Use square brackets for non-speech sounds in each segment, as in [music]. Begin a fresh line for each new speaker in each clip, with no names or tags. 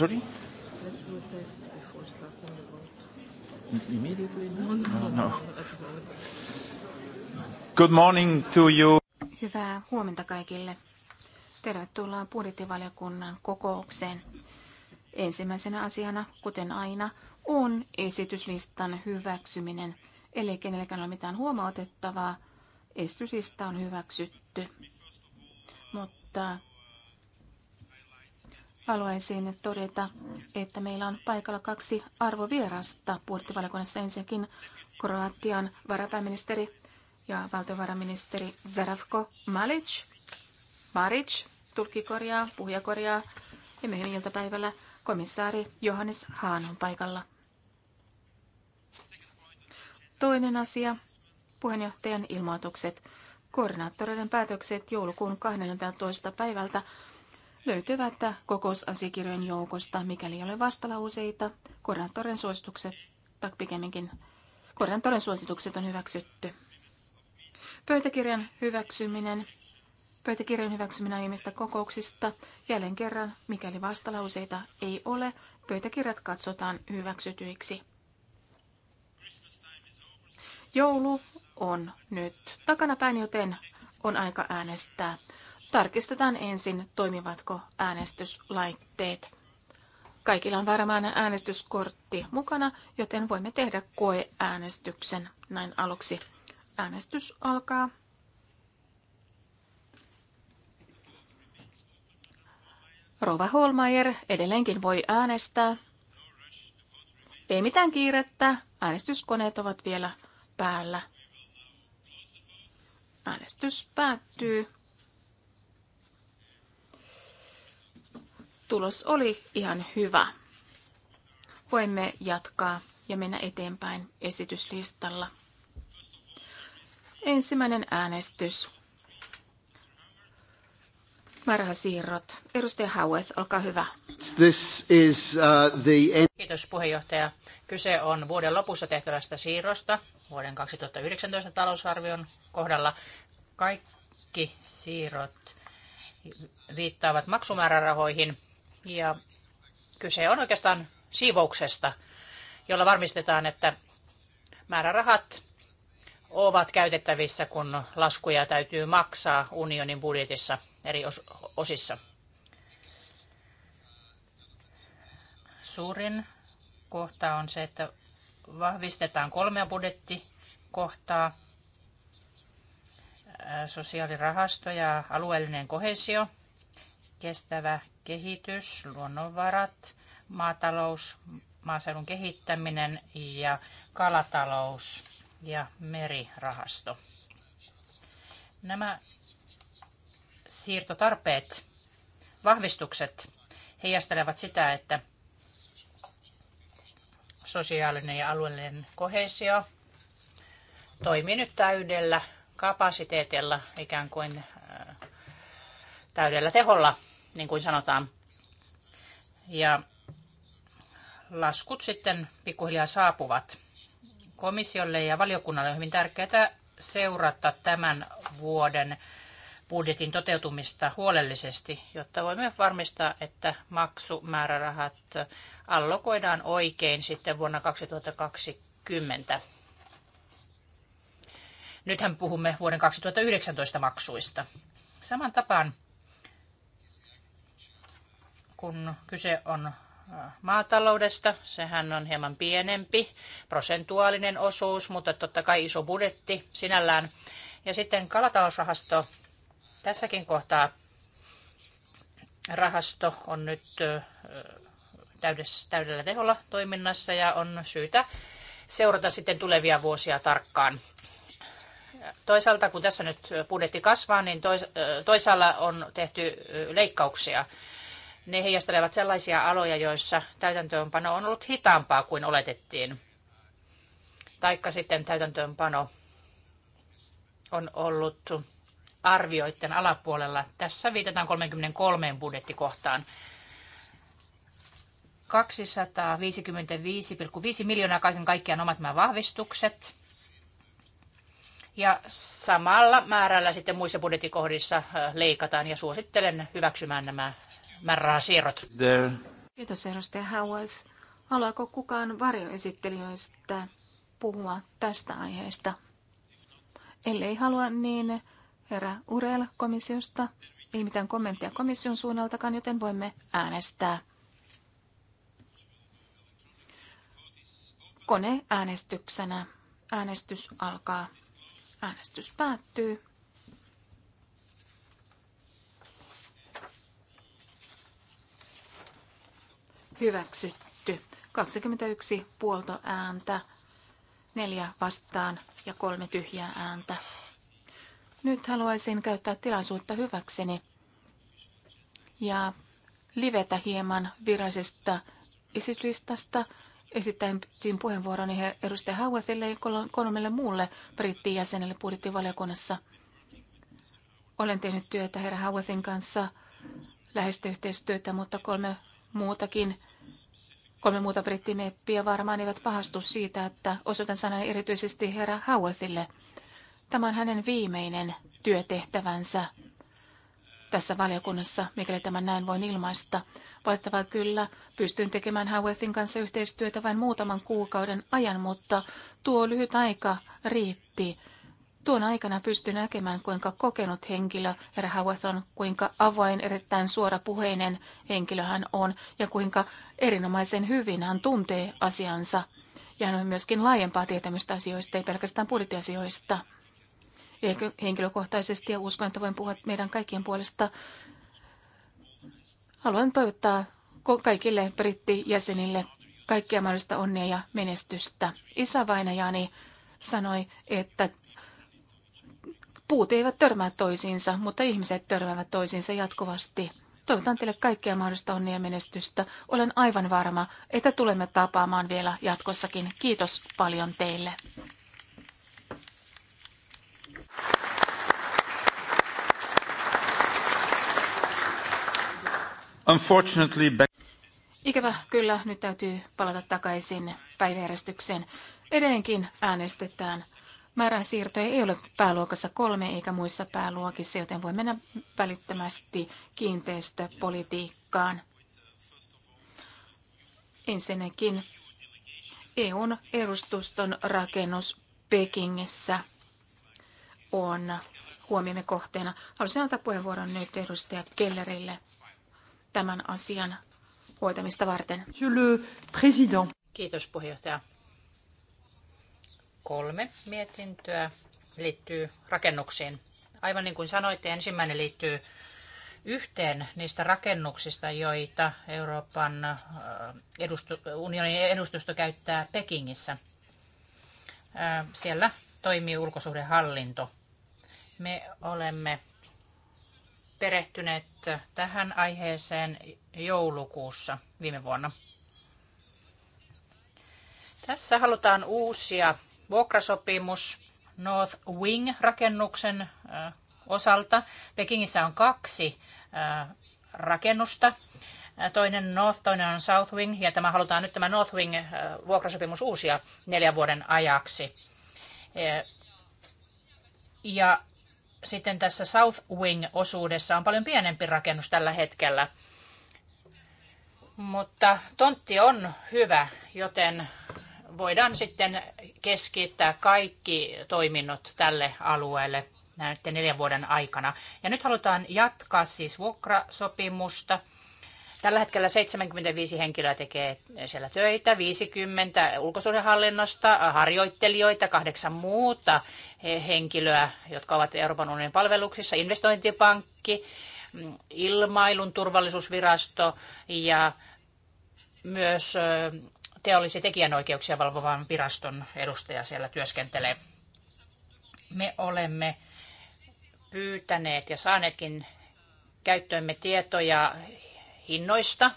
Sorry?
Let's do a test before starting the vote. Immediately? No, no, no.
no. no. no, no Good morning to you.
Hyvää huomenta kaikille. Tervetuloa budjettivaliokunnan kokoukseen. Ensimmäisenä asiana, kuten aina, on esityslistan hyväksyminen. Eli kenelläkään ole mitään huomautettavaa, esityslista on hyväksytty. Mutta haluaisin todeta, että meillä on paikalla kaksi arvovierasta budjettivaliokunnassa. Ensinnäkin Kroatian varapääministeri ja valtiovarainministeri Zarafko Malic. Maric, tulkikorjaa, puhujakorjaa ja meidän iltapäivällä komissaari Johannes Haan on paikalla. Toinen asia, puheenjohtajan ilmoitukset. Koordinaattoreiden päätökset joulukuun 12. päivältä löytyvät kokousasiakirjojen joukosta, mikäli ei ole vastalauseita. Korantoren suositukset, tai pikemminkin Korantoren suositukset on hyväksytty. Pöytäkirjan hyväksyminen. Pöytäkirjan hyväksyminen aiemmista kokouksista. Jälleen kerran, mikäli vastalauseita ei ole, pöytäkirjat katsotaan hyväksytyiksi. Joulu on nyt takanapäin, joten on aika äänestää. Tarkistetaan ensin, toimivatko äänestyslaitteet. Kaikilla on varmaan äänestyskortti mukana, joten voimme tehdä koeäänestyksen näin aluksi. Äänestys alkaa. Rova Holmeier edelleenkin voi äänestää. Ei mitään kiirettä, äänestyskoneet ovat vielä päällä. Äänestys päättyy. tulos oli ihan hyvä. Voimme jatkaa ja mennä eteenpäin esityslistalla. Ensimmäinen äänestys.
Varhasiirrot. Edustaja Haueth, olkaa hyvä.
This is, uh, the...
Kiitos puheenjohtaja. Kyse on vuoden lopussa tehtävästä siirrosta vuoden 2019 talousarvion kohdalla. Kaikki siirrot viittaavat maksumäärärahoihin, ja kyse on oikeastaan siivouksesta, jolla varmistetaan, että määrärahat ovat käytettävissä, kun laskuja täytyy maksaa unionin budjetissa eri osissa. Suurin kohta on se, että vahvistetaan kolmea budjettikohtaa, sosiaalirahasto ja alueellinen kohesio, kestävä kehitys, luonnonvarat, maatalous, maaseudun kehittäminen ja kalatalous ja merirahasto. Nämä siirtotarpeet, vahvistukset heijastelevat sitä, että sosiaalinen ja alueellinen kohesio toimii nyt täydellä kapasiteetilla, ikään kuin äh, täydellä teholla niin kuin sanotaan. Ja laskut sitten pikkuhiljaa saapuvat komissiolle ja valiokunnalle on hyvin tärkeää seurata tämän vuoden budjetin toteutumista huolellisesti, jotta voimme varmistaa, että maksumäärärahat allokoidaan oikein sitten vuonna 2020. Nythän puhumme vuoden 2019 maksuista. Saman tapaan kun kyse on äh, maataloudesta. Sehän on hieman pienempi prosentuaalinen osuus, mutta totta kai iso budjetti sinällään. Ja sitten kalatalousrahasto. Tässäkin kohtaa rahasto on nyt äh, täydellä teholla toiminnassa ja on syytä seurata sitten tulevia vuosia tarkkaan. Toisaalta kun tässä nyt budjetti kasvaa, niin äh, toisaalla on tehty leikkauksia. Ne heijastelevat sellaisia aloja, joissa täytäntöönpano on ollut hitaampaa kuin oletettiin. Taikka sitten täytäntöönpano on ollut arvioiden alapuolella. Tässä viitataan 33 budjettikohtaan. 255,5 miljoonaa kaiken kaikkiaan omat nämä vahvistukset. Ja samalla määrällä sitten muissa budjettikohdissa leikataan ja suosittelen hyväksymään nämä määrärahasiirrot. There. Kiitos edustaja
Howard. Haluaako kukaan varjoesittelijöistä puhua tästä aiheesta? Ellei halua, niin herra Urel komissiosta. Ei mitään kommenttia komission suunnaltakaan, joten voimme äänestää. Kone äänestyksenä. Äänestys alkaa. Äänestys päättyy. hyväksytty. 21 puolto ääntä, neljä vastaan ja kolme tyhjää ääntä. Nyt haluaisin käyttää tilaisuutta hyväkseni ja livetä hieman virallisesta esitystästä Esittäisin puheenvuoroni edustaja Hauethille ja kolmelle muulle brittiin jäsenelle budjettivaliokunnassa. Olen tehnyt työtä herra Hauethin kanssa läheistä yhteistyötä, mutta kolme muutakin Kolme muuta brittimeppiä varmaan eivät pahastu siitä, että osoitan sanan erityisesti herra Howethille. Tämä on hänen viimeinen työtehtävänsä tässä valiokunnassa, mikäli tämän näin voin ilmaista. Valitettavaa kyllä, pystyn tekemään Howethin kanssa yhteistyötä vain muutaman kuukauden ajan, mutta tuo lyhyt aika riitti Tuon aikana pystyi näkemään, kuinka kokenut henkilö herra Howard on, kuinka avoin, erittäin suorapuheinen henkilö hän on ja kuinka erinomaisen hyvin hän tuntee asiansa. Ja hän on myöskin laajempaa tietämystä asioista, ei pelkästään budjettiasioista. Ja henkilökohtaisesti ja uskon, että voin puhua meidän kaikkien puolesta. Haluan toivottaa kaikille brittijäsenille kaikkia mahdollista onnea ja menestystä. Isä vainajani sanoi, että Puut eivät törmää toisiinsa, mutta ihmiset törmäävät toisiinsa jatkuvasti. Toivotan teille kaikkea mahdollista onnia ja menestystä. Olen aivan varma, että tulemme tapaamaan vielä jatkossakin. Kiitos paljon teille.
Unfortunately,
back... Ikävä kyllä, nyt täytyy palata takaisin päiväjärjestykseen. Edelleenkin äänestetään siirtoja ei ole pääluokassa kolme eikä muissa pääluokissa, joten voi mennä välittömästi kiinteistöpolitiikkaan. Ensinnäkin EUn edustuston rakennus Pekingissä on huomiomme kohteena. Haluaisin antaa puheenvuoron nyt edustaja Kellerille tämän asian hoitamista varten.
Kiitos puheenjohtaja. Kolme mietintöä liittyy rakennuksiin. Aivan niin kuin sanoitte, ensimmäinen liittyy yhteen niistä rakennuksista, joita Euroopan äh, edustu- unionin edustusto käyttää Pekingissä. Äh, siellä toimii ulkosuhdehallinto. Me olemme perehtyneet tähän aiheeseen joulukuussa viime vuonna. Tässä halutaan uusia vuokrasopimus North Wing-rakennuksen osalta. Pekingissä on kaksi rakennusta. Toinen North, toinen on South Wing, ja tämä halutaan nyt tämä North Wing vuokrasopimus uusia neljän vuoden ajaksi. Ja sitten tässä South Wing-osuudessa on paljon pienempi rakennus tällä hetkellä. Mutta tontti on hyvä, joten voidaan sitten keskittää kaikki toiminnot tälle alueelle näiden neljän vuoden aikana. Ja nyt halutaan jatkaa siis vuokrasopimusta. Tällä hetkellä 75 henkilöä tekee siellä töitä, 50 ulkosuhdehallinnosta, harjoittelijoita, kahdeksan muuta henkilöä, jotka ovat Euroopan unionin palveluksissa, investointipankki, ilmailun turvallisuusvirasto ja myös olisi tekijänoikeuksia valvovan viraston edustaja siellä työskentelee. Me olemme pyytäneet ja saaneetkin käyttöömme tietoja hinnoista.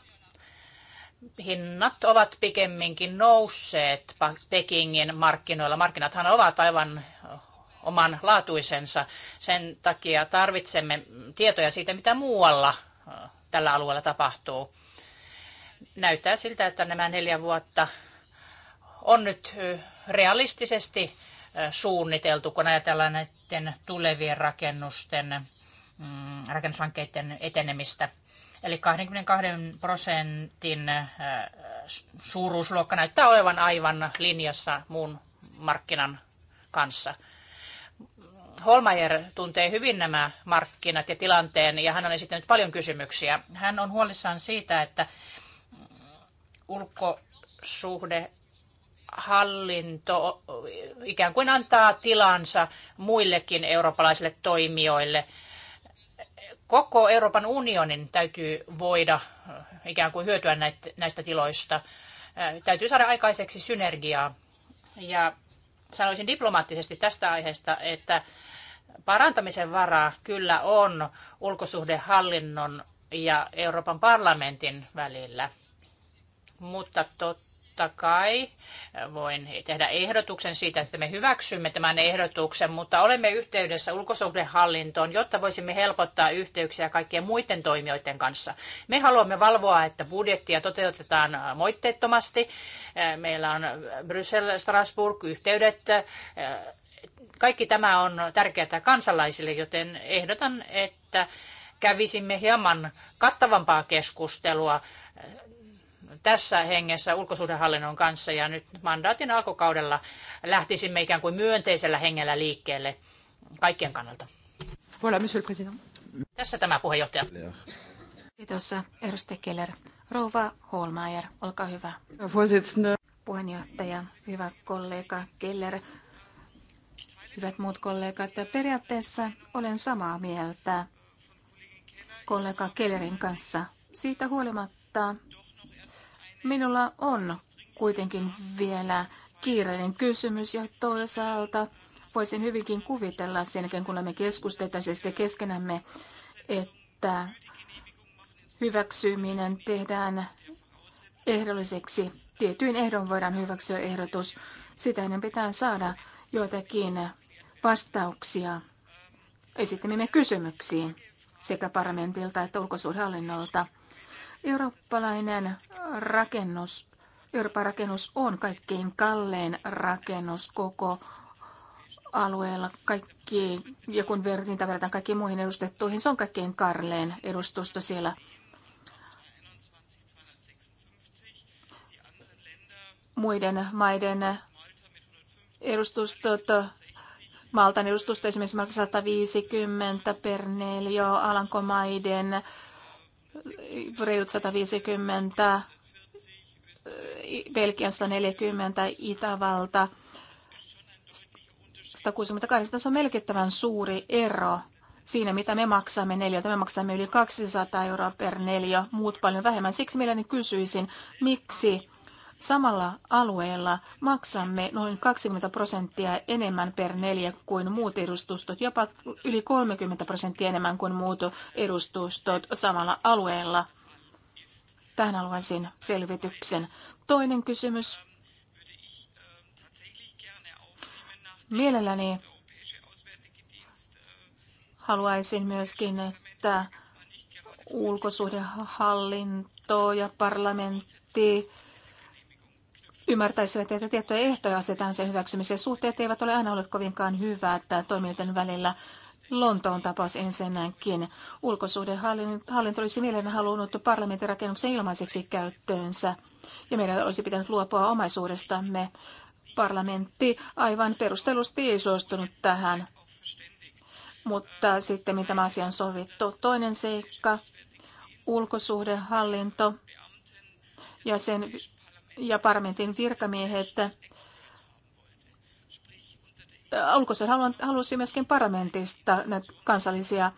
Hinnat ovat pikemminkin nousseet Pekingin markkinoilla. Markkinathan ovat aivan oman laatuisensa. Sen takia tarvitsemme tietoja siitä, mitä muualla tällä alueella tapahtuu näyttää siltä, että nämä neljä vuotta on nyt realistisesti suunniteltu, kun ajatellaan näiden tulevien rakennusten, mm, rakennushankkeiden etenemistä. Eli 22 prosentin suuruusluokka näyttää olevan aivan linjassa muun markkinan kanssa. Holmajer tuntee hyvin nämä markkinat ja tilanteen ja hän on esittänyt paljon kysymyksiä. Hän on huolissaan siitä, että ulkosuhde hallinto ikään kuin antaa tilansa muillekin eurooppalaisille toimijoille. Koko Euroopan unionin täytyy voida ikään kuin hyötyä näistä tiloista. Täytyy saada aikaiseksi synergiaa. Ja sanoisin diplomaattisesti tästä aiheesta, että parantamisen varaa kyllä on ulkosuhdehallinnon ja Euroopan parlamentin välillä – mutta totta kai äh, voin tehdä ehdotuksen siitä, että me hyväksymme tämän ehdotuksen, mutta olemme yhteydessä ulkosuhdehallintoon, jotta voisimme helpottaa yhteyksiä kaikkien muiden toimijoiden kanssa. Me haluamme valvoa, että budjettia toteutetaan äh, moitteettomasti. Äh, meillä on Bryssel, Strasbourg, yhteydet kaikki tämä on tärkeää kansalaisille, joten ehdotan, että kävisimme hieman kattavampaa keskustelua tässä hengessä ulkosuhdehallinnon kanssa ja nyt mandaatin alkukaudella lähtisimme ikään kuin myönteisellä hengellä liikkeelle kaikkien kannalta. Voilà, monsieur le Tässä tämä puheenjohtaja. Kiitos, Erste Keller. Rouva
Holmeier, olkaa hyvä. Puheenjohtaja, hyvä kollega Keller, hyvät muut kollegat, periaatteessa olen samaa mieltä kollega Kellerin kanssa. Siitä huolimatta Minulla on kuitenkin vielä kiireinen kysymys ja toisaalta voisin hyvinkin kuvitella sen kun olemme keskustelleet keskenämme, että hyväksyminen tehdään ehdolliseksi. Tietyin ehdon voidaan hyväksyä ehdotus. Sitä ennen pitää saada joitakin vastauksia esittämimme kysymyksiin sekä parlamentilta että ulkosuhdehallinnolta. Eurooppalainen rakennus, Euroopan rakennus on kaikkein kallein rakennus koko alueella. Kaikki, ja kun niitä verrataan kaikkiin muihin edustettuihin, se on kaikkein karleen edustusta siellä. Muiden maiden edustustot Maltan edustusta esimerkiksi 150 per neljä, Alankomaiden reilut 150, Belgian 140, Itävalta 168. Tässä on merkittävän suuri ero siinä, mitä me maksamme neljältä. Me maksamme yli 200 euroa per neljä, muut paljon vähemmän. Siksi mielelläni kysyisin, miksi Samalla alueella maksamme noin 20 prosenttia enemmän per neljä kuin muut edustustot, jopa yli 30 prosenttia enemmän kuin muut edustustot samalla alueella. Tähän haluaisin selvityksen. Toinen kysymys. Mielelläni haluaisin myöskin, että ulkosuhdehallinto ja parlamentti ymmärtäisivät, että tiettyjä ehtoja asetaan sen hyväksymiseen. Suhteet eivät ole aina olleet kovinkaan että toimijoiden välillä. Lontoon tapaus ensinnäkin. Ulkosuhdehallinto olisi mielen halunnut parlamentin rakennuksen ilmaiseksi käyttöönsä, ja meidän olisi pitänyt luopua omaisuudestamme. Parlamentti aivan perustelusti ei suostunut tähän, mutta sitten mitä asia on sovittu. Toinen seikka, ulkosuhdehallinto ja sen ja parlamentin virkamiehet äh, ulkoisen halusi myöskin parlamentista näitä kansallisia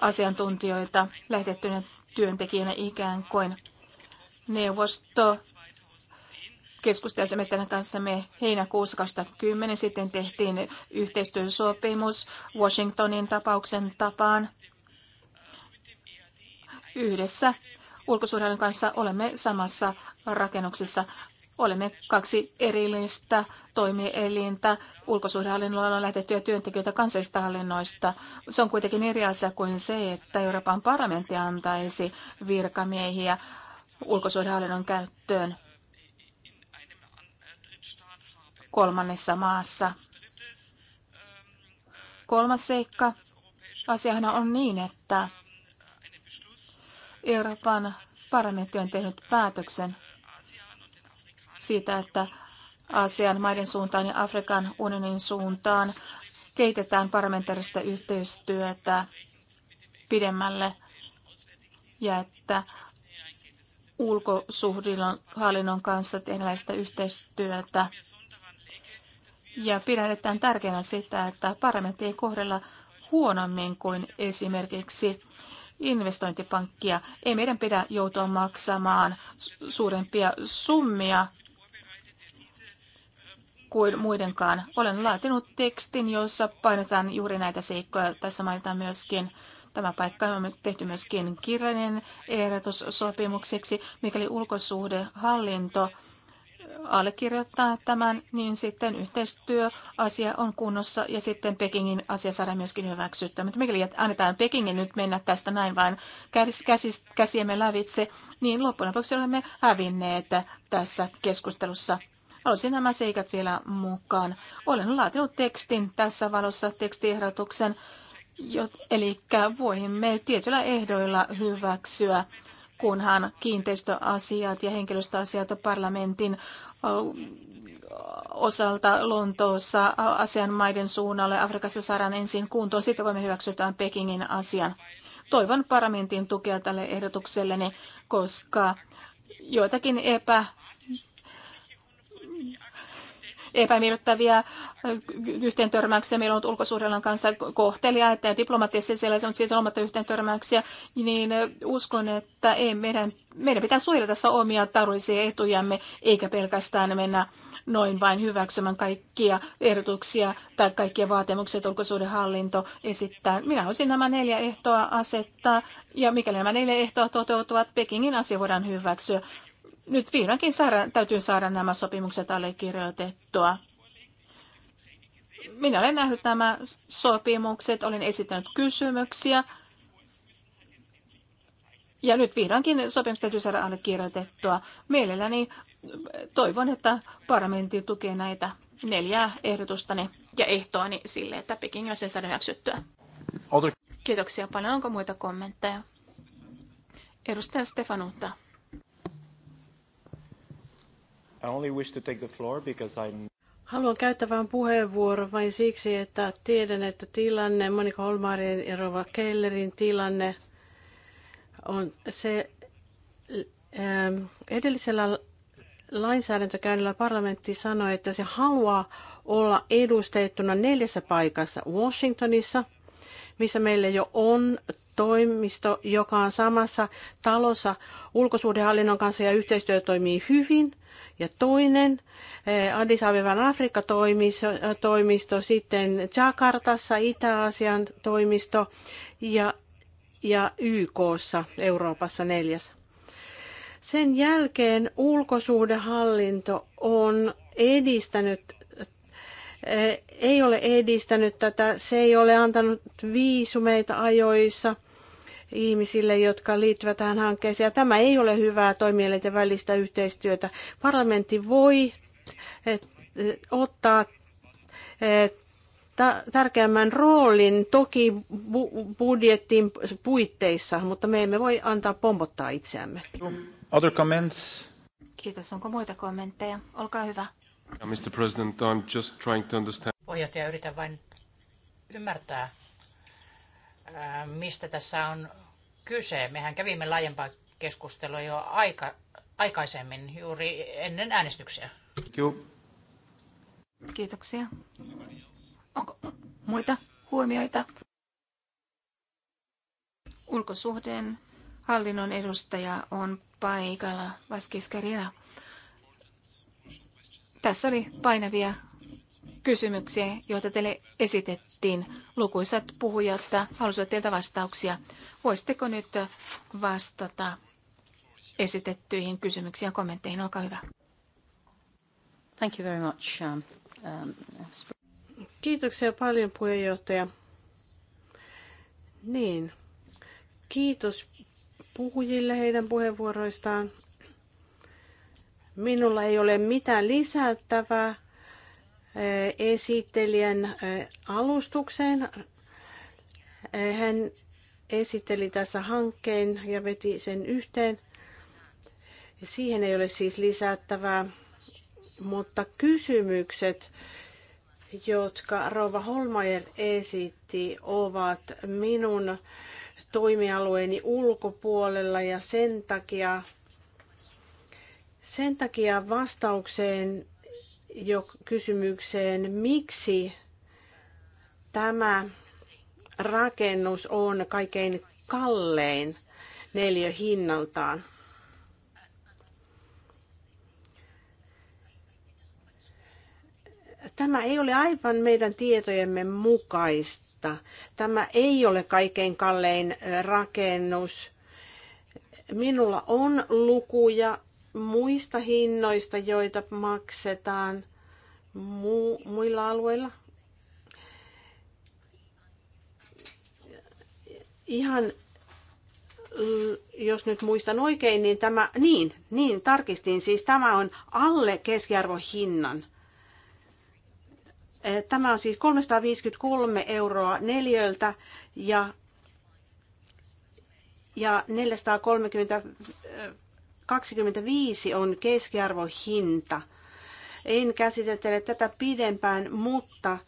asiantuntijoita lähetettynä työntekijänä ikään kuin neuvosto keskusteli kanssa me heinäkuussa 2010. Sitten tehtiin yhteistyösopimus Washingtonin tapauksen tapaan. Yhdessä ulkosuhdehallinnon kanssa olemme samassa rakennuksissa. Olemme kaksi erillistä toimielintä. Ulkosuhdehallinnolla on lähetettyjä työntekijöitä kansallisista hallinnoista. Se on kuitenkin eri asia kuin se, että Euroopan parlamentti antaisi virkamiehiä ulkosuhdehallinnon käyttöön kolmannessa maassa. Kolmas seikka asiana on niin, että Euroopan parlamentti on tehnyt päätöksen siitä, että Aasian maiden suuntaan ja Afrikan unionin suuntaan kehitetään parlamentaarista yhteistyötä pidemmälle ja että ulkosuhdinhallinnon kanssa tehdään sitä yhteistyötä. Ja pidän erittäin tärkeänä sitä, että parlamentti ei kohdella huonommin kuin esimerkiksi investointipankkia. Ei meidän pidä joutua maksamaan suurempia summia kuin muidenkaan. Olen laatinut tekstin, jossa painetaan juuri näitä seikkoja. Tässä mainitaan myöskin Tämä paikka on tehty myöskin kirjainen ehdotus sopimukseksi. Mikäli ulkosuhdehallinto allekirjoittaa tämän, niin sitten yhteistyöasia on kunnossa ja sitten Pekingin asia saadaan myöskin hyväksyttyä. Mutta mikäli annetaan Pekingin nyt mennä tästä näin vain käsiemme lävitse, niin loppujen lopuksi olemme hävinneet tässä keskustelussa. Haluaisin nämä seikat vielä mukaan. Olen laatinut tekstin tässä valossa, tekstiehdotuksen, eli voimme tietyillä ehdoilla hyväksyä, kunhan kiinteistöasiat ja henkilöstöasiat parlamentin osalta Lontoossa asian maiden suunnalle. Afrikassa saadaan ensin kuntoon, sitten voimme hyväksytään Pekingin asian. Toivon parlamentin tukea tälle ehdotukselleni, koska joitakin epä epämiellyttäviä yhteen törmäyksiä. Meillä on ollut ulkosuhdellan kanssa kohtelia, että diplomaattisesti siellä on siitä omatta yhteen törmäyksiä. Niin uskon, että ei meidän, meidän pitää suojella tässä omia taloudellisia etujamme, eikä pelkästään mennä noin vain hyväksymään kaikkia ehdotuksia tai kaikkia vaatimuksia, että hallinto esittää. Minä olisin nämä neljä ehtoa asettaa, ja mikäli nämä neljä ehtoa toteutuvat, Pekingin asia voidaan hyväksyä nyt vihdoinkin saada, täytyy saada nämä sopimukset allekirjoitettua. Minä olen nähnyt nämä sopimukset, olen esittänyt kysymyksiä. Ja nyt vihdoinkin sopimukset täytyy saada allekirjoitettua. Mielelläni toivon, että parlamentti tukee näitä neljää ehdotustani ja ehtoani sille, että Peking sen saada hyväksyttyä. Kiitoksia paljon. Onko muita kommentteja? Edustaja Stefanutta.
I only wish to take the floor because
Haluan
käyttää vain puheenvuoron vain siksi, että tiedän, että tilanne, Monika Holmarin ja Rova Kellerin tilanne on se ähm, edellisellä lainsäädäntökäynnillä parlamentti sanoi, että se haluaa olla edustettuna neljässä paikassa Washingtonissa, missä meillä jo on toimisto, joka on samassa talossa ulkosuhdehallinnon kanssa ja yhteistyö toimii hyvin – ja toinen eh, Addis Abeban Afrikka-toimisto, sitten Jakartassa itä aasian toimisto ja, ja YKssa Euroopassa neljäs. Sen jälkeen ulkosuhdehallinto on edistänyt eh, ei ole edistänyt tätä, se ei ole antanut viisumeita ajoissa ihmisille, jotka liittyvät tähän hankkeeseen. Ja tämä ei ole hyvää toimielinten välistä yhteistyötä. Parlamentti voi ottaa tärkeämmän roolin toki budjetin budjettin puitteissa, mutta me emme voi antaa pompottaa itseämme.
Other comments? Kiitos. Onko muita kommentteja? Olkaa hyvä. Mr. President, I'm just trying to understand.
Puheenjohtaja, yritän vain ymmärtää mistä tässä on kyse. Mehän kävimme laajempaa keskustelua jo aika, aikaisemmin, juuri ennen äänestyksiä.
Kiu. Kiitoksia. Onko muita huomioita? Ulkosuhteen hallinnon edustaja on paikalla Vaskis Tässä oli painavia kysymyksiä, joita teille esitettiin. Lukuisat puhujat halusivat teiltä vastauksia. Voisitteko nyt vastata esitettyihin kysymyksiin ja kommentteihin? Olkaa hyvä. Thank you very much. Um,
um,
Kiitoksia paljon puheenjohtaja.
Niin, kiitos puhujille heidän puheenvuoroistaan. Minulla ei ole mitään lisättävää esittelijän alustukseen. Hän esitteli tässä hankkeen ja veti sen yhteen. Siihen ei ole siis lisättävää, mutta kysymykset, jotka Rova Holmajer esitti, ovat minun toimialueeni ulkopuolella ja sen takia, sen takia vastaukseen jo kysymykseen, miksi tämä rakennus on kaikkein kallein neljä hinnaltaan. Tämä ei ole aivan meidän tietojemme mukaista. Tämä ei ole kaikkein kallein rakennus. Minulla on lukuja muista hinnoista, joita maksetaan mu- muilla alueilla. Ihan jos nyt muistan oikein, niin tämä, niin, niin tarkistin, siis tämä on alle keskiarvohinnan. Eh, tämä on siis 353 euroa neljöltä ja, ja 430 25 on keskiarvohinta. En käsitele tätä pidempään, mutta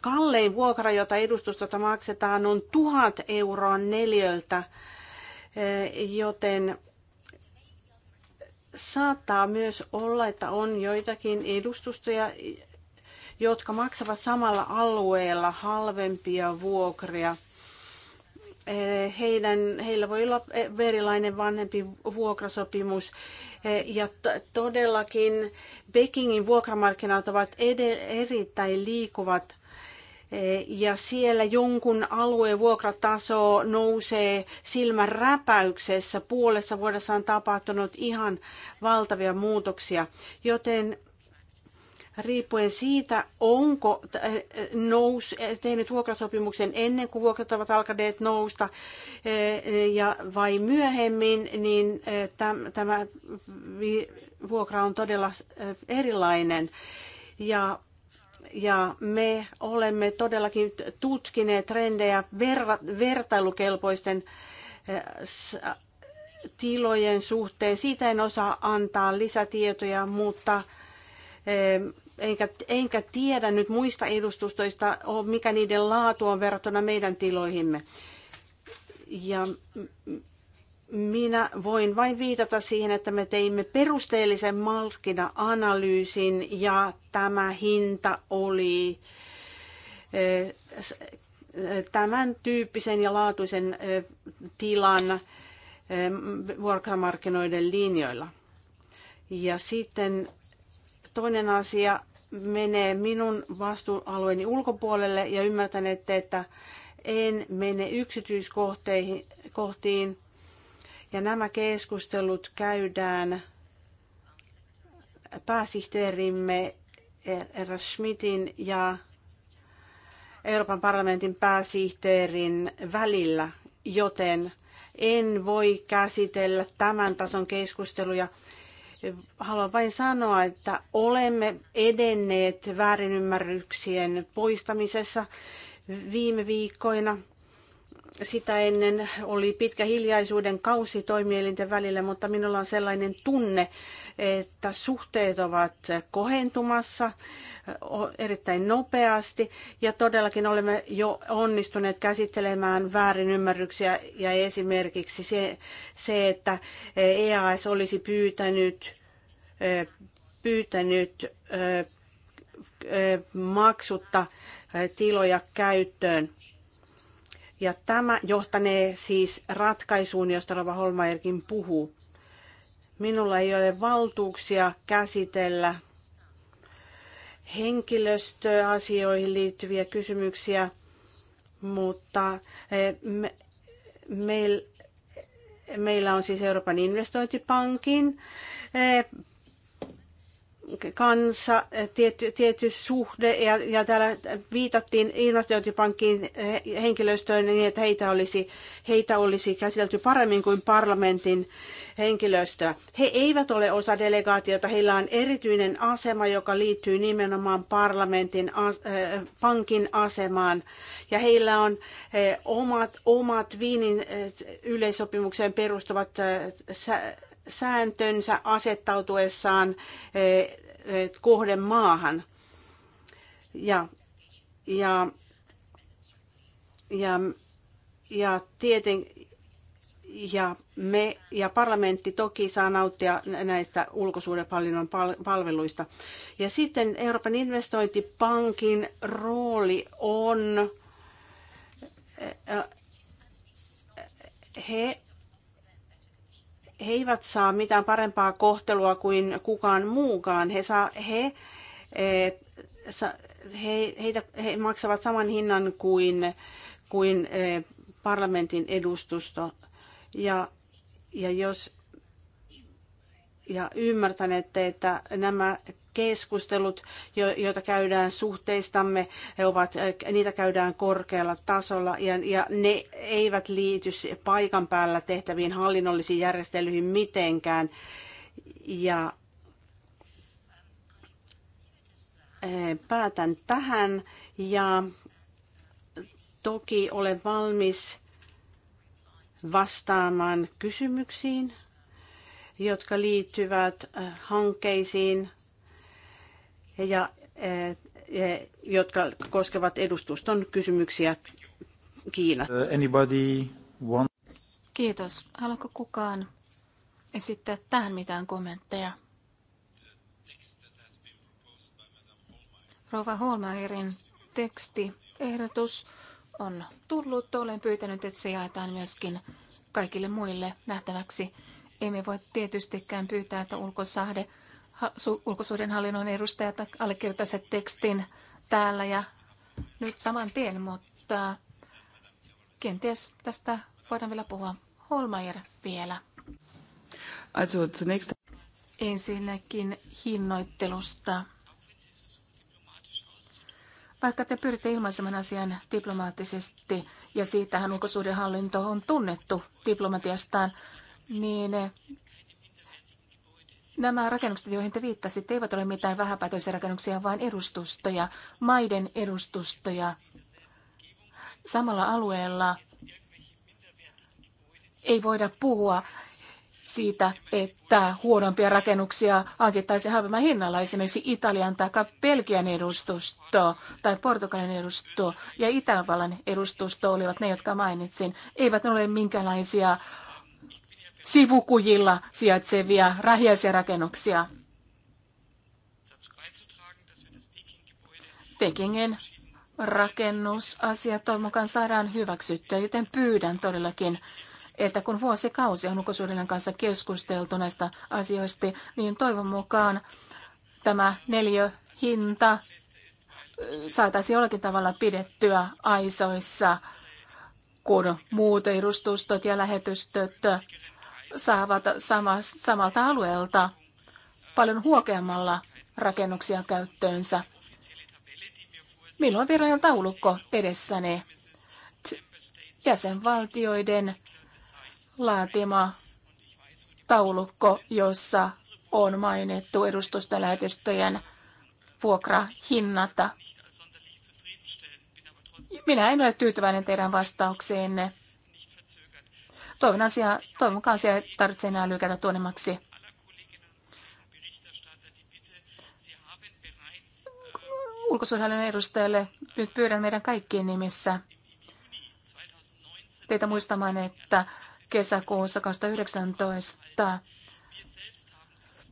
kallein vuokra, jota edustustota maksetaan, on tuhat euroa neljöltä, joten saattaa myös olla, että on joitakin edustustoja, jotka maksavat samalla alueella halvempia vuokria – Eh, heidän, heillä voi olla eh, verilainen vanhempi vuokrasopimus. Eh, ja todellakin Pekingin vuokramarkkinat ovat erittäin liikuvat ja siellä jonkun alueen vuokrataso nousee silmän räpäyksessä. Puolessa vuodessa on tapahtunut ihan valtavia muutoksia, joten riippuen siitä, onko äh, nous, tehnyt vuokrasopimuksen ennen kuin vuokrat ovat alkaneet nousta äh, ja vai myöhemmin, niin äh, tämä vuokra on todella erilainen. Ja ja me olemme todellakin tutkineet trendejä verra, vertailukelpoisten tilojen suhteen. Siitä en osaa antaa lisätietoja, mutta ähm, enkä, enkä tiedä nyt muista edustustoista, mikä niiden laatu on verrattuna meidän tiloihimme. Ja minä voin vain viitata siihen, että me teimme perusteellisen markkina-analyysin ja tämä hinta oli e, e, tämän tyyppisen ja laatuisen e, tilan vuokramarkkinoiden linjoilla. Ja sitten Toinen asia menee minun vastuualueeni ulkopuolelle ja ymmärtänette, että en mene yksityiskohtiin. Ja nämä keskustelut käydään pääsihteerimme Erra Schmidtin ja Euroopan parlamentin pääsihteerin välillä, joten en voi käsitellä tämän tason keskusteluja Haluan vain sanoa, että olemme edenneet väärinymmärryksien poistamisessa viime viikkoina – sitä ennen oli pitkä hiljaisuuden kausi toimielinten välillä, mutta minulla on sellainen tunne, että suhteet ovat kohentumassa erittäin nopeasti ja todellakin olemme jo onnistuneet käsittelemään väärinymmärryksiä ja esimerkiksi se, se että EAS olisi pyytänyt, pyytänyt maksutta tiloja käyttöön ja tämä johtanee siis ratkaisuun, josta Rova Holmajerkin puhuu. Minulla ei ole valtuuksia käsitellä henkilöstöasioihin liittyviä kysymyksiä, mutta eh, me, me, meillä on siis Euroopan investointipankin eh, Kansa eh, tietty, tietty suhde, ja, ja täällä viitattiin investointipankin eh, henkilöstöön niin, että heitä olisi, heitä olisi käsitelty paremmin kuin parlamentin henkilöstöä. He eivät ole osa delegaatiota, heillä on erityinen asema, joka liittyy nimenomaan parlamentin, as, äh, pankin asemaan, ja heillä on äh, omat, omat Viinin äh, yleissopimukseen perustuvat äh, sä, sääntönsä asettautuessaan eh, eh, kohden maahan. Ja, ja, ja, ja tieten, ja me ja parlamentti toki saa nauttia näistä ulkosuhdehallinnon palveluista. Ja sitten Euroopan investointipankin rooli on, eh, he he eivät saa mitään parempaa kohtelua kuin kukaan muukaan. He, saa, he, eh, he, heitä, he maksavat saman hinnan kuin, kuin eh, parlamentin edustusto. Ja, ja jos ja ymmärtäneet, että nämä keskustelut, joita käydään suhteistamme, ovat, niitä käydään korkealla tasolla ja, ja ne eivät liity paikan päällä tehtäviin hallinnollisiin järjestelyihin mitenkään. Ja eh, päätän tähän ja toki olen valmis vastaamaan kysymyksiin jotka liittyvät äh, hankkeisiin äh, ja jotka koskevat edustuston kysymyksiä Kiina.
Uh, want... Kiitos. Haluatko kukaan esittää tähän mitään kommentteja? Rova Holmeierin teksti, ehdotus on tullut. Olen pyytänyt, että se jaetaan myöskin kaikille muille nähtäväksi. Emme voi tietystikään pyytää, että ulkosahde, hallinnon edustajat allekirjoittaisivat tekstin täällä ja nyt saman tien, mutta kenties tästä voidaan vielä puhua. Holmeier vielä.
Also zunächst...
Ensinnäkin hinnoittelusta. Vaikka te pyritte ilmaisemaan asian diplomaattisesti, ja siitähän ulkosuhdehallinto on tunnettu diplomatiastaan, niin eh, nämä rakennukset, joihin te viittasitte, eivät ole mitään vähäpätöisiä rakennuksia, vaan edustustoja, maiden edustustoja. Samalla alueella ei voida puhua siitä, että huonompia rakennuksia hankittaisiin halvemman hinnalla. Esimerkiksi Italian tai Belgian edustusto tai Portugalin edustusto ja Itävallan edustusto olivat ne, jotka mainitsin. Eivät ne ole minkäänlaisia sivukujilla sijaitsevia rähjäisiä rakennuksia. Pekingin rakennusasiat toivon mukaan saadaan hyväksyttyä, joten pyydän todellakin, että kun vuosikausi on ulkosuudellinen kanssa keskusteltu näistä asioista, niin toivon mukaan tämä hinta saataisiin jollakin tavalla pidettyä aisoissa, kun muut edustustot ja lähetystöt saavat sama, samalta alueelta paljon huokeammalla rakennuksia käyttöönsä. Milloin virallinen taulukko edessäne? Jäsenvaltioiden laatima taulukko, jossa on mainittu edustustolähetystöjen vuokrahinnata. Minä en ole tyytyväinen teidän vastaukseenne. Toivon, asia, toivon mukaan asia ei tarvitse enää lykätä tuonemmaksi. Ulkosuojelun edustajalle nyt pyydän meidän kaikkien nimissä teitä muistamaan, että kesäkuussa 2019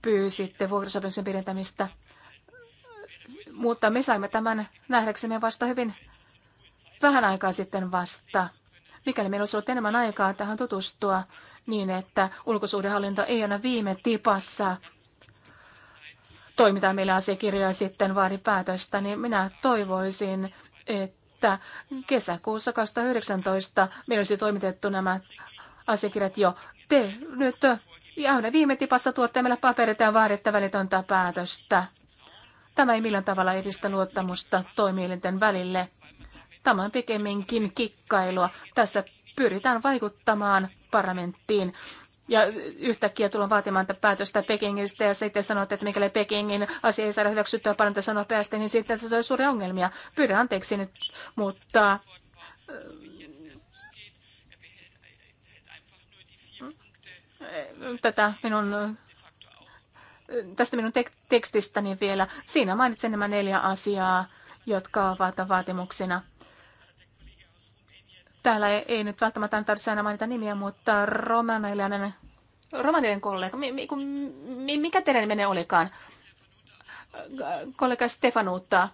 pyysitte vuokrasopimuksen pidentämistä, mutta me saimme tämän nähdäksemme vasta hyvin vähän aikaa sitten vasta. Mikäli meillä olisi ollut enemmän aikaa tähän tutustua niin, että ulkosuhdehallinto ei aina viime tipassa toimita meillä asiakirjoja ja sitten vaadi päätöstä, niin minä toivoisin, että kesäkuussa 2019 meillä olisi toimitettu nämä asiakirjat jo. Te nyt ja aina viime tipassa tuotte meille paperit ja vaaditte välitöntä päätöstä. Tämä ei millään tavalla edistä luottamusta toimielinten välille. Tämä on pikemminkin kikkailua. Tässä pyritään vaikuttamaan parlamenttiin ja yhtäkkiä tullaan vaatimaan tätä päätöstä Pekingistä ja sitten sanotte, että mikäli Pekingin asia ei saada hyväksyttyä paljon sanoa päästä, niin sitten tässä tulee suuria ongelmia. Pyydän anteeksi nyt, mutta äh, tätä minun tästä minun tekstistäni vielä. Siinä mainitsen nämä neljä asiaa, jotka ovat vaatimuksina. Täällä ei, ei nyt välttämättä tarvitse aina mainita nimiä, mutta romanilainen, romanilainen kollega, mi, mi, mikä teidän nimenne olikaan? Kollega Stefanuutta.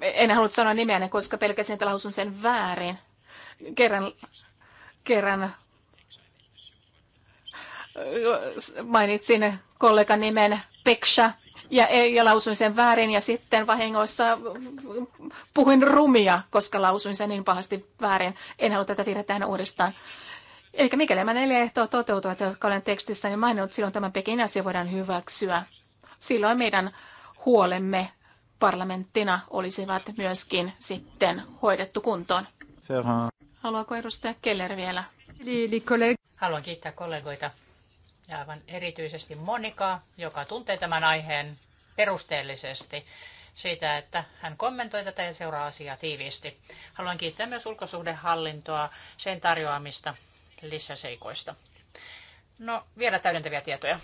En halua sanoa nimeäni, koska pelkäsin, että lausun sen väärin. Kerran, kerran mainitsin kollegan nimen Peksha ja, ja lausuin sen väärin ja sitten vahingoissa puhuin rumia, koska lausuin sen niin pahasti väärin. En halua tätä virhetään uudestaan. Eli mikäli nämä neljä ehtoa toteutuvat, jotka olen tekstissä niin maininnut, silloin tämä Pekin asia voidaan hyväksyä. Silloin meidän huolemme parlamenttina olisivat myöskin sitten hoidettu kuntoon.
Haluaako edustaja Keller vielä? Niin, niin, Haluan kiittää kollegoita ja aivan erityisesti Monika, joka tuntee tämän aiheen perusteellisesti siitä, että hän kommentoi tätä ja seuraa asiaa tiiviisti. Haluan kiittää myös ulkosuhdehallintoa sen tarjoamista lisäseikoista. No, vielä täydentäviä tietoja.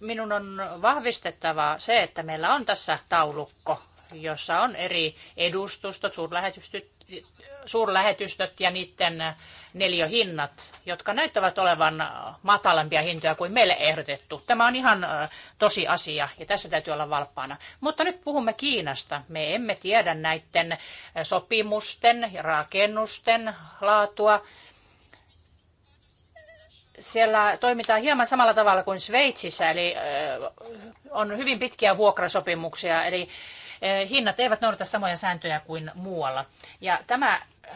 Minun on vahvistettava se, että meillä on tässä taulukko, jossa on eri edustustot, suurlähetystyt, suurlähetystöt ja niiden neliöhinnat, jotka näyttävät olevan matalampia hintoja kuin meille ehdotettu. Tämä on ihan tosi asia ja tässä täytyy olla valppaana. Mutta nyt puhumme Kiinasta. Me emme tiedä näiden sopimusten ja rakennusten laatua. Siellä toimitaan hieman samalla tavalla kuin Sveitsissä, eli on hyvin pitkiä vuokrasopimuksia, eli Eh, hinnat eivät noudata samoja sääntöjä kuin muualla. Ja tämä, eh,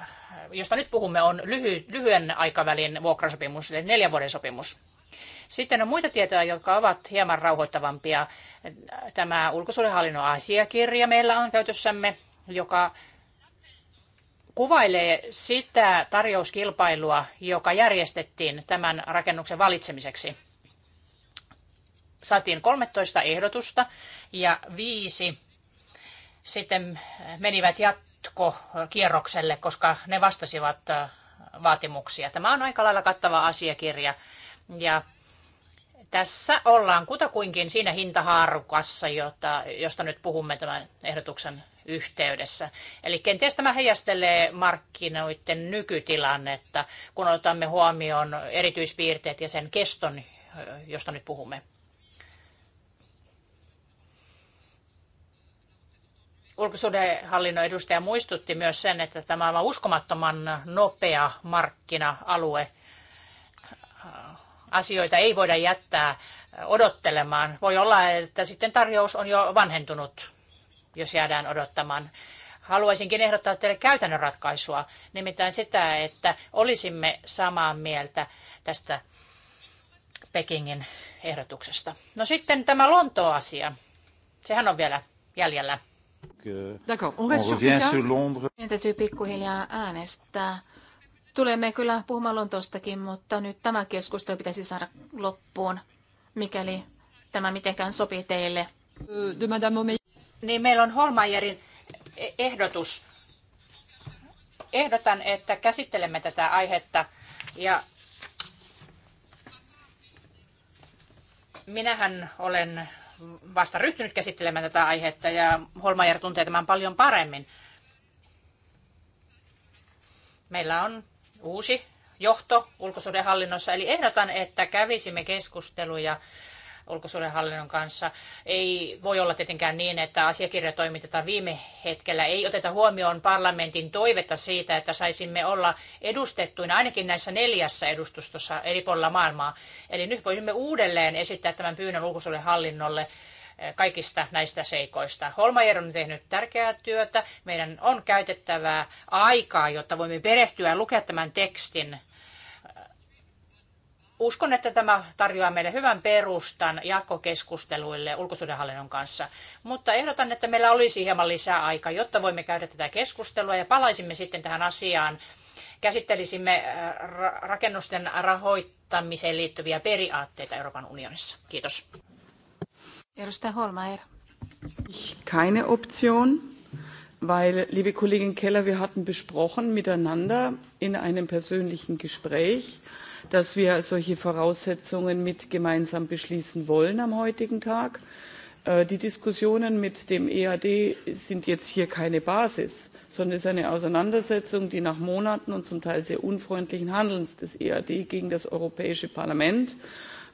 josta nyt puhumme, on lyhy, lyhyen aikavälin vuokrasopimus, eli neljän vuoden sopimus. Sitten on muita tietoja, jotka ovat hieman rauhoittavampia. Tämä ulkosuudenhallinnon asiakirja meillä on käytössämme, joka kuvailee sitä tarjouskilpailua, joka järjestettiin tämän rakennuksen valitsemiseksi. Saatiin 13 ehdotusta ja viisi sitten menivät jatkokierrokselle, koska ne vastasivat äh, vaatimuksia. Tämä on aika lailla kattava asiakirja ja tässä ollaan kutakuinkin siinä hintahaarukassa, jota, josta nyt puhumme tämän ehdotuksen yhteydessä. Eli kenties tämä heijastelee markkinoiden nykytilannetta, kun otamme huomioon erityispiirteet ja sen keston, josta nyt puhumme. Ulkosuhdehallinnon edustaja muistutti myös sen, että tämä on uskomattoman nopea markkina-alue. Asioita ei voida jättää odottelemaan. Voi olla, että sitten tarjous on jo vanhentunut, jos jäädään odottamaan haluaisinkin ehdottaa teille käytännön ratkaisua, nimittäin sitä, että olisimme samaa mieltä tästä Pekingin ehdotuksesta. No sitten tämä Lontoasia, sehän on vielä jäljellä. Meidän täytyy pikkuhiljaa äänestää. Tulemme kyllä puhumaan
Lontostakin, mutta nyt tämä keskustelu pitäisi saada loppuun, mikäli tämä
mitenkään sopii teille. Niin meillä on Holmajerin ehdotus. Ehdotan, että käsittelemme tätä aihetta ja minähän olen vasta ryhtynyt käsittelemään tätä aihetta ja Holmajer tuntee tämän paljon paremmin. Meillä on uusi johto ulkosuhdehallinnossa, eli ehdotan, että kävisimme keskusteluja ulkosuhdehallinnon kanssa. Ei voi olla tietenkään niin, että asiakirja toimitetaan viime hetkellä. Ei oteta huomioon parlamentin toivetta siitä, että saisimme olla edustettuina ainakin näissä neljässä edustustossa eri puolilla maailmaa. Eli nyt voisimme uudelleen esittää tämän pyynnön ulkosuhdehallinnolle eh, kaikista näistä seikoista. Holmajer on tehnyt tärkeää työtä. Meidän on käytettävää aikaa, jotta voimme perehtyä ja lukea tämän tekstin uskon, että tämä tarjoaa meille hyvän perustan jatkokeskusteluille ulkosuhdehallinnon kanssa. Mutta ehdotan, että meillä olisi hieman lisää aikaa, jotta voimme käydä tätä keskustelua ja palaisimme sitten tähän asiaan. Käsittelisimme äh, rakennusten rahoittamiseen liittyviä periaatteita Euroopan unionissa. Kiitos.
Edustaja Holmeier. Keine Option weil, liebe Kollegin Keller, wir hatten besprochen miteinander in einem persönlichen Gespräch, dass wir solche Voraussetzungen mit gemeinsam beschließen wollen am heutigen Tag. Äh, die Diskussionen mit dem EAD sind jetzt hier keine Basis, sondern es ist eine Auseinandersetzung, die nach Monaten und zum Teil sehr unfreundlichen Handelns des EAD gegen das Europäische Parlament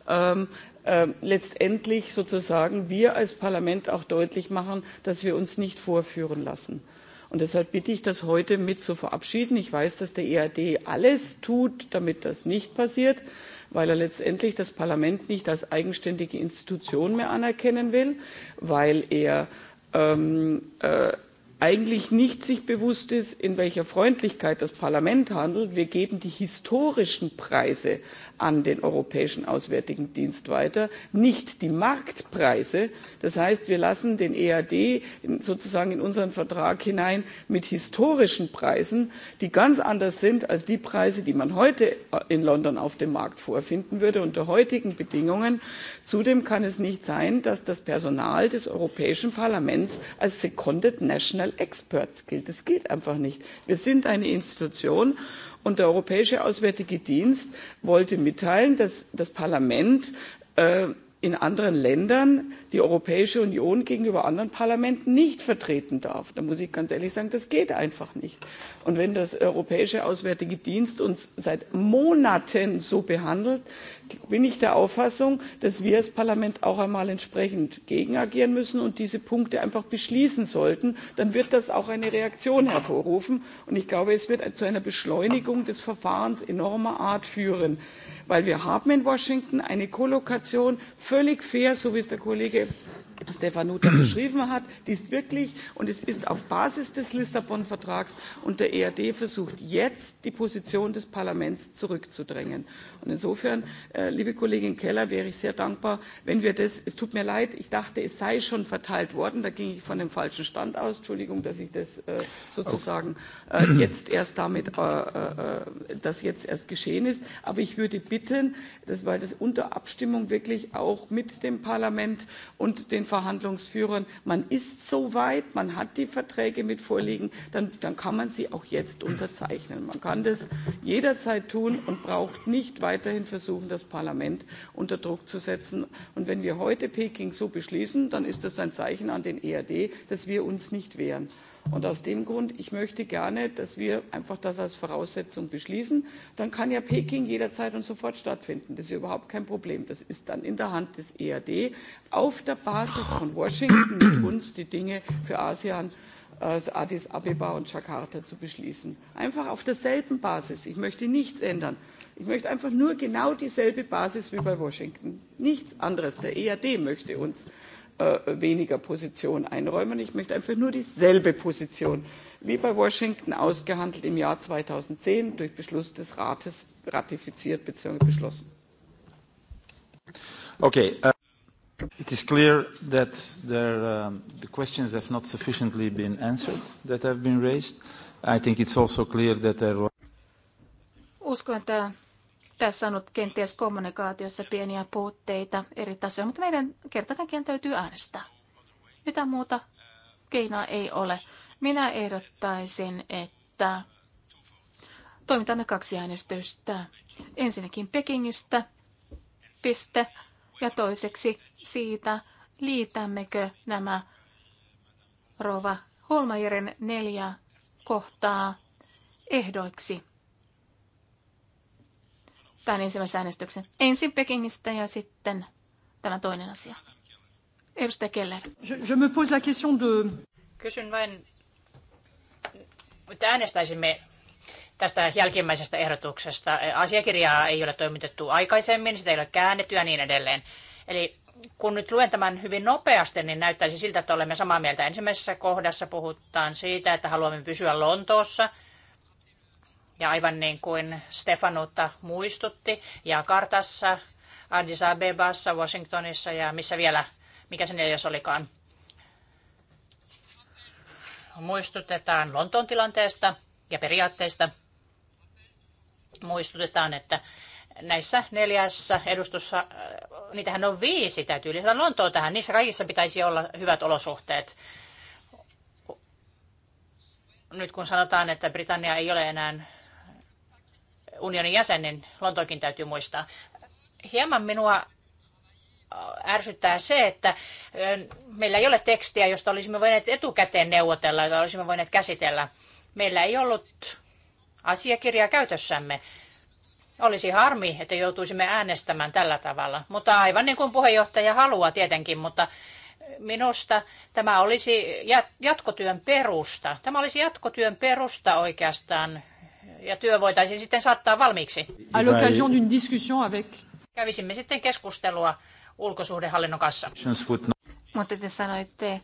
Ähm, ähm, letztendlich sozusagen wir als Parlament auch deutlich machen, dass wir uns nicht vorführen lassen. Und deshalb bitte ich, das heute mit zu verabschieden. Ich weiß, dass der EAD alles tut, damit das nicht passiert, weil er letztendlich das Parlament nicht als eigenständige Institution mehr anerkennen will, weil er ähm, äh, eigentlich nicht sich bewusst ist, in welcher Freundlichkeit das Parlament handelt. Wir geben die historischen Preise an den Europäischen Auswärtigen Dienst weiter, nicht die Marktpreise. Das heißt, wir lassen den EAD sozusagen in unseren Vertrag hinein mit historischen Preisen, die ganz anders sind als die Preise, die man heute äh, in London auf dem Markt vorfinden würde unter heutigen Bedingungen. Zudem kann es nicht sein, dass das Personal des Europäischen Parlaments als Seconded National Experts gilt. Das geht einfach nicht. Wir sind eine Institution und der Europäische Auswärtige Dienst wollte mitteilen, dass das Parlament äh, in anderen Ländern die Europäische Union gegenüber anderen Parlamenten nicht vertreten darf. Da muss ich ganz ehrlich sagen, das geht einfach nicht. Und wenn das Europäische Auswärtige Dienst uns seit Monaten so behandelt, bin ich der Auffassung, dass wir als Parlament auch einmal entsprechend gegenagieren müssen und diese Punkte einfach beschließen sollten. Dann wird das auch eine Reaktion hervorrufen. Und ich glaube, es wird zu einer Beschleunigung des Verfahrens enormer Art führen. Weil wir haben in Washington eine Kollokation, völlig fair, so wie es der Kollege Stefanuta [coughs] beschrieben hat, die ist wirklich und es ist auf Basis des Lissabon-Vertrags und der ERD versucht jetzt die Position des Parlaments zurückzudrängen. Und insofern, äh, liebe Kollegin Keller, wäre ich sehr dankbar, wenn wir das, es tut mir leid, ich dachte, es sei schon verteilt worden, da ging ich von dem falschen Stand aus, Entschuldigung, dass ich das äh, sozusagen äh, [clears throat] jetzt erst damit, äh, äh, das jetzt erst geschehen ist. Aber ich würde bitten, dass, weil das unter Abstimmung wirklich auch mit dem Parlament und den Verhandlungsführern, man ist so weit, man hat die Verträge mit vorliegen, dann, dann kann man sie auch jetzt unterzeichnen. Man kann das jederzeit tun und braucht nicht weiter weiterhin versuchen, das Parlament unter Druck zu setzen. Und wenn wir heute Peking so beschließen, dann ist das ein Zeichen an den EAD, dass wir uns nicht wehren. Und aus dem Grund, ich möchte gerne, dass wir einfach das als Voraussetzung beschließen. Dann kann ja Peking jederzeit und sofort stattfinden. Das ist überhaupt kein Problem. Das ist dann in der Hand des EAD, auf der Basis von Washington mit uns die Dinge für ASEAN also äh, Addis Abeba und Jakarta zu beschließen. Einfach auf derselben Basis. Ich möchte nichts ändern. Ich möchte einfach nur genau dieselbe Basis wie bei Washington. Nichts anderes. Der EAD möchte uns äh, weniger Position einräumen. Ich möchte einfach nur dieselbe Position wie bei Washington ausgehandelt im Jahr 2010 durch Beschluss des Rates ratifiziert bzw. beschlossen. Okay. Uh It is
clear that there, um, the questions have not sufficiently been answered that have been raised. I think it's also clear that there were... Uskon, että tässä on ollut kenties kommunikaatiossa pieniä puutteita eri tasoilla, mutta meidän kertakaikkiaan täytyy äänestää. Mitä muuta keinoa ei ole. Minä ehdottaisin, että toimitamme kaksi äänestystä. Ensinnäkin Pekingistä, piste, ja toiseksi siitä, liitämmekö nämä Rova Holmajeren neljä kohtaa ehdoiksi tämän ensimmäisen äänestyksen. Ensin Pekingistä ja sitten tämä toinen asia. Edustaja Keller.
Je, me pose la question de... Kysyn vain, että äänestäisimme tästä jälkimmäisestä ehdotuksesta. Asiakirjaa ei ole toimitettu aikaisemmin, sitä ei ole käännetty ja niin edelleen. Eli kun nyt luen tämän hyvin nopeasti, niin näyttäisi siltä, että olemme samaa mieltä. Ensimmäisessä kohdassa puhutaan siitä, että haluamme pysyä Lontoossa – ja aivan niin kuin Stefanutta muistutti, Jakartassa, Addis Abebassa, Washingtonissa ja missä vielä, mikä se neljäs olikaan. Muistutetaan Lontoon tilanteesta ja periaatteista. Muistutetaan, että näissä neljässä edustussa, äh, niitähän on viisi, täytyy lisätä Lontoon tähän, niissä kaikissa pitäisi olla hyvät olosuhteet. Nyt kun sanotaan, että Britannia ei ole enää unionin jäsenen, Lontoikin täytyy muistaa. Hieman minua äh, ärsyttää se, että äh, meillä ei ole tekstiä, josta olisimme voineet etukäteen neuvotella, jota olisimme voineet käsitellä. Meillä ei ollut asiakirjaa käytössämme. Olisi harmi, että joutuisimme äänestämään tällä tavalla, mutta aivan niin kuin puheenjohtaja haluaa tietenkin, mutta minusta tämä olisi jatkotyön perusta. Tämä olisi jatkotyön perusta oikeastaan ja työ voitaisiin sitten saattaa valmiiksi. Kävisimme sitten keskustelua ulkosuhdehallinnon kanssa. Mutta te sanoitte,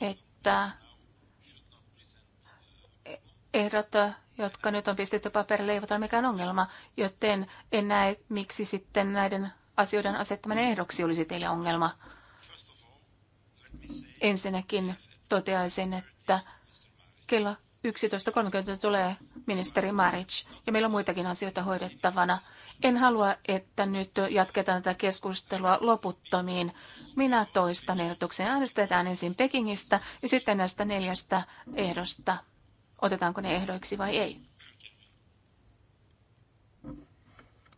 että
ehdot, jotka nyt on pistetty paperille, eivät ole mikään ongelma, joten en näe, miksi sitten näiden asioiden asettaminen ehdoksi olisi teille ongelma. Ensinnäkin toteaisin, että kello 11.30 tulee ministeri Maric, ja meillä on muitakin asioita hoidettavana. En halua, että nyt jatketaan tätä keskustelua loputtomiin. Minä toistan ehdotuksen. Äänestetään ensin Pekingistä ja sitten näistä neljästä ehdosta. Otetaanko ne ehdoiksi vai ei?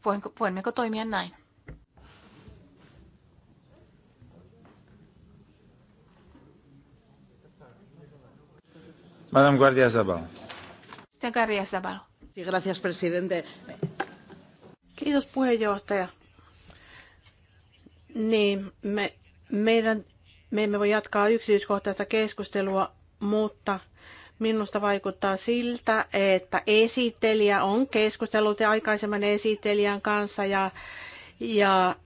Voinko, voimmeko toimia näin? Madame Guardia Zabal. Gracias, presidente.
Kiitos puheenjohtaja. Niin, me, meidän, me emme voi jatkaa yksityiskohtaista keskustelua, mutta minusta vaikuttaa siltä, että esittelijä on keskustellut aikaisemman esittelijän kanssa ja, ja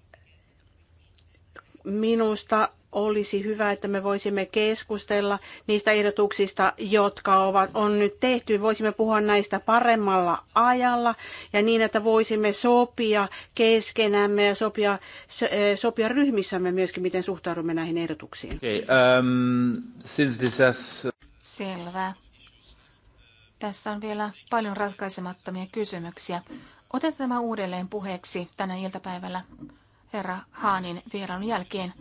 minusta olisi hyvä, että me voisimme keskustella niistä ehdotuksista, jotka ovat, on nyt tehty. Voisimme puhua näistä paremmalla ajalla ja niin, että voisimme sopia keskenämme ja sopia, eh, sopia ryhmissämme myöskin, miten suhtaudumme
näihin ehdotuksiin. Okay, um, since this has... Selvä. Tässä on vielä paljon ratkaisemattomia kysymyksiä. Otetaan tämä uudelleen puheeksi tänä iltapäivällä herra Haanin vierailun jälkeen.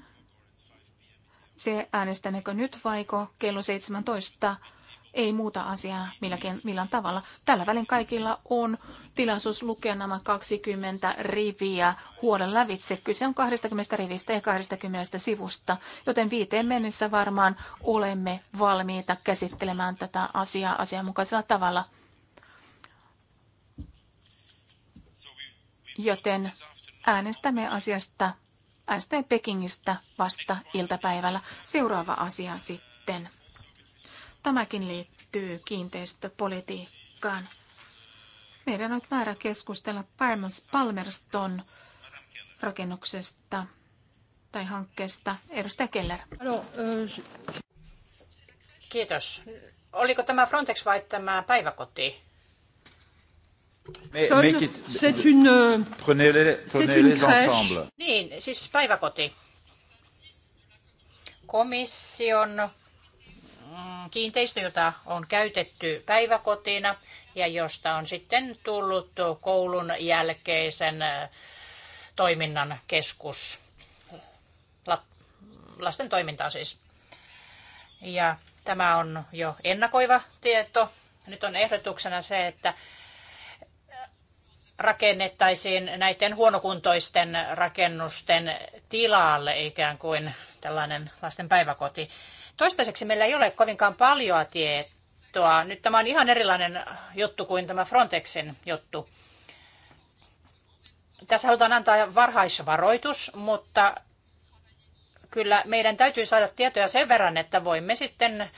Se äänestämmekö nyt vaiko kello 17 ei muuta asiaa milläkin, millään tavalla. Tällä välin kaikilla on tilaisuus lukea nämä 20 riviä huolen lävitse. Kyse on 20 rivistä ja 20 sivusta, joten viiteen mennessä varmaan olemme valmiita käsittelemään tätä asiaa asianmukaisella tavalla. Joten äänestämme asiasta Äänestetään Pekingistä vasta iltapäivällä. Seuraava asia sitten. Tämäkin liittyy kiinteistöpolitiikkaan. Meidän on määrä keskustella Palmerston rakennuksesta tai hankkeesta. Edustaja Keller.
Kiitos. Oliko tämä Frontex vai tämä päiväkoti?
Son, c'est une, euh, prenez une ensemble.
Niin, siis päiväkoti. Komission mm, kiinteistö, jota on käytetty päiväkotina ja josta on sitten tullut koulun jälkeisen äh, toiminnan keskus. Lasten toimintaa siis. Ja tämä on jo ennakoiva tieto. Nyt on ehdotuksena se, että rakennettaisiin näiden huonokuntoisten rakennusten tilalle ikään kuin tällainen lasten päiväkoti. Toistaiseksi meillä ei ole kovinkaan paljon tietoa. Nyt tämä on ihan erilainen juttu kuin tämä Frontexin juttu. Tässä halutaan antaa varhaisvaroitus, mutta kyllä meidän täytyy saada tietoja sen verran, että voimme sitten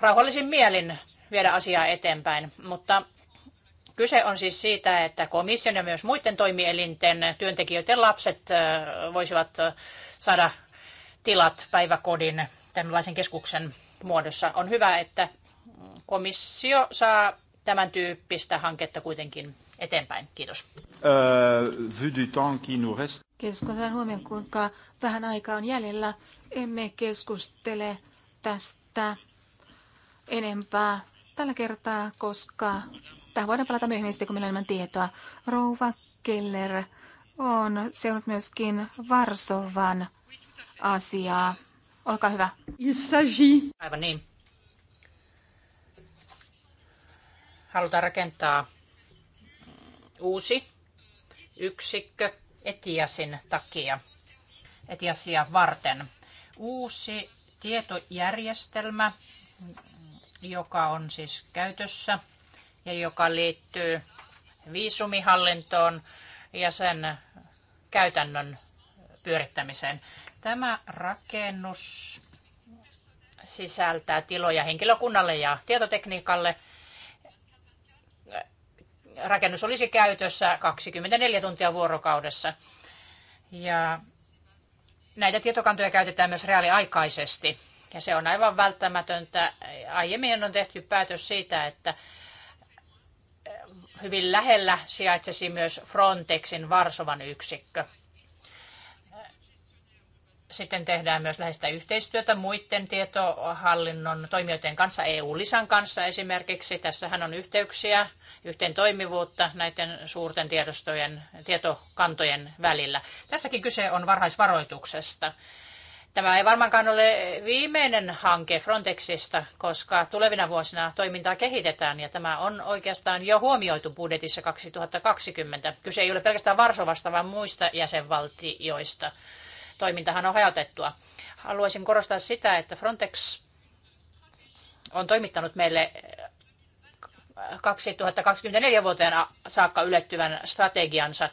rauhallisin mielin viedä asiaa eteenpäin. Mutta Kyse on siis siitä, että komission ja myös muiden toimielinten työntekijöiden lapset voisivat saada tilat päiväkodin tällaisen keskuksen muodossa. On hyvä, että komissio saa tämän tyyppistä hanketta kuitenkin eteenpäin. Kiitos.
Kiitos, kun huomioon, kuinka vähän aikaa on jäljellä. Emme keskustele tästä enempää tällä kertaa, koska Tähän voidaan palata myöhemmin sitten, kun meillä on enemmän tietoa. Rouva Keller on seurannut myöskin Varsovan asiaa.
Olkaa hyvä. Aivan niin. Halutaan rakentaa uusi yksikkö Etiasin takia, Etiasia varten. Uusi tietojärjestelmä, joka on siis käytössä ja joka liittyy viisumihallintoon ja sen käytännön pyörittämiseen. Tämä rakennus sisältää tiloja henkilökunnalle ja tietotekniikalle. Rakennus olisi käytössä 24 tuntia vuorokaudessa. Ja näitä tietokantoja käytetään myös reaaliaikaisesti. Ja se on aivan välttämätöntä. Aiemmin on tehty päätös siitä, että hyvin lähellä sijaitsesi myös Frontexin Varsovan yksikkö. Sitten tehdään myös läheistä yhteistyötä muiden tietohallinnon toimijoiden kanssa, EU-lisan kanssa esimerkiksi. Tässähän on yhteyksiä, yhteen toimivuutta näiden suurten tiedostojen, tietokantojen välillä. Tässäkin kyse on varhaisvaroituksesta. Tämä ei varmaankaan ole viimeinen hanke Frontexista, koska tulevina vuosina toimintaa kehitetään ja tämä on oikeastaan jo huomioitu budjetissa 2020. Kyse ei ole pelkästään Varsovasta, vaan muista jäsenvaltioista. Toimintahan on hajautettua. Haluaisin korostaa sitä, että Frontex on toimittanut meille 2024 vuoteen saakka ylettyvän strategiansa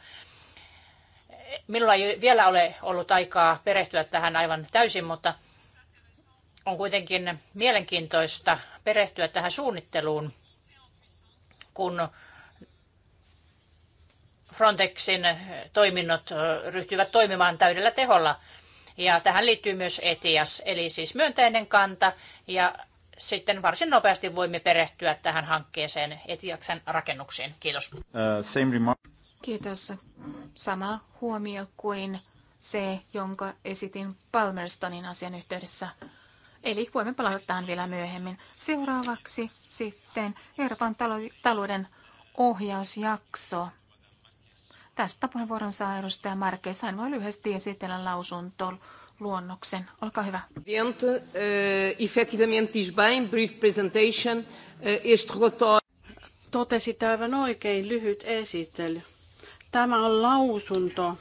minulla ei vielä ole ollut aikaa perehtyä tähän aivan täysin, mutta on kuitenkin mielenkiintoista perehtyä tähän suunnitteluun, kun Frontexin toiminnot ryhtyvät toimimaan täydellä teholla. Ja tähän liittyy myös ETIAS, eli siis myönteinen kanta, ja sitten varsin nopeasti voimme perehtyä tähän hankkeeseen ETIAKsen rakennuksiin. Kiitos. Uh, Kiitos.
Sama huomio kuin se, jonka esitin Palmerstonin asian yhteydessä. Eli voimme palata vielä myöhemmin. Seuraavaksi sitten Euroopan talouden ohjausjakso. Tästä puheenvuoron saa edustaja Marke. Sain voi lyhyesti esitellä lausunto luonnoksen. Olkaa hyvä.
Eh, eh, Totesi aivan oikein lyhyt esittely. Tämä on lausunto.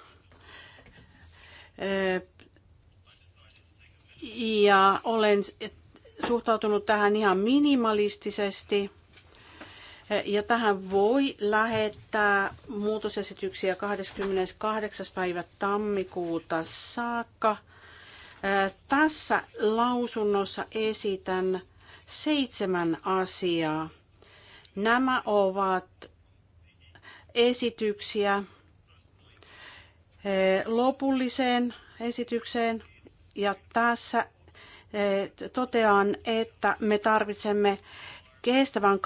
Eh, ja olen suhtautunut tähän ihan minimalistisesti. Eh, ja tähän voi lähettää muutosesityksiä 28. päivä tammikuuta saakka. Eh, tässä lausunnossa esitän seitsemän asiaa. Nämä ovat esityksiä eh, lopulliseen esitykseen. Ja tässä eh, totean, että me tarvitsemme kestävän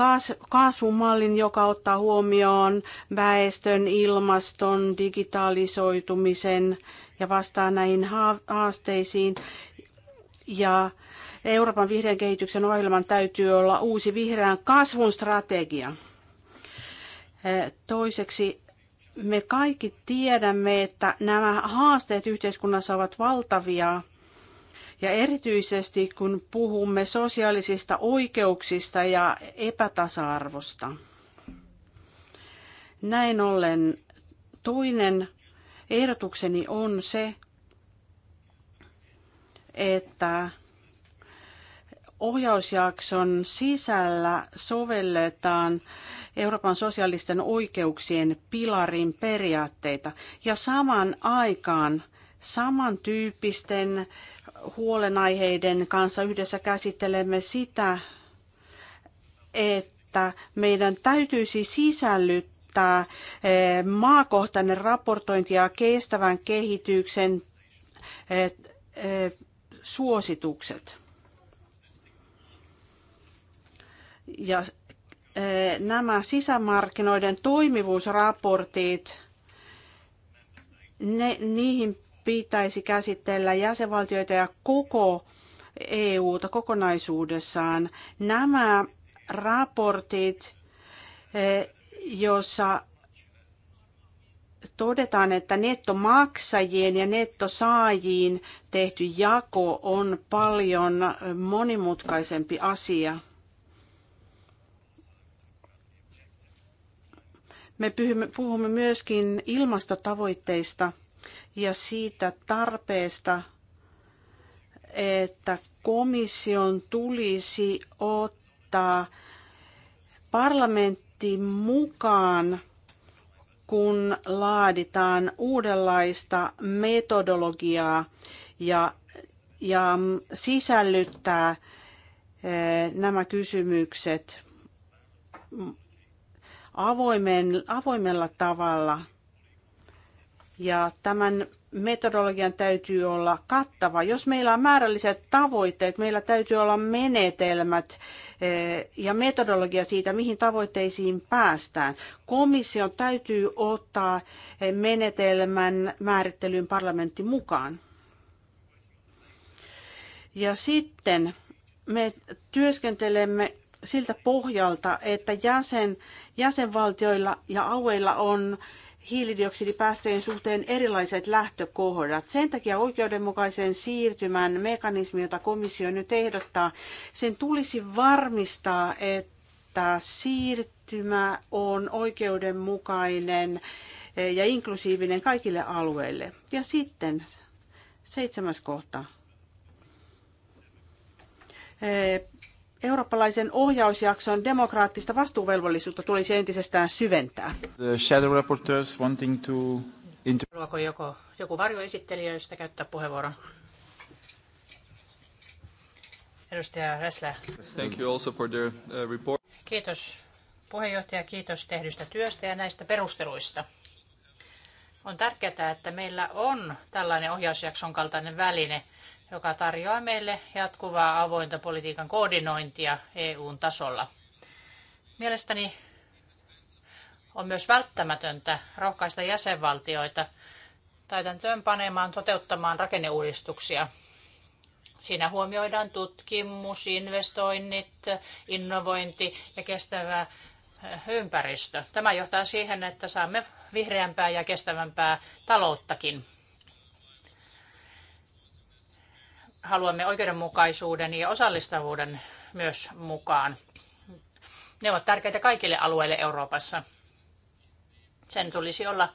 kasvumallin, joka ottaa huomioon väestön, ilmaston, digitalisoitumisen ja vastaa näihin haasteisiin. Ja Euroopan vihreän kehityksen ohjelman täytyy olla uusi vihreän kasvun strategia. Toiseksi me kaikki tiedämme, että nämä haasteet yhteiskunnassa ovat valtavia. Ja erityisesti kun puhumme sosiaalisista oikeuksista ja epätasa-arvosta. Näin ollen toinen ehdotukseni on se, että ohjausjakson sisällä sovelletaan Euroopan sosiaalisten oikeuksien pilarin periaatteita ja saman aikaan samantyyppisten huolenaiheiden kanssa yhdessä käsittelemme sitä, että meidän täytyisi sisällyttää eh, maakohtainen raportointi ja kestävän kehityksen eh, eh, suositukset. Ja e, nämä sisämarkkinoiden toimivuusraportit, ne, niihin pitäisi käsitellä jäsenvaltioita ja koko EUta kokonaisuudessaan. Nämä raportit, e, joissa todetaan, että nettomaksajien ja nettosaajiin tehty jako on paljon monimutkaisempi asia. Me puhumme myöskin ilmastotavoitteista ja siitä tarpeesta, että komission tulisi ottaa parlamentti mukaan, kun laaditaan uudenlaista metodologiaa ja, ja sisällyttää eh, nämä kysymykset avoimen, avoimella tavalla. Ja tämän metodologian täytyy olla kattava. Jos meillä on määrälliset tavoitteet, meillä täytyy olla menetelmät eh, ja metodologia siitä, mihin tavoitteisiin päästään. Komission täytyy ottaa eh, menetelmän määrittelyyn parlamentti mukaan. Ja sitten me työskentelemme siltä pohjalta, että jäsen Jäsenvaltioilla ja alueilla on hiilidioksidipäästöjen suhteen erilaiset lähtökohdat. Sen takia oikeudenmukaisen siirtymän mekanismi, jota komissio nyt ehdottaa, sen tulisi varmistaa, että siirtymä on oikeudenmukainen ja inklusiivinen kaikille alueille. Ja sitten seitsemäs kohta eurooppalaisen ohjausjakson demokraattista vastuuvelvollisuutta tulisi entisestään syventää. The shadow reporters wanting to...
Haluaako joko, joku varjoesittelijöistä käyttää puheenvuoron? Edustaja Räslä. Thank you also for the uh, report. Kiitos puheenjohtaja, kiitos tehdystä työstä ja näistä perusteluista. On tärkeää, että meillä on tällainen ohjausjakson kaltainen väline – joka tarjoaa meille jatkuvaa avointa politiikan koordinointia EUn tasolla. Mielestäni on myös välttämätöntä rohkaista jäsenvaltioita täytäntöön panemaan toteuttamaan rakenneuudistuksia. Siinä huomioidaan tutkimus, investoinnit, innovointi ja kestävä eh, ympäristö. Tämä johtaa siihen, että saamme vihreämpää ja kestävämpää talouttakin. haluamme oikeudenmukaisuuden ja osallistavuuden myös mukaan. Ne ovat tärkeitä kaikille alueille Euroopassa. Sen tulisi olla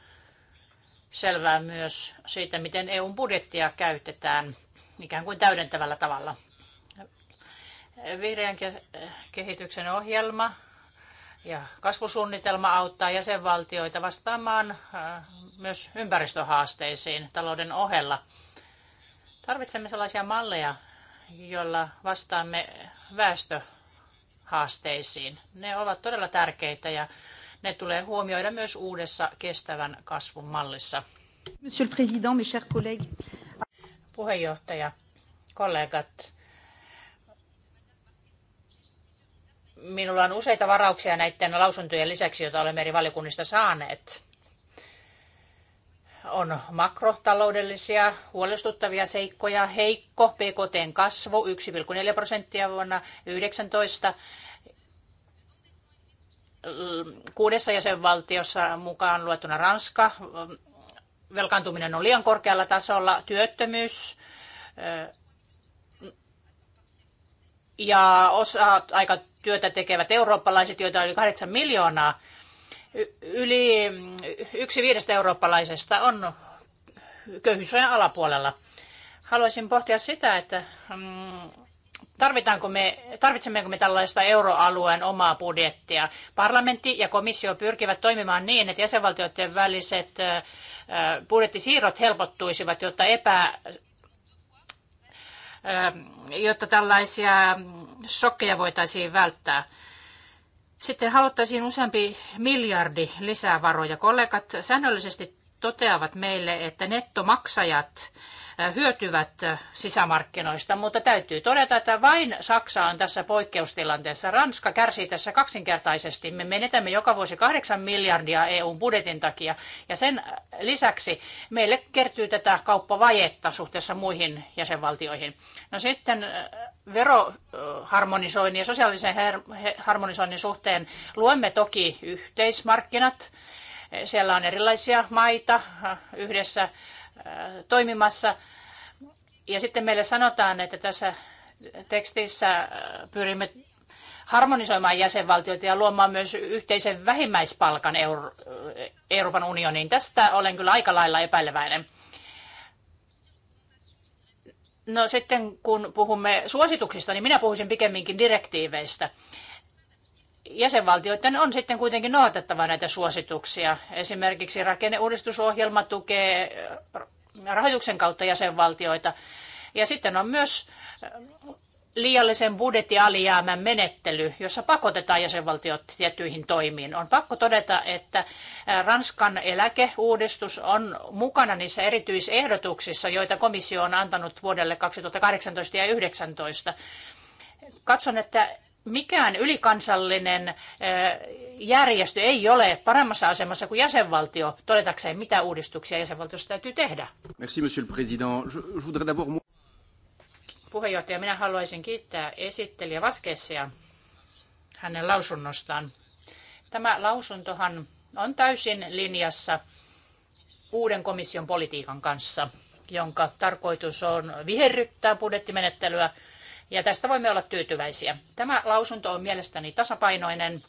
selvää myös siitä, miten EUn budjettia käytetään ikään kuin täydentävällä tavalla. Vihreän kehityksen ohjelma ja kasvusuunnitelma auttaa jäsenvaltioita vastaamaan äh, myös ympäristöhaasteisiin talouden ohella. Tarvitsemme sellaisia malleja, joilla vastaamme väestöhaasteisiin. Ne ovat todella tärkeitä ja ne tulee huomioida myös uudessa kestävän kasvun mallissa. Monsieur le Président, mes chers collègues. Puheenjohtaja, kollegat, minulla on useita varauksia näiden lausuntojen lisäksi, joita olemme eri valiokunnista saaneet on makrotaloudellisia huolestuttavia seikkoja. Heikko PKTn kasvu 1,4 prosenttia vuonna 2019 kuudessa jäsenvaltiossa mukaan luettuna Ranska. Velkaantuminen on liian korkealla tasolla, työttömyys ja osa aika työtä tekevät eurooppalaiset, joita oli 8 miljoonaa, yli mm, yksi viidestä eurooppalaisesta on köyhyysrajan alapuolella. Haluaisin pohtia sitä, että mm, tarvitaanko me, tarvitsemmeko me tällaista euroalueen omaa budjettia. Parlamentti ja komissio pyrkivät toimimaan niin, että jäsenvaltioiden väliset budjettisiirrot helpottuisivat, jotta epä jotta tällaisia mm, shokkeja voitaisiin välttää. Sitten haluttaisiin useampi miljardi lisää varoja. Kollegat säännöllisesti toteavat meille, että nettomaksajat Äh, hyötyvät äh, sisämarkkinoista, mutta täytyy todeta, että vain Saksa on tässä poikkeustilanteessa. Ranska kärsii tässä kaksinkertaisesti. Me menetämme joka vuosi 8 miljardia EUn budjetin takia ja sen äh, lisäksi meille kertyy tätä kauppavajetta suhteessa muihin jäsenvaltioihin. No sitten veroharmonisoinnin ja sosiaalisen harmonisoinnin suhteen luemme toki yhteismarkkinat. Siellä on erilaisia maita yhdessä toimimassa. Ja sitten meille sanotaan, että tässä tekstissä pyrimme harmonisoimaan jäsenvaltioita ja luomaan myös yhteisen vähimmäispalkan Euro- Euroopan unioniin. Tästä olen kyllä aika lailla epäileväinen. No sitten kun puhumme suosituksista, niin minä puhuisin pikemminkin direktiiveistä jäsenvaltioiden on sitten kuitenkin noudatettava näitä suosituksia. Esimerkiksi rakenneuudistusohjelma tukee äh, rahoituksen kautta jäsenvaltioita. Ja sitten on myös äh, liiallisen budjettialijäämän menettely, jossa pakotetaan jäsenvaltiot tiettyihin toimiin. On pakko todeta, että äh, Ranskan eläkeuudistus on mukana niissä erityisehdotuksissa, joita komissio on antanut vuodelle 2018 ja 2019. Katson, että mikään ylikansallinen järjestö ei ole paremmassa asemassa kuin jäsenvaltio todetakseen, mitä uudistuksia jäsenvaltiossa täytyy tehdä. Merci, monsieur le président. Je, je d'abord... Puheenjohtaja, minä haluaisin kiittää esittelijä Vaskeessia hänen lausunnostaan. Tämä lausuntohan on täysin linjassa uuden komission politiikan kanssa, jonka tarkoitus on viherryttää budjettimenettelyä – ja tästä voimme olla tyytyväisiä. Tämä lausunto on mielestäni tasapainoinen.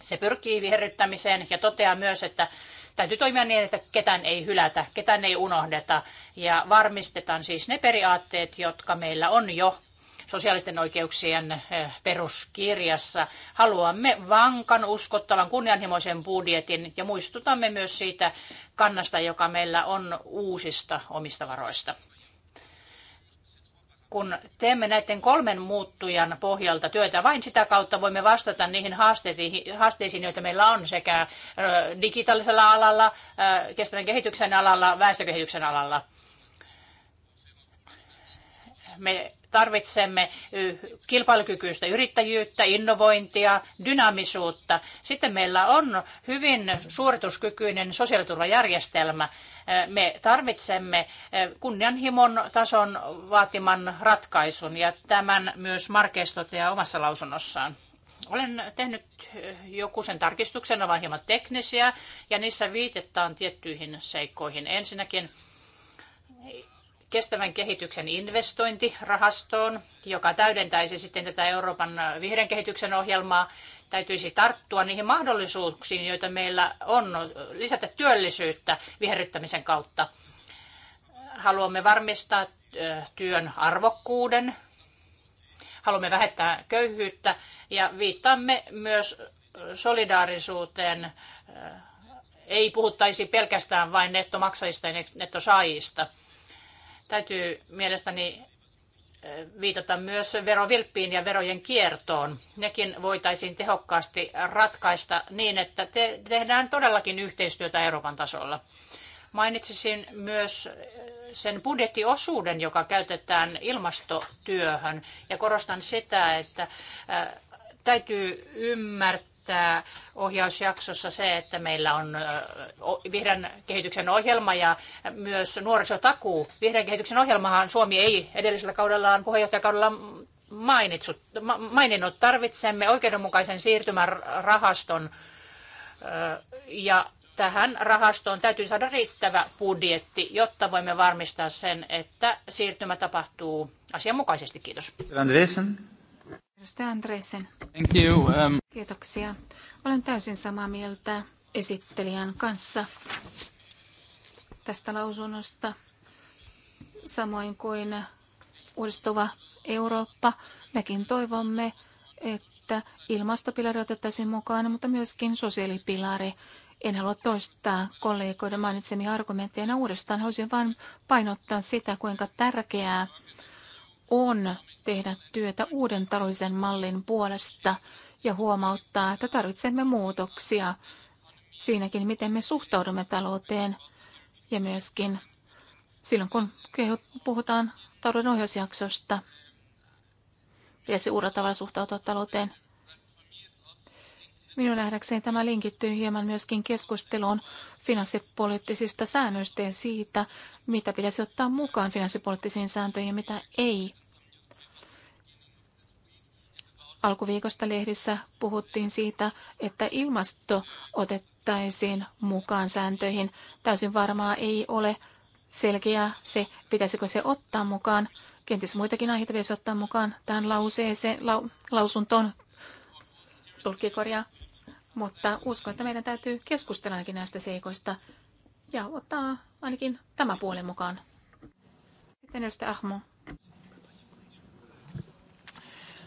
Se pyrkii viherryttämiseen ja toteaa myös, että täytyy toimia niin, että ketään ei hylätä, ketään ei unohdeta ja varmistetaan siis ne periaatteet, jotka meillä on jo sosiaalisten oikeuksien eh, peruskirjassa. Haluamme vankan, uskottavan, kunnianhimoisen budjetin ja muistutamme myös siitä kannasta, joka meillä on uusista omista varoista kun teemme näiden kolmen muuttujan pohjalta työtä, vain sitä kautta voimme vastata niihin haasteisiin, joita meillä on sekä digitaalisella alalla, kestävän kehityksen alalla, väestökehityksen alalla. Me Tarvitsemme kilpailukykyistä yrittäjyyttä, innovointia, dynaamisuutta. Sitten meillä on hyvin suorituskykyinen sosiaaliturvajärjestelmä. Me tarvitsemme kunnianhimon tason vaatiman ratkaisun ja tämän myös Markeis toteaa omassa lausunnossaan. Olen tehnyt joku sen tarkistuksen, ne ovat hieman teknisiä ja niissä viitetaan tiettyihin seikkoihin. Ensinnäkin kestävän kehityksen investointirahastoon, joka täydentäisi sitten tätä Euroopan vihreän kehityksen ohjelmaa. Täytyisi tarttua niihin mahdollisuuksiin, joita meillä on lisätä työllisyyttä viherryttämisen kautta. Haluamme varmistaa työn arvokkuuden, haluamme vähentää köyhyyttä ja viittaamme myös solidaarisuuteen ei puhuttaisi pelkästään vain nettomaksajista ja nettosaajista. Täytyy mielestäni viitata myös verovilppiin ja verojen kiertoon. Nekin voitaisiin tehokkaasti ratkaista niin, että te- tehdään todellakin yhteistyötä Euroopan tasolla. Mainitsisin myös sen budjettiosuuden, joka käytetään ilmastotyöhön. Ja korostan sitä, että täytyy ymmärtää, tämä ohjausjaksossa se, että meillä on vihreän kehityksen ohjelma ja myös nuorisotakuu. Vihreän kehityksen ohjelmahan Suomi ei edellisellä kaudellaan, puheenjohtajakaudella mainitsut, maininnut. Tarvitsemme oikeudenmukaisen siirtymän rahaston ja tähän rahastoon täytyy saada riittävä budjetti, jotta voimme varmistaa sen, että siirtymä tapahtuu asianmukaisesti. Kiitos.
Andresen.
Edustaja Andreisen.
Thank you. Um...
Kiitoksia. Olen täysin samaa mieltä esittelijän kanssa tästä lausunnosta, samoin kuin uudistuva Eurooppa. Mekin toivomme, että ilmastopilari otettaisiin mukaan, mutta myöskin sosiaalipilari. En halua toistaa kollegoiden mainitsemia argumentteja uudestaan. Haluaisin vain painottaa sitä, kuinka tärkeää on tehdä työtä uuden taloudellisen mallin puolesta ja huomauttaa, että tarvitsemme muutoksia siinäkin, miten me suhtaudumme talouteen ja myöskin silloin, kun puhutaan talouden ohjausjaksosta, se uudella tavalla suhtautua talouteen. Minun nähdäkseni tämä linkittyy hieman myöskin keskusteluun finanssipoliittisista säännöistä ja siitä, mitä pitäisi ottaa mukaan finanssipoliittisiin sääntöihin ja mitä ei. Alkuviikosta lehdissä puhuttiin siitä, että ilmasto otettaisiin mukaan sääntöihin. Täysin varmaa ei ole selkeää se, pitäisikö se ottaa mukaan. Kenties muitakin aiheita pitäisi ottaa mukaan tähän lauseeseen, lau, lausuntoon tulkikorjaa. Mutta uskon, että meidän täytyy keskustella ainakin näistä seikoista ja ottaa ainakin tämä puoli mukaan. Sitten edustaja Ahmo.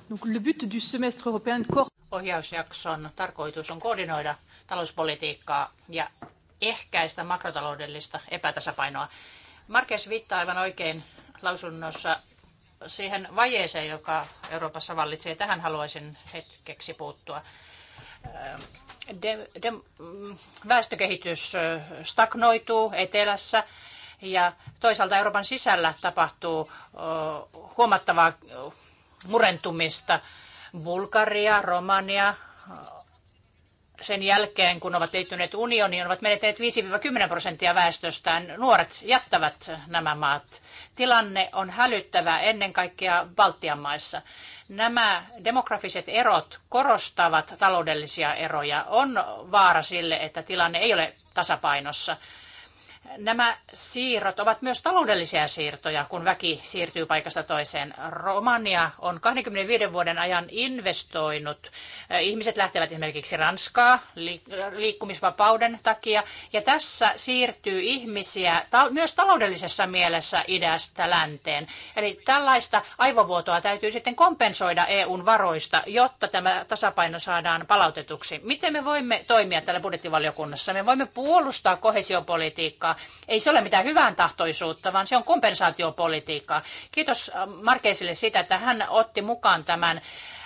Donc le but du semestre européen Ohjausjakson tarkoitus on koordinoida talouspolitiikkaa ja ehkäistä makrotaloudellista epätasapainoa. Marques viittaa aivan oikein lausunnossa siihen vajeeseen, joka Euroopassa vallitsee. Tähän haluaisin hetkeksi puuttua de, de, väestökehitys stagnoituu etelässä ja toisaalta Euroopan sisällä tapahtuu huomattavaa murentumista. Bulgaria, Romania sen jälkeen, kun ovat liittyneet unioniin, ovat menettäneet 5-10 prosenttia väestöstään. Nuoret jättävät nämä maat. Tilanne on hälyttävä ennen kaikkea Baltian maissa. Nämä demografiset erot korostavat taloudellisia eroja. On vaara sille, että tilanne ei ole tasapainossa nämä siirrot ovat myös taloudellisia siirtoja, kun väki siirtyy paikasta toiseen. Romania on 25 vuoden ajan investoinut. Ihmiset lähtevät esimerkiksi Ranskaa liikkumisvapauden takia. Ja tässä siirtyy ihmisiä myös taloudellisessa mielessä idästä länteen. Eli tällaista aivovuotoa täytyy sitten kompensoida EUn varoista, jotta tämä tasapaino saadaan palautetuksi. Miten me voimme toimia täällä budjettivaliokunnassa? Me voimme puolustaa kohesiopolitiikkaa ei se ole mitään hyvän tahtoisuutta, vaan se on kompensaatiopolitiikkaa. Kiitos äh, Markeisille siitä, että hän otti mukaan tämän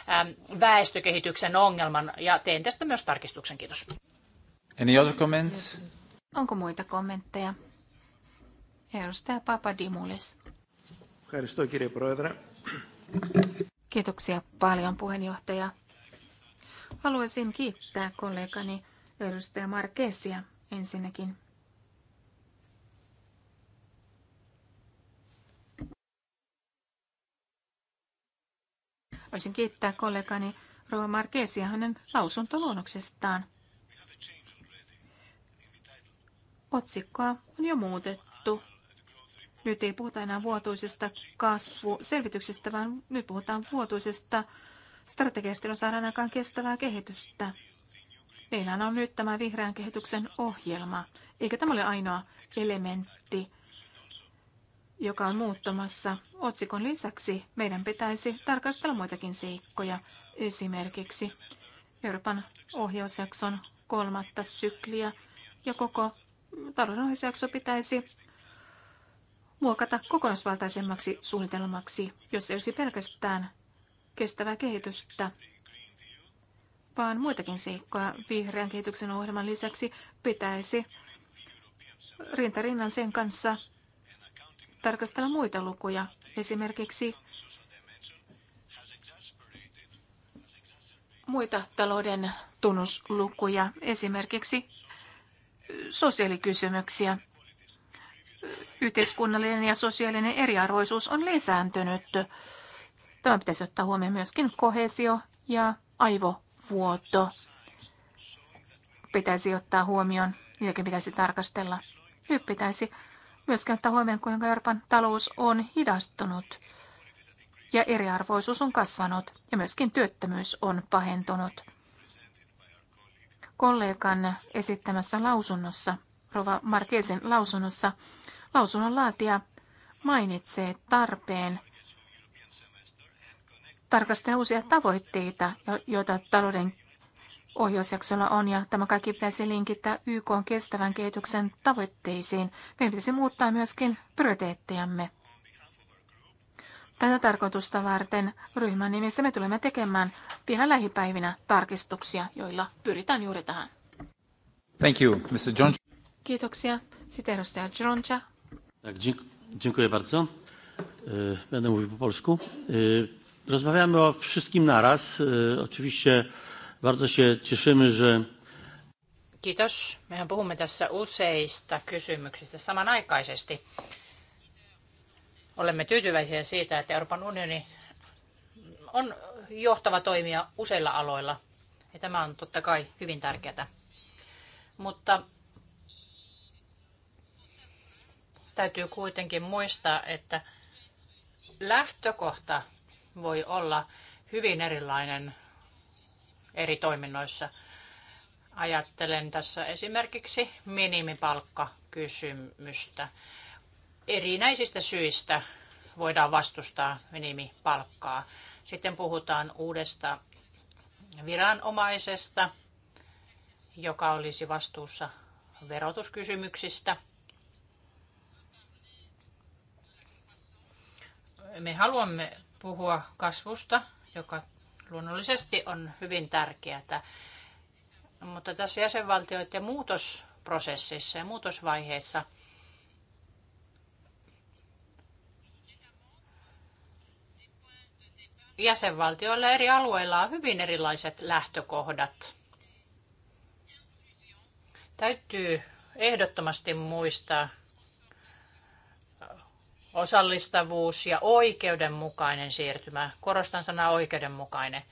ähm, väestökehityksen ongelman ja teen tästä myös tarkistuksen. Kiitos.
Any other comments? Onko muita kommentteja? Edustaja Papadimulis. Kiitoksia paljon puheenjohtaja. Haluaisin kiittää kollegani edustaja Markeesia ensinnäkin Voisin kiittää kollegani Rova Markeesia hänen lausuntoluonnoksestaan. Otsikkoa on jo muutettu. Nyt ei puhuta enää vuotuisesta kasvuselvityksestä, vaan nyt puhutaan vuotuisesta strategiasta, jolla saadaan aikaan kestävää kehitystä. Meillä on nyt tämä vihreän kehityksen ohjelma, eikä tämä ole ainoa elementti joka on muuttamassa. Otsikon lisäksi meidän pitäisi tarkastella muitakin seikkoja, esimerkiksi Euroopan ohjausjakson kolmatta sykliä ja koko talouden ohjausjakso pitäisi muokata kokonaisvaltaisemmaksi suunnitelmaksi, jos ei olisi pelkästään kestävää kehitystä, vaan muitakin seikkoja vihreän kehityksen ohjelman lisäksi pitäisi rintarinnan sen kanssa tarkastella muita lukuja. Esimerkiksi muita talouden tunnuslukuja, esimerkiksi sosiaalikysymyksiä. Yhteiskunnallinen ja sosiaalinen eriarvoisuus on lisääntynyt. Tämä pitäisi ottaa huomioon myöskin kohesio ja aivovuoto. Pitäisi ottaa huomioon, niitäkin pitäisi tarkastella. Nyt pitäisi Myöskään ottaa huomioon, kuinka Euroopan talous on hidastunut ja eriarvoisuus on kasvanut ja myöskin työttömyys on pahentunut. Kollegan esittämässä lausunnossa, Rova Martiesin lausunnossa, lausunnon laatija mainitsee tarpeen tarkastella uusia tavoitteita, joita talouden ohjausjaksolla on, ja tämä kaikki pitäisi linkittää YK on kestävän kehityksen tavoitteisiin. Meidän pitäisi muuttaa myöskin prioriteettejamme. Tätä tarkoitusta varten ryhmän nimissä me tulemme tekemään vielä lähipäivinä tarkistuksia, joilla pyritään juuri tähän. Thank you, Mr. John. Kiitoksia. Sitten edustaja Johncha. Tak, dziękuję bardzo. E, będę mówił po polsku.
E, rozmawiamy o wszystkim naraz. E, oczywiście Bardzo się cieszymy, że...
Kiitos. Mehän puhumme tässä useista kysymyksistä samanaikaisesti. Olemme tyytyväisiä siitä, että Euroopan unioni on johtava toimija useilla aloilla. Ja tämä on totta kai hyvin tärkeää. Mutta täytyy kuitenkin muistaa, että lähtökohta voi olla hyvin erilainen eri toiminnoissa. Ajattelen tässä esimerkiksi minimipalkkakysymystä. Erinäisistä syistä voidaan vastustaa minimipalkkaa. Sitten puhutaan uudesta viranomaisesta, joka olisi vastuussa verotuskysymyksistä. Me haluamme puhua kasvusta, joka luonnollisesti on hyvin tärkeää. Mutta tässä jäsenvaltioiden muutosprosessissa ja muutosvaiheessa jäsenvaltioilla eri alueilla on hyvin erilaiset lähtökohdat. Täytyy ehdottomasti muistaa osallistavuus ja oikeudenmukainen siirtymä. Korostan sanaa oikeudenmukainen.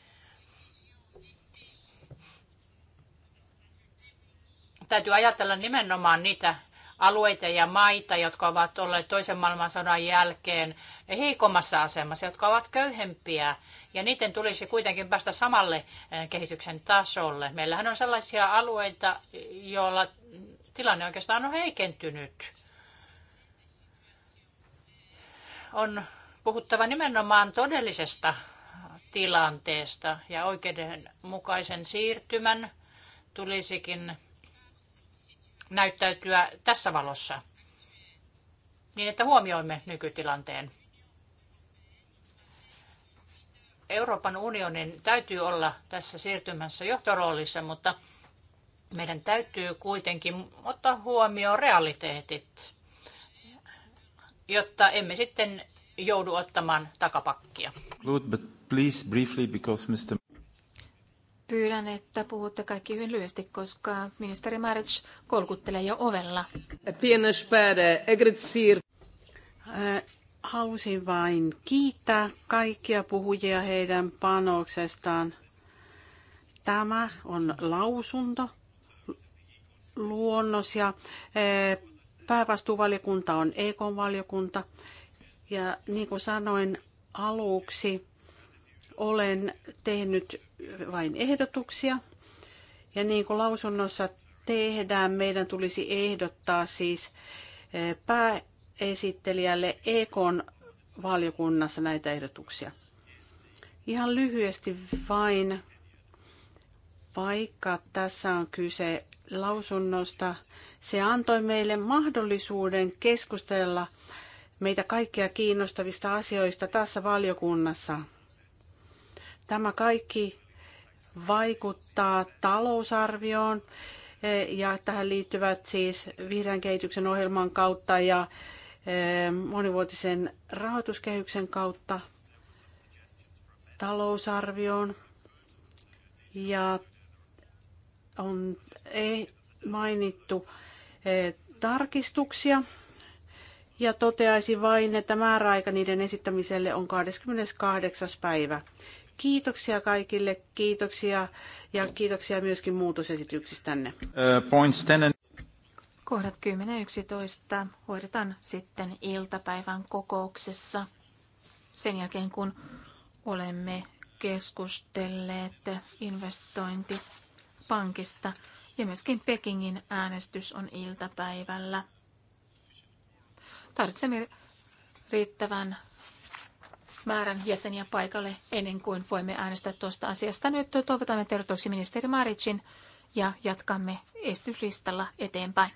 Täytyy ajatella nimenomaan niitä alueita ja maita, jotka ovat olleet toisen maailmansodan jälkeen heikommassa asemassa, jotka ovat köyhempiä, ja niiden tulisi kuitenkin päästä samalle eh, kehityksen tasolle. Meillähän on sellaisia alueita, joilla tilanne oikeastaan on heikentynyt on puhuttava nimenomaan todellisesta tilanteesta ja oikeudenmukaisen siirtymän tulisikin näyttäytyä tässä valossa niin, että huomioimme nykytilanteen. Euroopan unionin täytyy olla tässä siirtymässä johtoroolissa, mutta meidän täytyy kuitenkin ottaa huomioon realiteetit jotta emme sitten joudu ottamaan takapakkia.
But please briefly because Mr.
Pyydän, että puhutte
kaikki hyvin lyhyesti, koska ministeri Maric kolkuttelee jo ovella. Äh, halusin vain kiittää kaikkia
puhujia heidän panoksestaan. Tämä on lausunto, luonnos ja äh, Päävastuuvaliokunta on EK-valiokunta ja niin kuin sanoin aluksi, olen tehnyt vain ehdotuksia ja niin kuin lausunnossa tehdään, meidän tulisi ehdottaa siis eh, pääesittelijälle EKn valiokunnassa näitä ehdotuksia. Ihan lyhyesti vain, vaikka tässä on kyse lausunnosta, se antoi meille mahdollisuuden keskustella meitä kaikkia kiinnostavista asioista tässä valiokunnassa. Tämä kaikki vaikuttaa talousarvioon e, ja tähän liittyvät siis vihreän kehityksen ohjelman kautta ja e, monivuotisen rahoituskehyksen kautta talousarvioon. Ja on ei mainittu Eh, tarkistuksia ja toteaisin vain, että määräaika niiden esittämiselle on 28. päivä. Kiitoksia kaikille, kiitoksia ja kiitoksia myöskin muutosesityksistänne. Uh,
Kohdat 10 ja 11 hoidetaan sitten iltapäivän kokouksessa sen jälkeen, kun olemme keskustelleet investointipankista. Ja myöskin Pekingin äänestys on iltapäivällä. Tarvitsemme riittävän määrän jäseniä paikalle ennen kuin voimme äänestää tuosta asiasta. Nyt toivotamme tervetulleeksi ministeri Maricin ja jatkamme estyslistalla eteenpäin.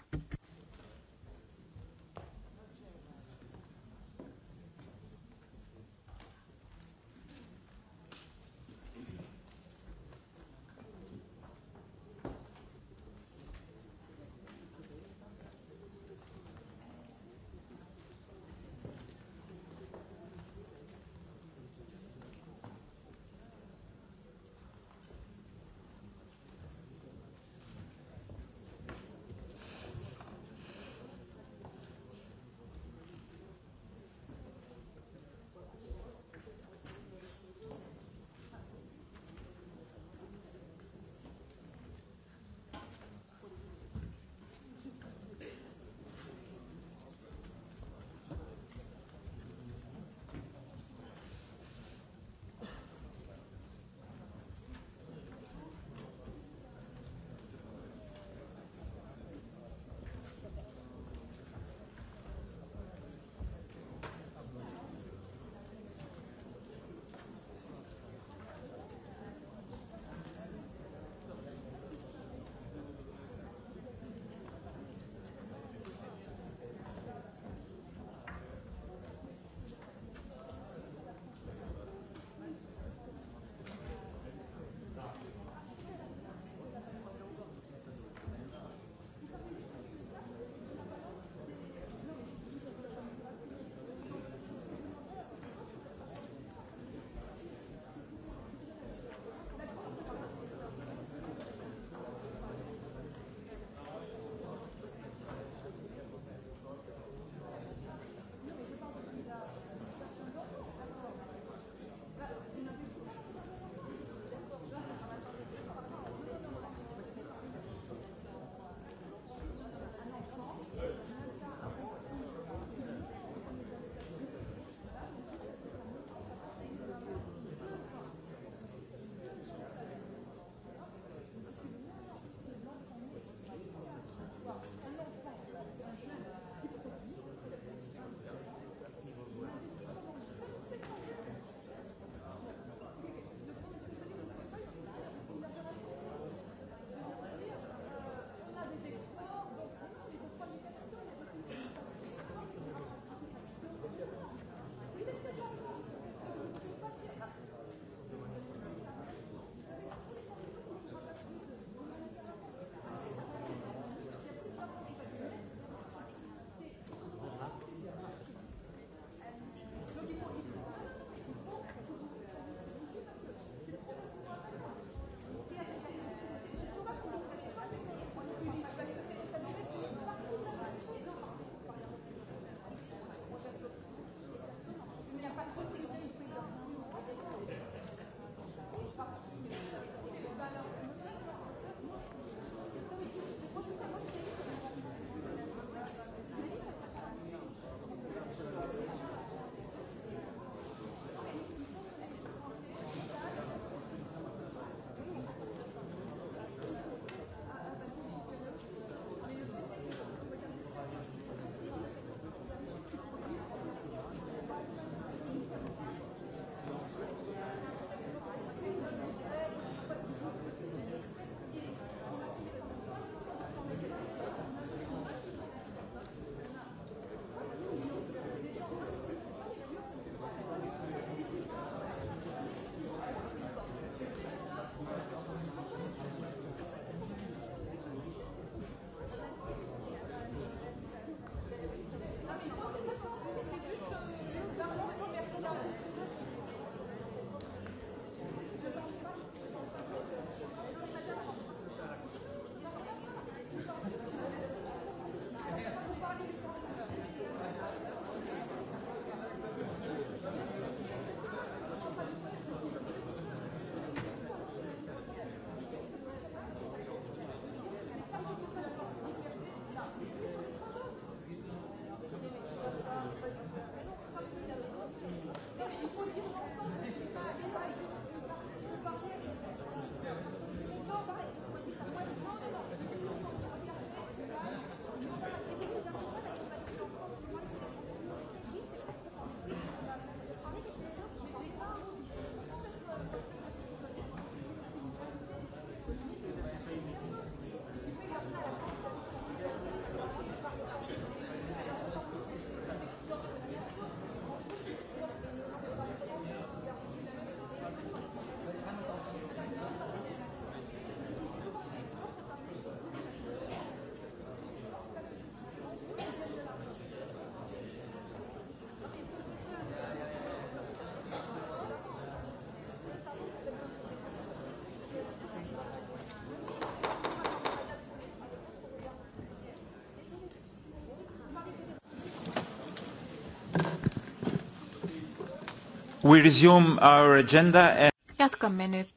We resume our
agenda and...
Jatkamme nyt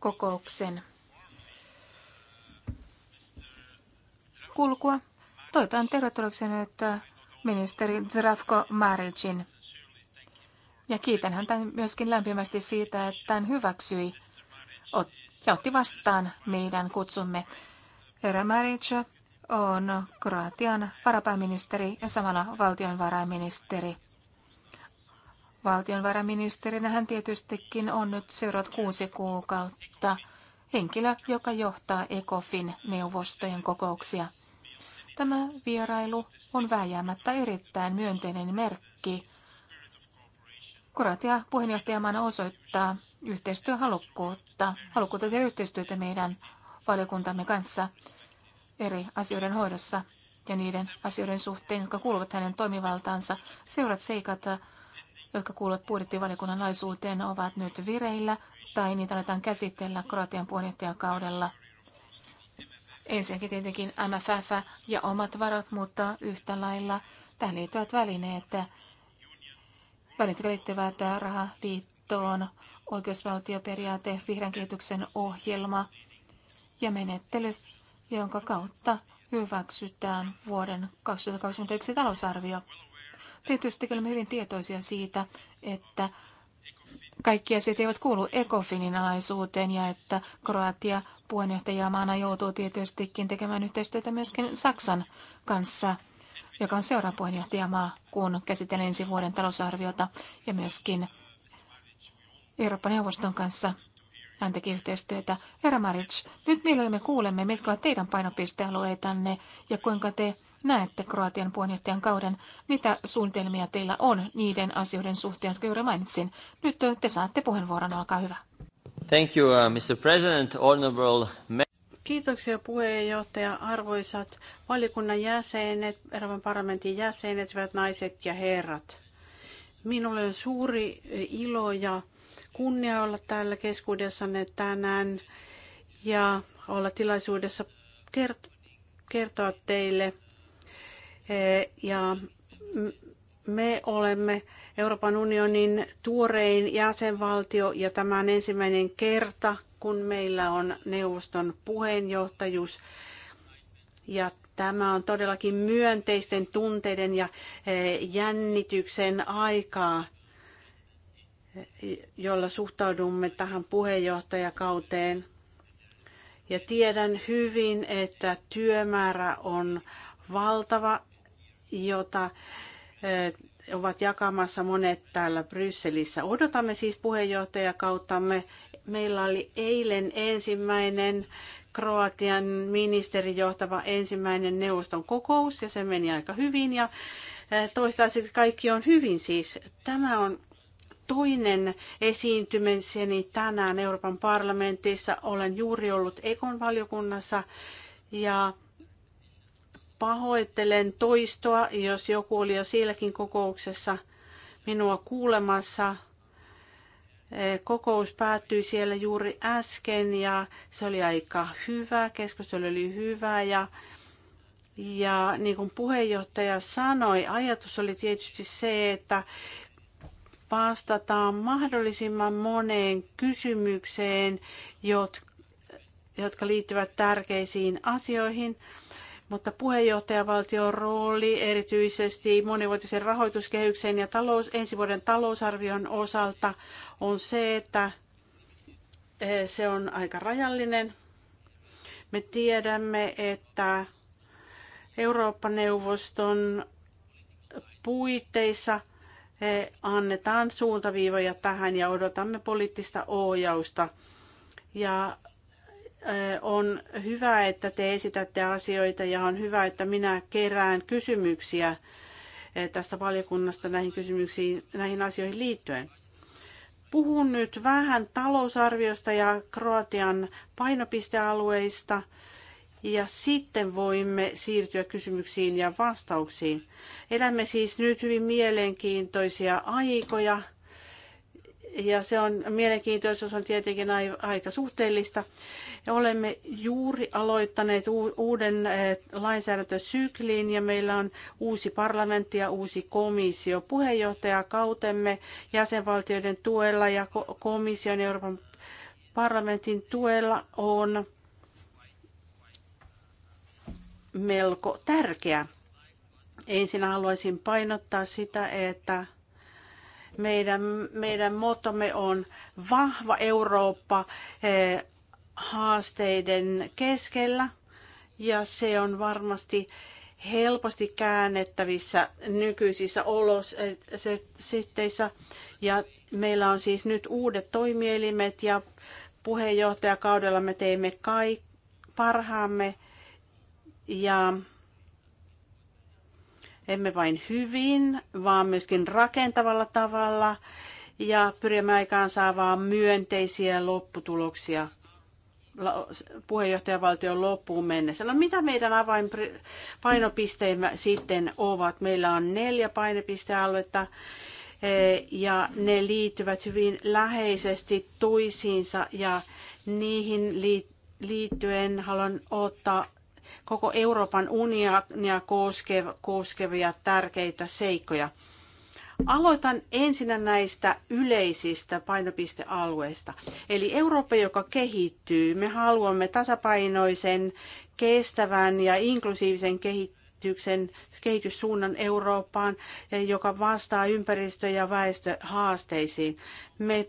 kokouksen kulkua. Toivotan tervetulleeksi nyt ministeri Zdravko Maricin. Ja kiitän häntä myöskin lämpimästi siitä, että hän hyväksyi ja otti vastaan meidän kutsumme. Herra Maric on Kroatian varapääministeri ja samalla valtionvarainministeri. Valtionvarainministerinä hän tietystikin on nyt seuraavat kuusi kuukautta henkilö, joka johtaa ECOFIN neuvostojen kokouksia. Tämä vierailu on vääjäämättä erittäin myönteinen merkki. Kroatia puheenjohtajamaana osoittaa yhteistyöhalukkuutta, halukkuutta tehdä yhteistyötä meidän valiokuntamme kanssa eri asioiden hoidossa ja niiden asioiden suhteen, jotka kuuluvat hänen toimivaltaansa. Seurat seikata jotka kuuluvat budjettivaliokunnan laisuuteen, ovat nyt vireillä tai niitä aletaan käsitellä Kroatian puheenjohtajakaudella. Ensinnäkin tietenkin MFF ja omat varat, mutta yhtä lailla tähän liittyvät välineet, välineet liittyvät rahaliittoon, oikeusvaltioperiaate, vihreän kehityksen ohjelma ja menettely, jonka kautta hyväksytään vuoden 2021 talousarvio. Tietysti olemme hyvin tietoisia siitä, että kaikki asiat eivät kuulu ECOFINin alaisuuteen ja että Kroatia puheenjohtajamaana joutuu tietystikin tekemään yhteistyötä myöskin Saksan kanssa, joka on seuraava puheenjohtajamaa, kun käsitellään ensi vuoden talousarviota ja myöskin Euroopan neuvoston kanssa hän teki yhteistyötä. Herra Maric, nyt mielellämme kuulemme, mitkä ovat teidän painopistealueitanne ja kuinka te näette Kroatian puheenjohtajan kauden? Mitä suunnitelmia teillä on niiden asioiden suhteen, jotka juuri mainitsin? Nyt te saatte puheenvuoron, olkaa hyvä.
Thank you, uh, Mr. President, honorable Kiitoksia puheenjohtaja, arvoisat valiokunnan jäsenet, Euroopan parlamentin jäsenet, hyvät naiset ja herrat. Minulle on suuri eh, ilo ja kunnia olla täällä keskuudessanne tänään ja olla tilaisuudessa kertoa teille Eh, ja me olemme Euroopan unionin tuorein jäsenvaltio ja tämä on ensimmäinen kerta, kun meillä on neuvoston puheenjohtajuus. Ja tämä on todellakin myönteisten tunteiden ja eh, jännityksen aikaa, eh, jolla suhtaudumme tähän puheenjohtajakauteen. Ja tiedän hyvin, että työmäärä on valtava jota eh, ovat jakamassa monet täällä Brysselissä. Odotamme siis puheenjohtajakauttamme. Meillä oli eilen ensimmäinen Kroatian ministerin johtava ensimmäinen neuvoston kokous ja se meni aika hyvin ja eh, toistaiseksi kaikki on hyvin siis. Tämä on toinen esiintymiseni tänään Euroopan parlamentissa. Olen juuri ollut Ekon valiokunnassa ja Pahoittelen toistoa, jos joku oli jo sielläkin kokouksessa minua kuulemassa. E, kokous päättyi siellä juuri äsken ja se oli aika hyvä, keskustelu oli hyvä ja, ja niin kuin puheenjohtaja sanoi, ajatus oli tietysti se, että vastataan mahdollisimman moneen kysymykseen, jotka liittyvät tärkeisiin asioihin. Mutta puheenjohtajavaltion rooli erityisesti monivuotisen rahoituskehyksen ja talous, ensi vuoden talousarvion osalta on se, että eh, se on aika rajallinen. Me tiedämme, että Eurooppa-neuvoston puitteissa eh, annetaan suuntaviivoja tähän ja odotamme poliittista ohjausta. Ja on hyvä, että te esitätte asioita ja on hyvä, että minä kerään kysymyksiä tästä valiokunnasta näihin kysymyksiin, näihin asioihin liittyen. Puhun nyt vähän talousarviosta ja Kroatian painopistealueista ja sitten voimme siirtyä kysymyksiin ja vastauksiin. Elämme siis nyt hyvin mielenkiintoisia aikoja ja se on mielenkiintoisuus on tietenkin aika suhteellista. ja Olemme juuri aloittaneet uuden eh, lainsäädäntösykliin ja meillä on uusi parlamentti ja uusi komissio. kautemme jäsenvaltioiden tuella ja komission Euroopan parlamentin tuella on melko tärkeä. Ensin haluaisin painottaa sitä, että meidän, meidän motomme on vahva Eurooppa eh, haasteiden keskellä ja se on varmasti helposti käännettävissä nykyisissä olosuhteissa. Eh, ja meillä on siis nyt uudet toimielimet ja puheenjohtajakaudella me teimme kaikki parhaamme ja emme vain hyvin, vaan myöskin rakentavalla tavalla ja pyrimme aikaan saamaan myönteisiä lopputuloksia puheenjohtajavaltion loppuun mennessä. No, mitä meidän avainpainopisteemme sitten ovat? Meillä on neljä painopistealuetta e, ja ne liittyvät hyvin läheisesti toisiinsa ja niihin liittyen haluan ottaa koko Euroopan unionia koskevia tärkeitä seikkoja. Aloitan ensinnä näistä yleisistä painopistealueista. Eli Eurooppa, joka kehittyy, me haluamme tasapainoisen, kestävän ja inklusiivisen kehityksen, kehityssuunnan Eurooppaan, joka vastaa ympäristö- ja väestöhaasteisiin. Me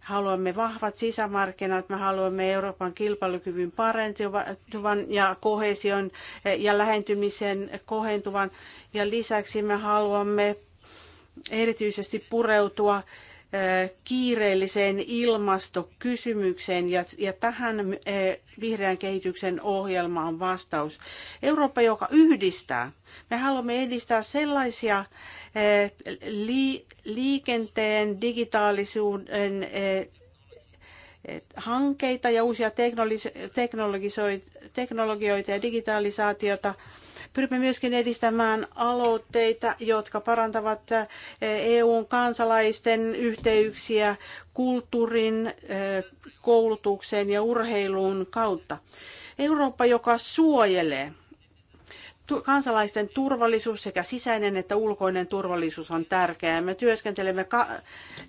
haluamme vahvat sisämarkkinat, me haluamme Euroopan kilpailukyvyn parantuvan ja kohesion eh, ja lähentymisen kohentuvan. Ja lisäksi me haluamme erityisesti pureutua eh, kiireelliseen ilmastokysymykseen ja, ja tähän eh, vihreän kehityksen ohjelma on vastaus. Eurooppa, joka yhdistää. Me haluamme edistää sellaisia eh, liikenteen, digitaalisuuden eh, eh, hankkeita ja uusia teknologioita ja digitalisaatiota, Pyrimme myöskin edistämään aloitteita, jotka parantavat eh, EUn kansalaisten yhteyksiä kulttuurin, eh, koulutuksen ja urheilun kautta. Eurooppa, joka suojelee kansalaisten turvallisuus sekä sisäinen että ulkoinen turvallisuus on tärkeää. Me työskentelemme ka-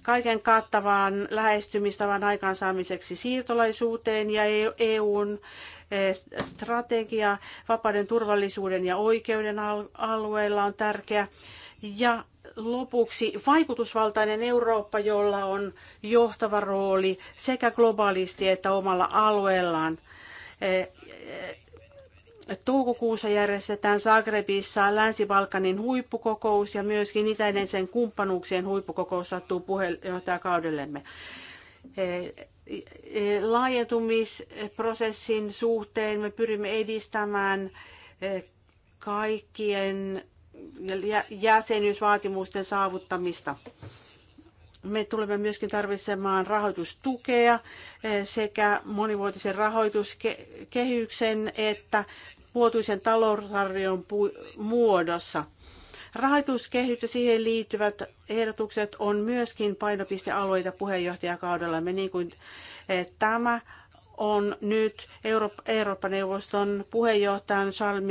kaiken kattavaan lähestymistavan aikaansaamiseksi siirtolaisuuteen ja e-, EUn Eh, strategia vapauden, turvallisuuden ja oikeuden alueilla on tärkeä. Ja lopuksi vaikutusvaltainen Eurooppa, jolla on johtava rooli sekä globaalisti että omalla alueellaan. Eh, eh, toukokuussa järjestetään Zagrebissa Länsi-Balkanin huippukokous ja myöskin itäinen sen kumppanuuksien huippukokous sattuu puheenjohtajakaudellemme laajentumisprosessin suhteen me pyrimme edistämään eh, kaikkien jäsenyysvaatimusten saavuttamista. Me tulemme myöskin tarvitsemaan rahoitustukea eh, sekä monivuotisen rahoituskehyksen että vuotuisen talousarvion muodossa – Rahoituskehitys ja siihen liittyvät ehdotukset on myöskin painopistealueita puheenjohtajakaudellamme, niin kuin eh, tämä on nyt Eurooppa-neuvoston puheenjohtajan Charles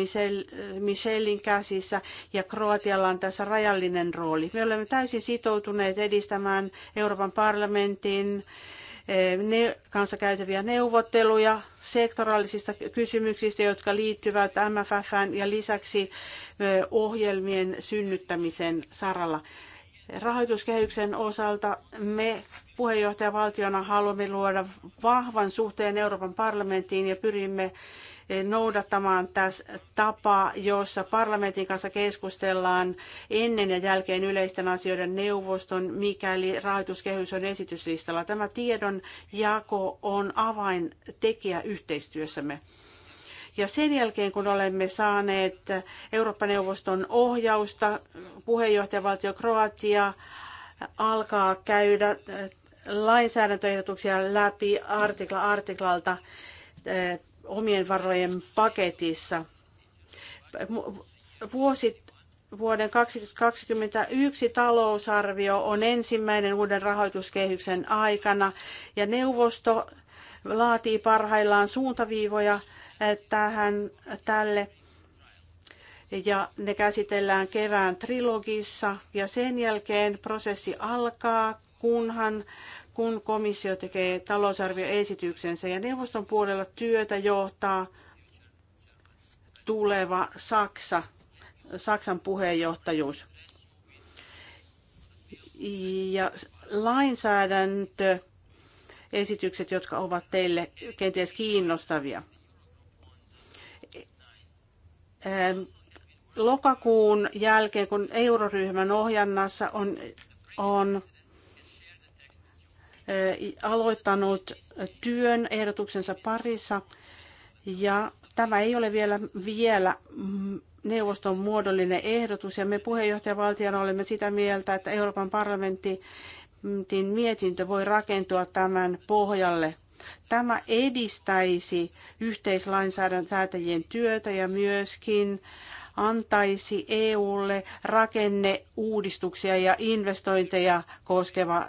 Michelin käsissä ja Kroatialla on tässä rajallinen rooli. Me olemme täysin sitoutuneet edistämään Euroopan parlamentin Eh, kanssa käytäviä neuvotteluja sektoraalisista kysymyksistä, jotka liittyvät MFFn ja lisäksi eh, ohjelmien synnyttämisen saralla. Rahoituskehyksen osalta me puheenjohtajavaltiona haluamme luoda vahvan suhteen Euroopan parlamenttiin ja pyrimme noudattamaan tässä tapaa, jossa parlamentin kanssa keskustellaan ennen ja jälkeen yleisten asioiden neuvoston, mikäli rahoituskehys on esityslistalla. Tämä tiedon jako on avaintekijä yhteistyössämme. Ja sen jälkeen, kun olemme saaneet Eurooppa-neuvoston ohjausta, puheenjohtajavaltio Kroatia alkaa käydä äh, lainsäädäntöehdotuksia läpi artikla artiklalta äh, omien varojen paketissa. Vuosit, vuoden 2021 talousarvio on ensimmäinen uuden rahoituskehyksen aikana ja neuvosto laatii parhaillaan suuntaviivoja eh, tähän, tälle ja ne käsitellään kevään trilogissa ja sen jälkeen prosessi alkaa, kunhan kun komissio tekee talousarvioesityksensä ja neuvoston puolella työtä johtaa tuleva Saksa, Saksan puheenjohtajuus. Ja lainsäädäntö esitykset, jotka ovat teille kenties kiinnostavia. Lokakuun jälkeen, kun euroryhmän ohjannassa on, on Eh, aloittanut työn ehdotuksensa parissa ja tämä ei ole vielä, vielä neuvoston muodollinen ehdotus ja me puheenjohtajavaltiona olemme sitä mieltä, että Euroopan parlamentin mietintö voi rakentua tämän pohjalle. Tämä edistäisi yhteislainsäätäjien työtä ja myöskin antaisi EUlle rakenneuudistuksia ja investointeja koskeva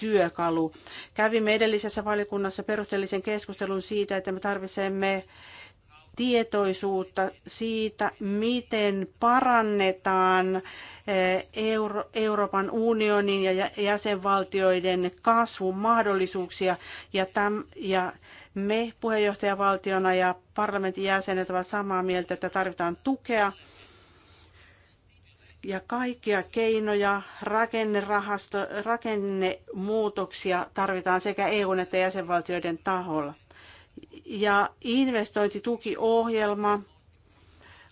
työkalu. Kävimme edellisessä valiokunnassa perusteellisen keskustelun siitä, että me tarvitsemme tietoisuutta siitä, miten parannetaan eh, Euro- Euroopan unionin ja jäsenvaltioiden kasvun mahdollisuuksia. Ja, täm, ja me puheenjohtajavaltiona ja parlamentin jäsenet ovat samaa mieltä, että tarvitaan tukea ja kaikkia keinoja, rakennerahasto, rakennemuutoksia tarvitaan sekä EU- että jäsenvaltioiden taholla. Ja investointitukiohjelma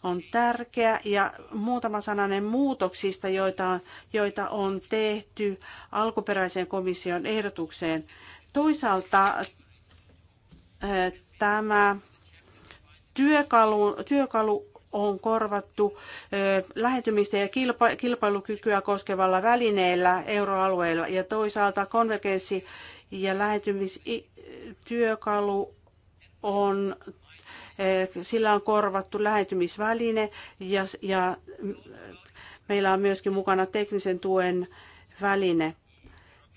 on tärkeä ja muutama sananen muutoksista, joita on, joita on tehty alkuperäiseen komission ehdotukseen. Toisaalta eh, tämä työkalu, työkalu on korvattu lähentymistä ja kilpailukykyä koskevalla välineellä euroalueella ja toisaalta konvergenssi- ja lähentymistyökalu on sillä on korvattu lähentymisväline ja, ja meillä on myöskin mukana teknisen tuen väline.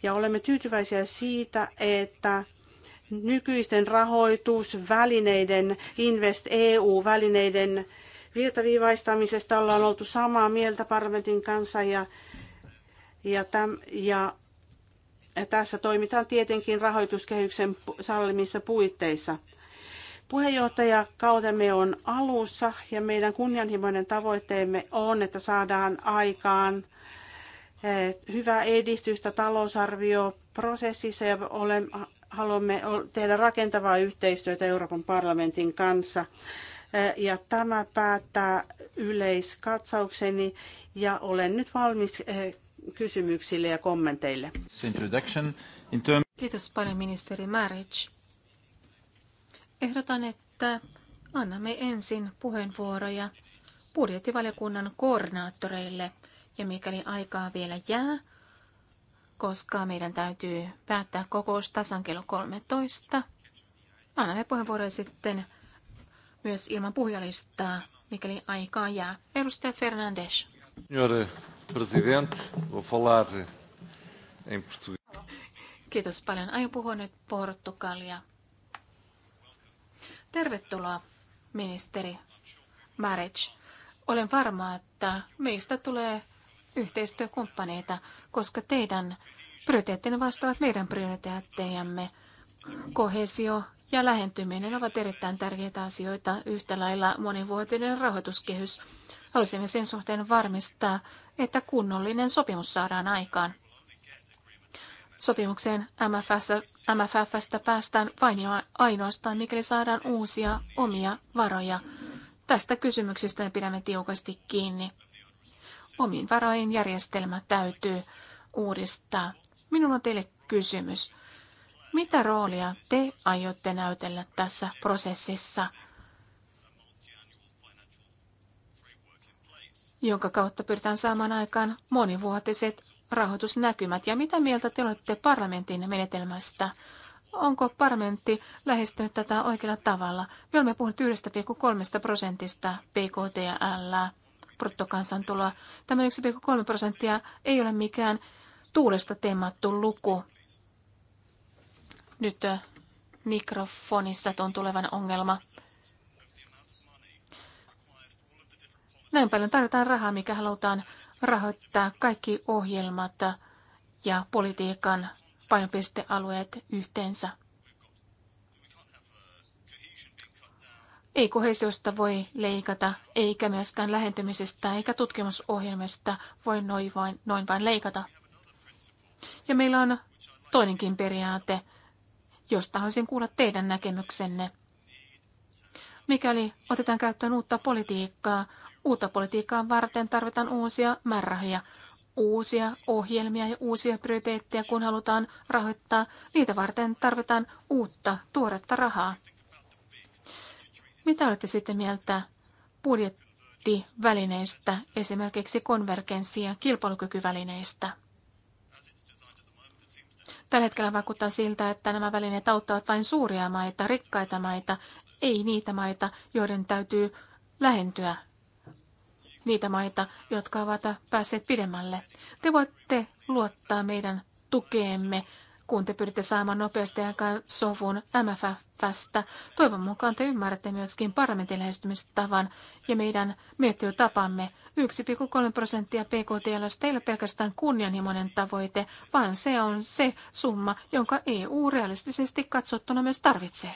Ja olemme tyytyväisiä siitä, että nykyisten rahoitusvälineiden, Invest EU-välineiden virtaviivaistamisesta ollaan oltu samaa mieltä parlamentin kanssa ja, ja, täm, ja tässä toimitaan tietenkin rahoituskehyksen sallimissa puitteissa. Puheenjohtajakautemme on alussa ja meidän kunnianhimoinen tavoitteemme on, että saadaan aikaan eh, hyvää edistystä talousarvioprosessissa ja haluamme tehdä rakentavaa yhteistyötä Euroopan parlamentin kanssa ja tämä päättää yleiskatsaukseni ja olen nyt valmis kysymyksille ja kommenteille. Kiitos
paljon ministeri Maric. Ehdotan, että annamme ensin puheenvuoroja budjettivaliokunnan koordinaattoreille ja mikäli aikaa vielä jää, koska meidän täytyy päättää kokous tasan kello 13, annamme puheenvuoroja sitten myös ilman puhujalistaa, mikäli aikaa jää. Edustaja Fernandes. Kiitos paljon. Aion puhua nyt Portugalia. Tervetuloa, ministeri Maric. Olen varma, että meistä tulee yhteistyökumppaneita, koska teidän prioriteettinne vastaavat meidän prioriteettejämme. Kohesio ja lähentyminen ovat erittäin tärkeitä asioita, yhtä lailla monivuotinen rahoituskehys. Haluaisimme sen suhteen varmistaa, että kunnollinen sopimus saadaan aikaan. Sopimukseen MFFstä, MFFstä päästään vain ja ainoastaan, mikäli saadaan uusia omia varoja. Tästä kysymyksestä me pidämme tiukasti kiinni. Omiin varojen järjestelmä täytyy uudistaa. Minulla on teille kysymys. Mitä roolia te aiotte näytellä tässä prosessissa, jonka kautta pyritään saamaan aikaan monivuotiset rahoitusnäkymät? Ja mitä mieltä te olette parlamentin menetelmästä? Onko parlamentti lähestynyt tätä oikealla tavalla? Me olemme puhuneet 1,3 prosentista PKTL bruttokansantuloa. Tämä 1,3 prosenttia ei ole mikään tuulesta temattu luku. Nyt äh, mikrofonissa on tulevan ongelma. Näin paljon tarvitaan rahaa, mikä halutaan rahoittaa kaikki ohjelmat ja politiikan painopistealueet yhteensä. Ei kohesiosta voi leikata, eikä myöskään lähentymisestä eikä tutkimusohjelmista voi noin vain, noin vain leikata. Ja meillä on toinenkin periaate, josta haluaisin kuulla teidän näkemyksenne. Mikäli otetaan käyttöön uutta politiikkaa, uutta politiikkaa varten tarvitaan uusia määrärahoja, uusia ohjelmia ja uusia prioriteetteja, kun halutaan rahoittaa. Niitä varten tarvitaan uutta, tuoretta rahaa. Mitä olette sitten mieltä budjettivälineistä, esimerkiksi konvergenssia, ja kilpailukykyvälineistä? Tällä hetkellä vaikuttaa siltä, että nämä välineet auttavat vain suuria maita, rikkaita maita, ei niitä maita, joiden täytyy lähentyä niitä maita, jotka ovat päässeet pidemmälle. Te voitte luottaa meidän tukeemme kun te pyritte saamaan nopeasti aikaan sovun MFFstä. Toivon mukaan te ymmärrätte myöskin parlamentin lähestymistavan ja meidän miettiötapamme. 1,3 prosenttia PKT ei ole pelkästään kunnianhimoinen tavoite, vaan se on se summa, jonka EU realistisesti katsottuna myös tarvitsee.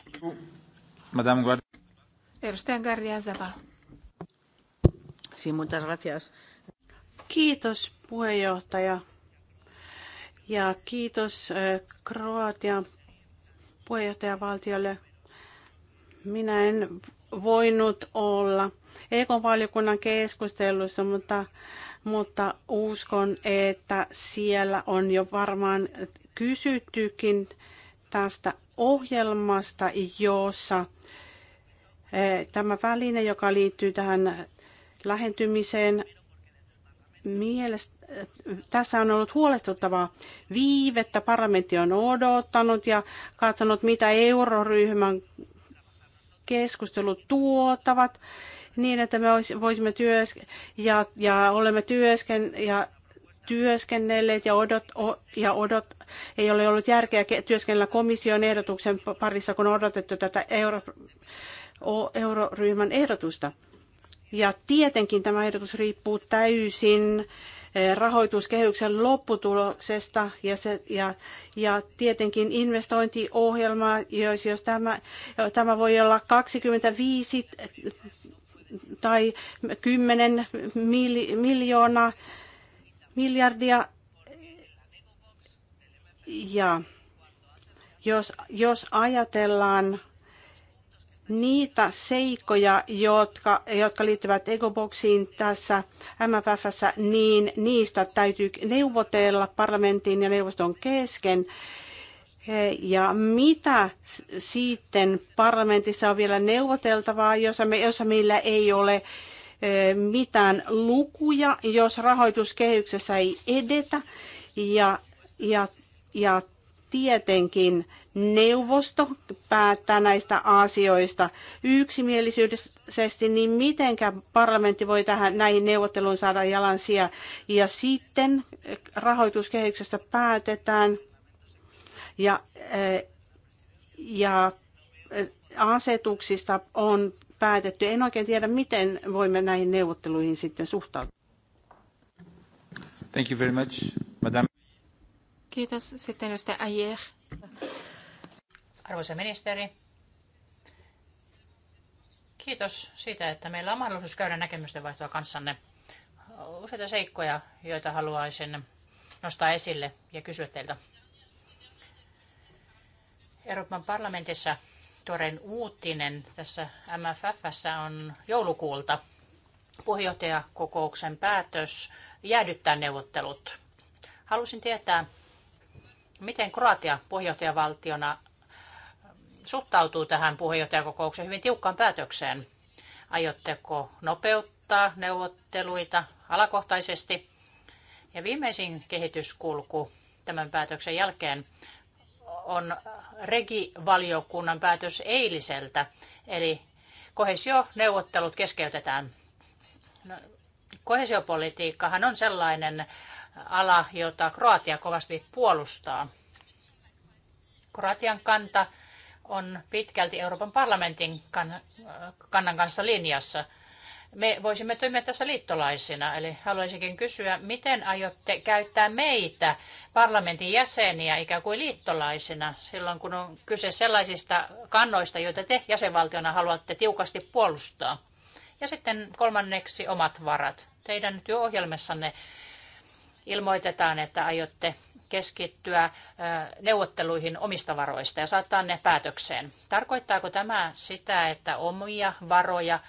Madame Edustaja Garria Zabal. Sí,
muchas gracias.
Kiitos
puheenjohtaja ja kiitos Kroatian puheenjohtajavaltiolle. Minä en voinut olla EK-valiokunnan keskustelussa, mutta, mutta uskon, että siellä on jo varmaan kysyttykin tästä ohjelmasta, jossa tämä väline, joka liittyy tähän lähentymiseen, Mielestä, tässä on ollut huolestuttavaa viivettä. Parlamentti on odottanut ja katsonut, mitä euroryhmän keskustelut tuottavat niin, että me voisimme työs ja, ja olemme työsken ja työskennelleet ja odot, ja odot ei ole ollut järkeä työskennellä komission ehdotuksen parissa, kun on odotettu tätä euro, euroryhmän ehdotusta. Ja tietenkin tämä ehdotus riippuu täysin eh, rahoituskehyksen lopputuloksesta ja, se, ja, ja tietenkin investointiohjelma, jos, jos tämä, tämä voi olla 25 tai 10 miljoonaa, miljardia. Ja jos, jos ajatellaan niitä seikkoja, jotka, jotka liittyvät egoboksiin tässä MFFssä, niin niistä täytyy neuvotella parlamentin ja neuvoston kesken. Ja mitä sitten parlamentissa on vielä neuvoteltavaa, jossa, me, jossa meillä ei ole e, mitään lukuja, jos rahoituskehyksessä ei edetä. Ja, ja, ja tietenkin neuvosto päättää näistä asioista yksimielisesti, niin mitenkä parlamentti voi tähän, näihin neuvotteluun saada jalansia. Ja sitten eh, rahoituskehyksestä päätetään ja, eh, ja eh, asetuksista on päätetty. En oikein tiedä, miten voimme näihin neuvotteluihin sitten suhtautua.
Thank you very much, madame. Kiitos. Sitten edustaja Ayer.
Arvoisa ministeri, kiitos siitä, että meillä on mahdollisuus käydä näkemysten vaihtoa kanssanne. Useita seikkoja, joita haluaisin nostaa esille ja kysyä teiltä. Euroopan parlamentissa tuoreen uutinen tässä MFFssä on joulukuulta puheenjohtajakokouksen päätös jäädyttää neuvottelut. Halusin tietää, Miten Kroatia puheenjohtajavaltiona suhtautuu tähän puheenjohtajakokouksen hyvin tiukkaan päätökseen? Aiotteko nopeuttaa neuvotteluita alakohtaisesti? Ja viimeisin kehityskulku tämän päätöksen jälkeen on regivaliokunnan päätös eiliseltä, eli kohesioneuvottelut keskeytetään. No, kohesiopolitiikkahan on sellainen ala, jota Kroatia kovasti puolustaa. Kroatian kanta on pitkälti Euroopan parlamentin kannan kanssa linjassa. Me voisimme toimia tässä liittolaisina, eli haluaisinkin kysyä, miten aiotte käyttää meitä parlamentin jäseniä ikään kuin liittolaisina silloin, kun on kyse sellaisista kannoista, joita te jäsenvaltiona haluatte tiukasti puolustaa. Ja sitten kolmanneksi omat varat. Teidän työohjelmassanne ilmoitetaan, että aiotte keskittyä neuvotteluihin omista varoista ja saattaa ne päätökseen. Tarkoittaako tämä sitä, että omia varoja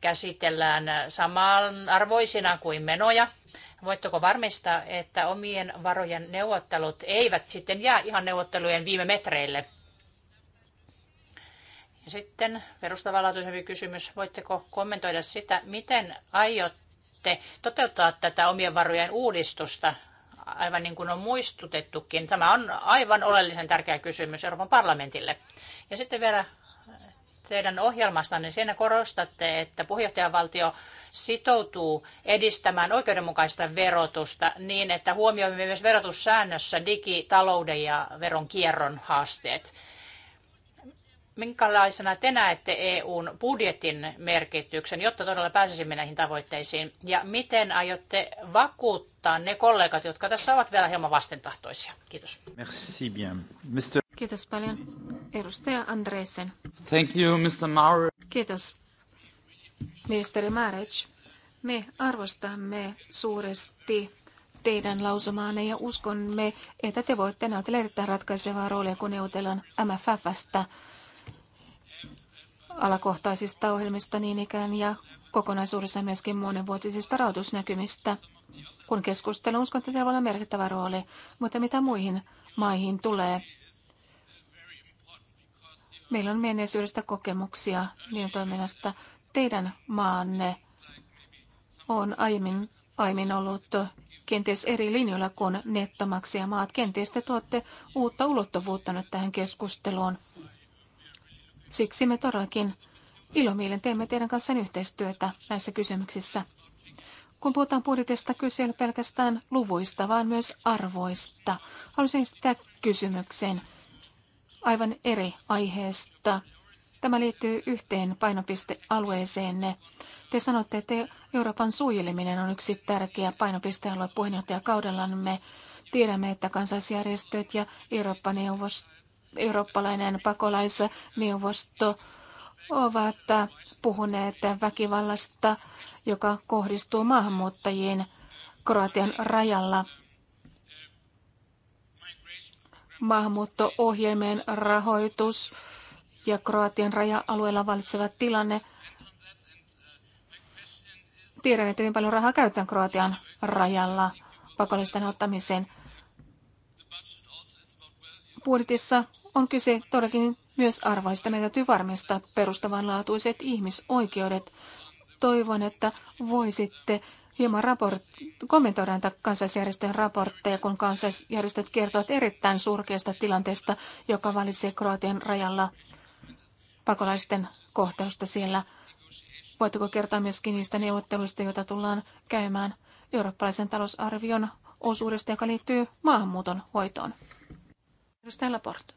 käsitellään samanarvoisina kuin menoja? Voitteko varmistaa, että omien varojen neuvottelut eivät sitten jää ihan neuvottelujen viime metreille? Ja sitten perustavanlaatuisempi kysymys. Voitteko kommentoida sitä, miten aiotte aiotte toteuttaa tätä omien varojen uudistusta, aivan niin kuin on muistutettukin. Tämä on aivan oleellisen tärkeä kysymys Euroopan parlamentille. Ja sitten vielä teidän ohjelmastanne, siinä korostatte, että puheenjohtajavaltio sitoutuu edistämään oikeudenmukaista verotusta niin, että huomioimme myös verotussäännössä digitalouden ja veron kierron haasteet minkälaisena te näette EUn budjetin merkityksen, jotta todella pääsisimme näihin tavoitteisiin? Ja miten aiotte vakuuttaa ne kollegat, jotka tässä ovat vielä hieman vastentahtoisia? Kiitos.
Merci bien. Mr. Kiitos paljon. Edustaja Andreessen.
Thank you, Mr. Maurer.
Kiitos. Ministeri Maric, me arvostamme suuresti teidän lausumaanne ja uskomme, että te voitte näytellä erittäin ratkaisevaa roolia, kun neuvotellaan MFFstä alakohtaisista ohjelmista niin ikään ja kokonaisuudessa myöskin monenvuotisista rahoitusnäkymistä. Kun keskustelu uskon, että teillä on merkittävä rooli, mutta mitä muihin maihin tulee? Meillä on menneisyydestä kokemuksia niiden toiminnasta. Teidän maanne on aiemmin, aiemmin ollut kenties eri linjoilla kuin maat Kenties te tuotte uutta ulottuvuutta nyt tähän keskusteluun. Siksi me todellakin ilomielen teemme teidän kanssa yhteistyötä näissä kysymyksissä. Kun puhutaan budjetista, kyse ei pelkästään luvuista, vaan myös arvoista. Haluaisin esittää kysymyksen aivan eri aiheesta. Tämä liittyy yhteen painopistealueeseenne. Te sanotte, että Euroopan suojeleminen on yksi tärkeä painopistealue puheenjohtajakaudellamme. Tiedämme, että kansalaisjärjestöt ja Eurooppa-neuvosto eurooppalainen pakolaisneuvosto ovat puhuneet väkivallasta, joka kohdistuu maahanmuuttajiin Kroatian rajalla. Maahanmuutto-ohjelmien rahoitus ja Kroatian raja-alueella valitseva tilanne. Tiedän, että hyvin paljon rahaa käytetään Kroatian rajalla pakolaisten ottamiseen. Budjetissa on kyse todellakin myös arvoista. Meidän täytyy varmistaa perustavanlaatuiset ihmisoikeudet. Toivon, että voisitte hieman raport- kommentoida näitä kansalaisjärjestöjen raportteja, kun kansalaisjärjestöt kertovat erittäin surkeasta tilanteesta, joka valitsee Kroatian rajalla pakolaisten kohtelusta siellä. Voitteko kertoa myöskin niistä neuvotteluista, joita tullaan käymään eurooppalaisen talousarvion osuudesta, joka liittyy maahanmuuton hoitoon? Edustaja Laporte.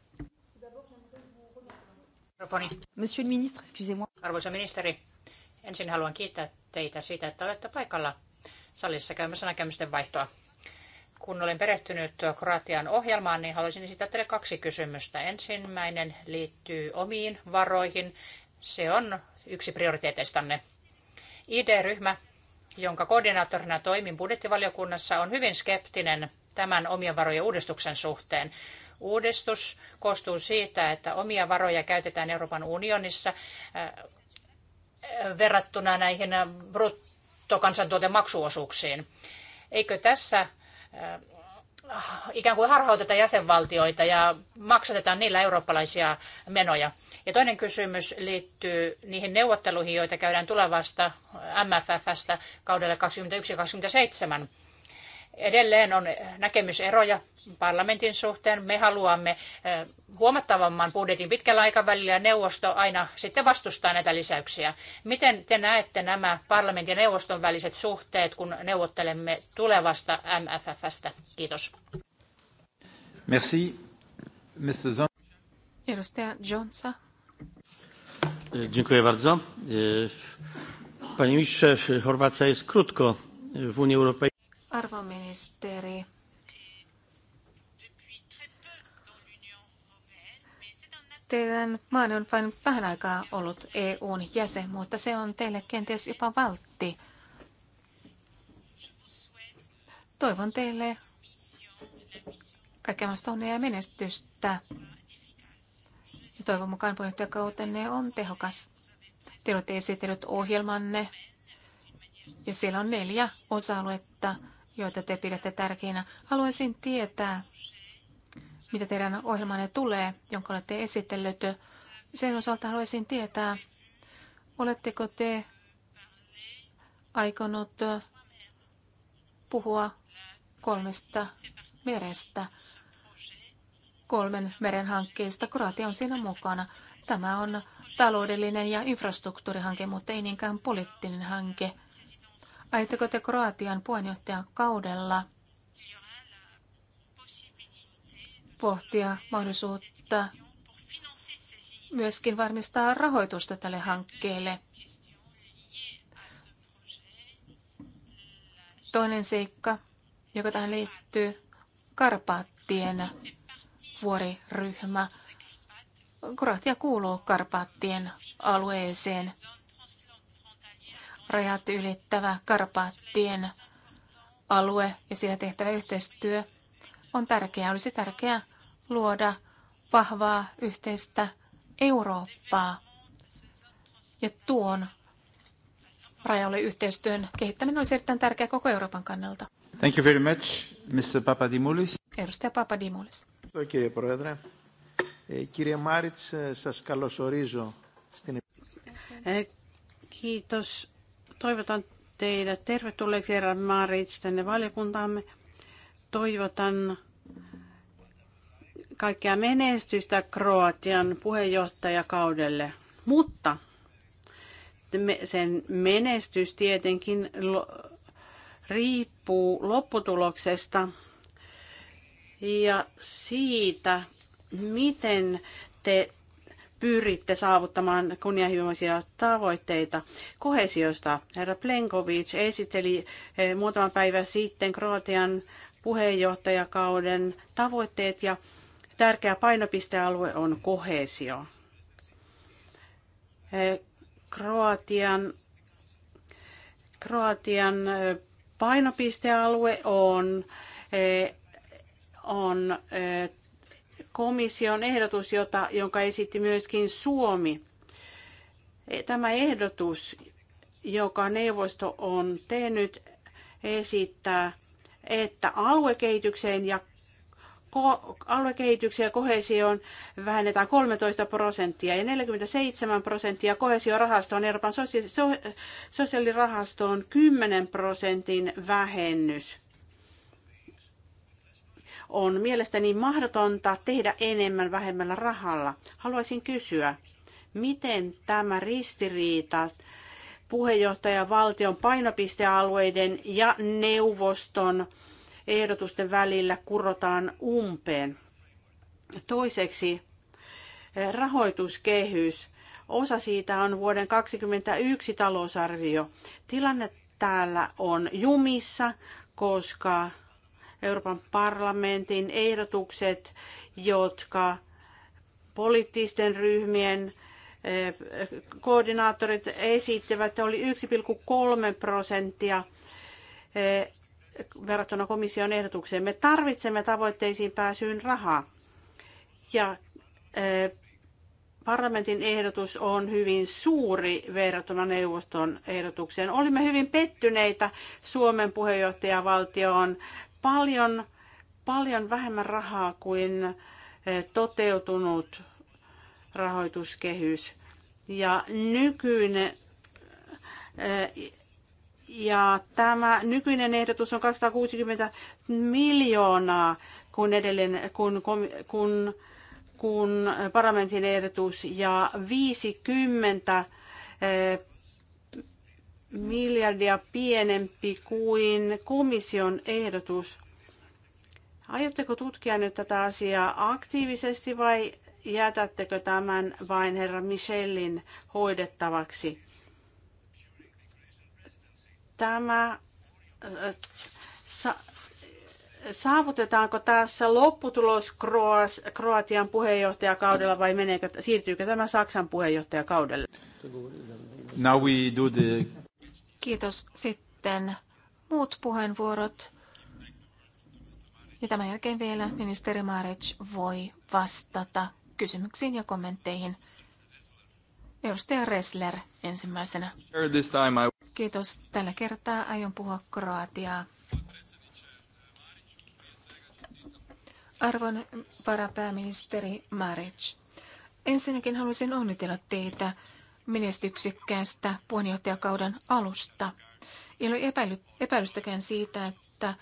Monsieur le ministre, excusez-moi. Arvoisa ministeri, ensin haluan kiittää teitä siitä, että olette paikalla salissa käymässä näkemysten vaihtoa. Kun olen perehtynyt Kroatian ohjelmaan, niin haluaisin esittää teille kaksi kysymystä. Ensimmäinen liittyy omiin varoihin. Se on yksi prioriteeteistanne. ID-ryhmä, jonka koordinaattorina toimin budjettivaliokunnassa, on hyvin skeptinen tämän omien varojen uudistuksen suhteen uudistus koostuu siitä, että omia varoja käytetään Euroopan unionissa äh, verrattuna näihin bruttokansantuotemaksuosuuksiin. Eikö tässä äh, ikään kuin harhauteta jäsenvaltioita ja maksatetaan niillä eurooppalaisia menoja. Ja toinen kysymys liittyy niihin neuvotteluihin, joita käydään tulevasta MFFstä kaudelle 2021-2027. Edelleen on näkemyseroja parlamentin suhteen. Me haluamme eh, huomattavamman budjetin pitkällä aikavälillä ja neuvosto aina sitten vastustaa näitä lisäyksiä. Miten te näette nämä parlamentin ja neuvoston väliset suhteet, kun neuvottelemme tulevasta MFFstä? Kiitos.
Merci. Edustaja
e, Dziękuję bardzo. E, panie ministrze, Chorwacja jest krótko w Unii Europejskiej.
Arvoministeri, teidän maan on vain vähän aikaa ollut EUn jäsen, mutta se on teille kenties jopa valtti. Toivon teille kaikenlaista onnea ja menestystä. Ja toivon mukaan puheenjohtajakautenne on tehokas. Te olette esitellyt ohjelmanne ja siellä on neljä osa-aluetta – joita te pidätte tärkeinä. Haluaisin tietää, mitä teidän ohjelmanne tulee, jonka olette esitellyt. Sen osalta haluaisin tietää, oletteko te aikonut puhua kolmesta merestä, kolmen meren hankkeesta. Kroatia on siinä mukana. Tämä on taloudellinen ja infrastruktuurihanke, mutta ei niinkään poliittinen hanke. Aiotteko te Kroatian puheenjohtajan kaudella pohtia mahdollisuutta myöskin varmistaa rahoitusta tälle hankkeelle? Toinen seikka, joka tähän liittyy, Karpaattien vuoriryhmä. Kroatia kuuluu Karpaattien alueeseen rajat ylittävä Karpaattien alue ja siellä tehtävä yhteistyö on tärkeää. Olisi tärkeää luoda vahvaa yhteistä Eurooppaa ja tuon rajalle yhteistyön kehittäminen olisi erittäin tärkeää koko Euroopan kannalta. Thank you very much, Mr. Papadimoulis. Edustaja Papadimoulis. Κύριε Πρόεδρε, κύριε Μάριτς, σας καλωσορίζω
Kiitos Toivotan teidät tervetulleeksi herra Maaritsi tänne valiokuntaamme. Toivotan kaikkea menestystä Kroatian puheenjohtajakaudelle. Mutta sen menestys tietenkin riippuu lopputuloksesta ja siitä, miten te pyritte saavuttamaan kunnianhimoisia tavoitteita. Kohesiosta herra Plenkovic esitteli eh, muutama päivä sitten Kroatian puheenjohtajakauden tavoitteet ja tärkeä painopistealue on kohesio. Eh, Kroatian, Kroatian eh, painopistealue on, on komission ehdotus, jota, jonka esitti myöskin Suomi. E, tämä ehdotus, joka neuvosto on tehnyt, esittää, että aluekehitykseen ja aluekehitykseen ja kohesioon vähennetään 13 prosenttia ja 47 prosenttia kohesiorahastoon, Euroopan sosiaalirahastoon 10 prosentin vähennys on mielestäni mahdotonta tehdä enemmän vähemmällä rahalla. Haluaisin kysyä, miten tämä ristiriita valtion painopistealueiden ja neuvoston ehdotusten välillä kurotaan umpeen. Toiseksi eh, rahoituskehys. Osa siitä on vuoden 2021 talousarvio. Tilanne täällä on jumissa, koska Euroopan parlamentin ehdotukset, jotka poliittisten ryhmien eh, koordinaattorit esittivät, oli 1,3 prosenttia eh, verrattuna komission ehdotukseen. Me tarvitsemme tavoitteisiin pääsyyn rahaa. Ja eh, parlamentin ehdotus on hyvin suuri verrattuna neuvoston ehdotukseen. Olimme hyvin pettyneitä Suomen puheenjohtajavaltioon paljon, paljon vähemmän rahaa kuin eh, toteutunut rahoituskehys. Ja nykyinen eh, ja tämä nykyinen ehdotus on 260 miljoonaa, kun, edellinen, kun, kun, kun parlamentin ehdotus ja 50 miljardia pienempi kuin komission ehdotus. Aiotteko tutkia nyt tätä asiaa aktiivisesti vai jätättekö tämän vain herra Michelin hoidettavaksi? Tämä äh, sa, saavutetaanko tässä lopputulos Kroatian puheenjohtajakaudella vai meneekö, siirtyykö tämä Saksan puheenjohtajakaudelle? Now we do the
Kiitos. Sitten muut puheenvuorot. Ja tämän jälkeen vielä ministeri Marec voi vastata kysymyksiin ja kommentteihin. Edustaja Ressler ensimmäisenä. Kiitos. Tällä kertaa aion puhua Kroatiaa. Arvon varapääministeri Maric, ensinnäkin haluaisin onnitella teitä menestyksekkäästä puheenjohtajakauden alusta. Ei ole epäily, epäilystäkään siitä, että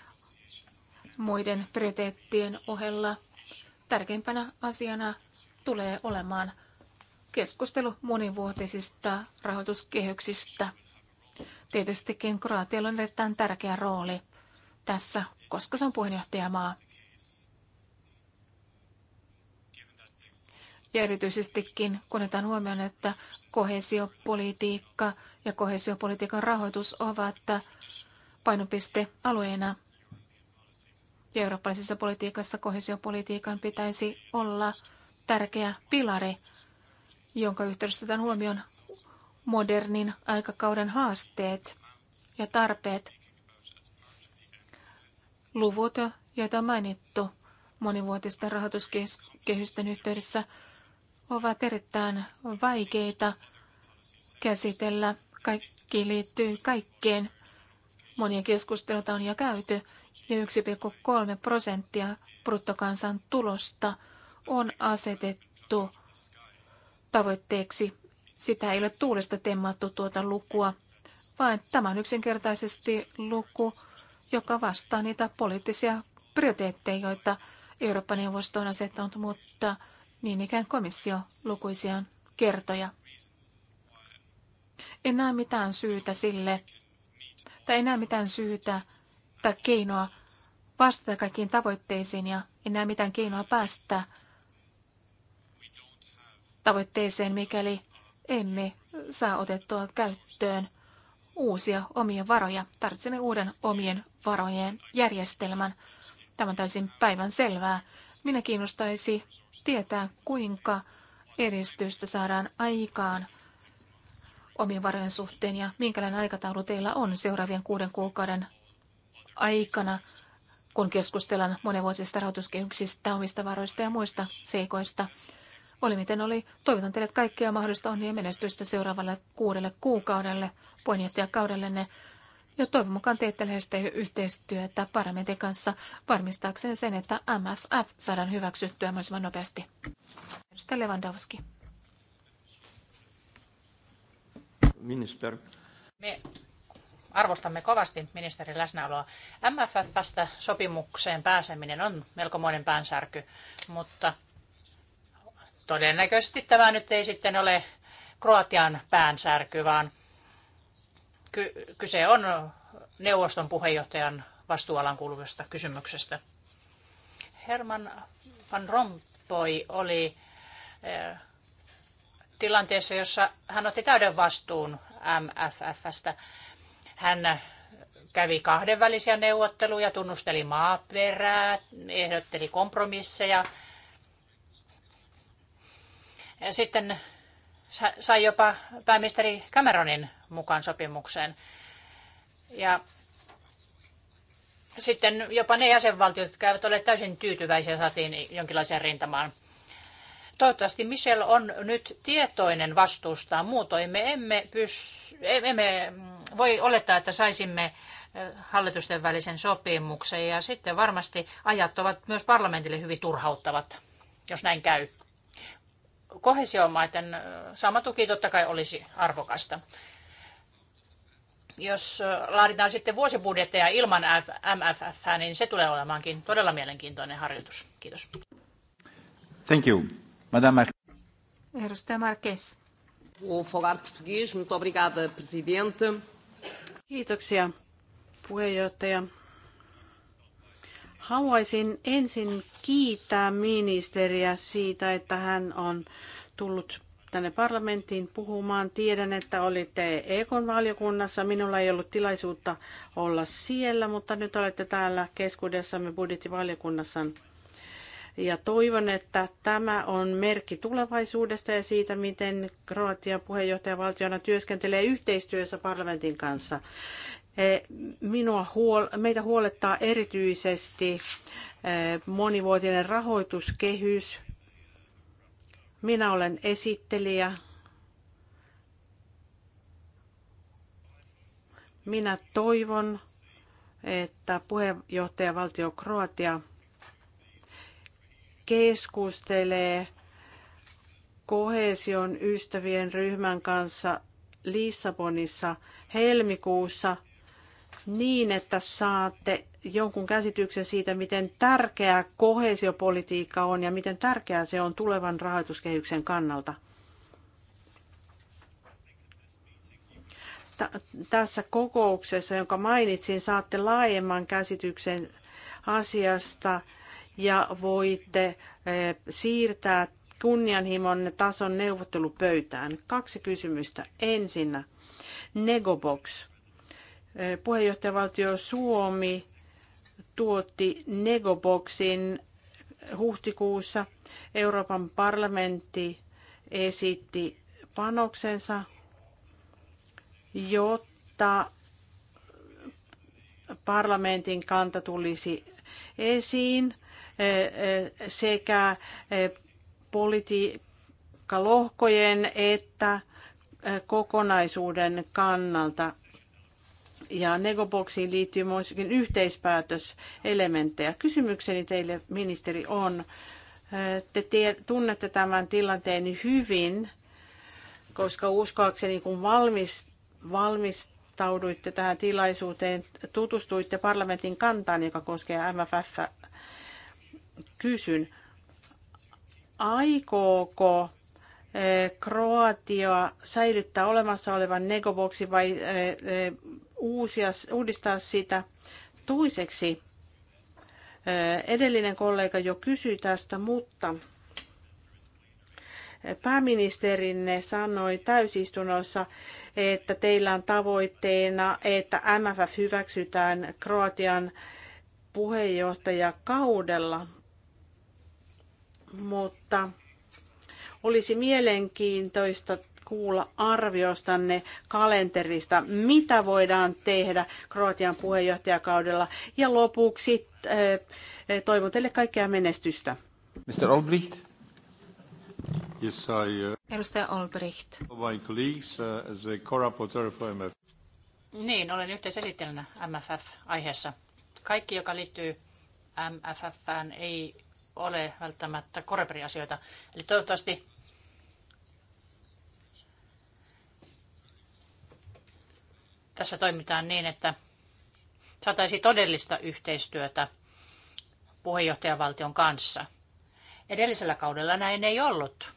muiden prioriteettien ohella tärkeimpänä asiana tulee olemaan keskustelu monivuotisista rahoituskehyksistä. Tietystikin Kroatialla on erittäin tärkeä rooli tässä, koska se on puheenjohtajamaa. Ja erityisestikin, kun otetaan huomioon, että kohesiopolitiikka ja kohesiopolitiikan rahoitus ovat painopistealueena. Ja eurooppalaisessa politiikassa kohesiopolitiikan pitäisi olla tärkeä pilari, jonka yhteydessä otetaan huomioon modernin aikakauden haasteet ja tarpeet. Luvut, joita on mainittu monivuotisten rahoituskehysten yhteydessä, ovat erittäin vaikeita käsitellä. Kaikki liittyy kaikkeen. Monia keskusteluita on jo käyty ja 1,3 prosenttia bruttokansan tulosta on asetettu tavoitteeksi. Sitä ei ole tuulesta temmattu tuota lukua, vaan tämä on yksinkertaisesti luku, joka vastaa niitä poliittisia prioriteetteja, joita Eurooppa-neuvosto on asettanut, mutta niin ikään komissio lukuisia kertoja. En näe mitään syytä sille, tai en näe mitään syytä tai keinoa vastata kaikkiin tavoitteisiin ja en näe mitään keinoa päästä tavoitteeseen, mikäli emme saa otettua käyttöön uusia omien varoja. Tarvitsemme uuden omien varojen järjestelmän. Tämä on täysin päivän selvää. Minä kiinnostaisi tietää, kuinka edistystä saadaan aikaan omien varojen suhteen ja minkälainen aikataulu teillä on seuraavien kuuden kuukauden aikana, kun keskustellaan monenvuotisista rahoituskehyksistä, omista varoista ja muista seikoista. Oli miten oli, toivotan teille kaikkea mahdollista onnia ja menestystä seuraavalle kuudelle kuukaudelle puheenjohtajakaudellenne ja toivon mukaan teette läheistä yhteistyötä parlamentin kanssa varmistaakseen sen, että MFF saadaan hyväksyttyä mahdollisimman nopeasti. Edustaja Lewandowski.
Minister.
Me arvostamme kovasti ministerin läsnäoloa. MFFstä sopimukseen pääseminen on melkomoinen päänsärky, mutta todennäköisesti tämä nyt ei sitten ole Kroatian päänsärky, vaan ky- kyse on neuvoston puheenjohtajan vastuualan kuuluvasta kysymyksestä. Herman van Rompuy oli eh, tilanteessa, jossa hän otti täyden vastuun MFFstä. Hän kävi kahdenvälisiä neuvotteluja, tunnusteli maaperää, ehdotteli kompromisseja. Ja sitten sai jopa pääministeri Cameronin mukaan sopimukseen. Ja sitten jopa ne jäsenvaltiot, jotka eivät ole täysin tyytyväisiä, saatiin jonkinlaiseen rintamaan. Toivottavasti Michel on nyt tietoinen vastuusta, muutoin me emme, pys, e- emme voi olettaa, että saisimme e, hallitusten välisen sopimuksen ja sitten varmasti ajat ovat myös parlamentille hyvin turhauttavat, jos näin käy. Kohesiomaiden e, sama tuki totta kai olisi arvokasta jos laaditaan sitten vuosibudjetteja ilman MFF, niin se tulee olemaankin todella mielenkiintoinen harjoitus. Kiitos.
Thank you. Madame
Mar- Edustaja Marques. Muito obrigada, presidente.
Kiitoksia, puheenjohtaja. Haluaisin ensin kiittää ministeriä siitä, että hän on tullut tänne parlamenttiin puhumaan. Tiedän, että olitte EKon valiokunnassa. Minulla ei ollut tilaisuutta olla siellä, mutta nyt olette täällä keskuudessamme budjettivaliokunnassa. Ja toivon, että tämä on merkki tulevaisuudesta ja siitä, miten Kroatia puheenjohtajavaltiona työskentelee yhteistyössä parlamentin kanssa. E, minua huol- meitä huolettaa erityisesti e, monivuotinen rahoituskehys, minä olen esittelijä. Minä toivon, että puheenjohtajavaltio Kroatia keskustelee kohesion ystävien ryhmän kanssa Lissabonissa helmikuussa – niin, että saatte jonkun käsityksen siitä, miten tärkeää kohesiopolitiikka on ja miten tärkeää se on tulevan rahoituskehyksen kannalta. tässä kokouksessa, jonka mainitsin, saatte laajemman käsityksen asiasta ja voitte eh, siirtää kunnianhimon tason neuvottelupöytään. Kaksi kysymystä. Ensinnä, Negobox. Puheenjohtajavaltio Suomi tuotti negoboxin huhtikuussa. Euroopan parlamentti esitti panoksensa, jotta parlamentin kanta tulisi esiin e, e, sekä e, politiikkalohkojen että kokonaisuuden kannalta ja Negoboxiin liittyy myöskin yhteispäätöselementtejä. Kysymykseni teille, ministeri, on, te tunnette tämän tilanteen hyvin, koska uskoakseni kun valmis, valmistauduitte tähän tilaisuuteen, tutustuitte parlamentin kantaan, joka koskee MFF. Kysyn, aikooko eh, Kroatia säilyttää olemassa olevan negoboksi vai eh, eh, uusia, uudistaa sitä. Toiseksi eh, edellinen kollega jo kysyi tästä, mutta pääministerinne sanoi täysistunnossa, että teillä on tavoitteena, että MFF hyväksytään Kroatian puheenjohtajakaudella, mutta olisi mielenkiintoista kuulla arviostanne kalenterista, mitä voidaan tehdä Kroatian puheenjohtajakaudella. Ja lopuksi eh, eh, toivon teille kaikkea menestystä. Mr. Olbricht.
Yes, I, uh, Edustaja Olbricht. My colleagues, uh, as co-rapporteur for MFF.
Niin, olen yhteisesittelijänä MFF-aiheessa. Kaikki, joka liittyy MFFään, ei ole välttämättä koreperiasioita. Eli toivottavasti tässä toimitaan niin, että saataisiin todellista yhteistyötä puheenjohtajavaltion kanssa. Edellisellä kaudella näin ei ollut.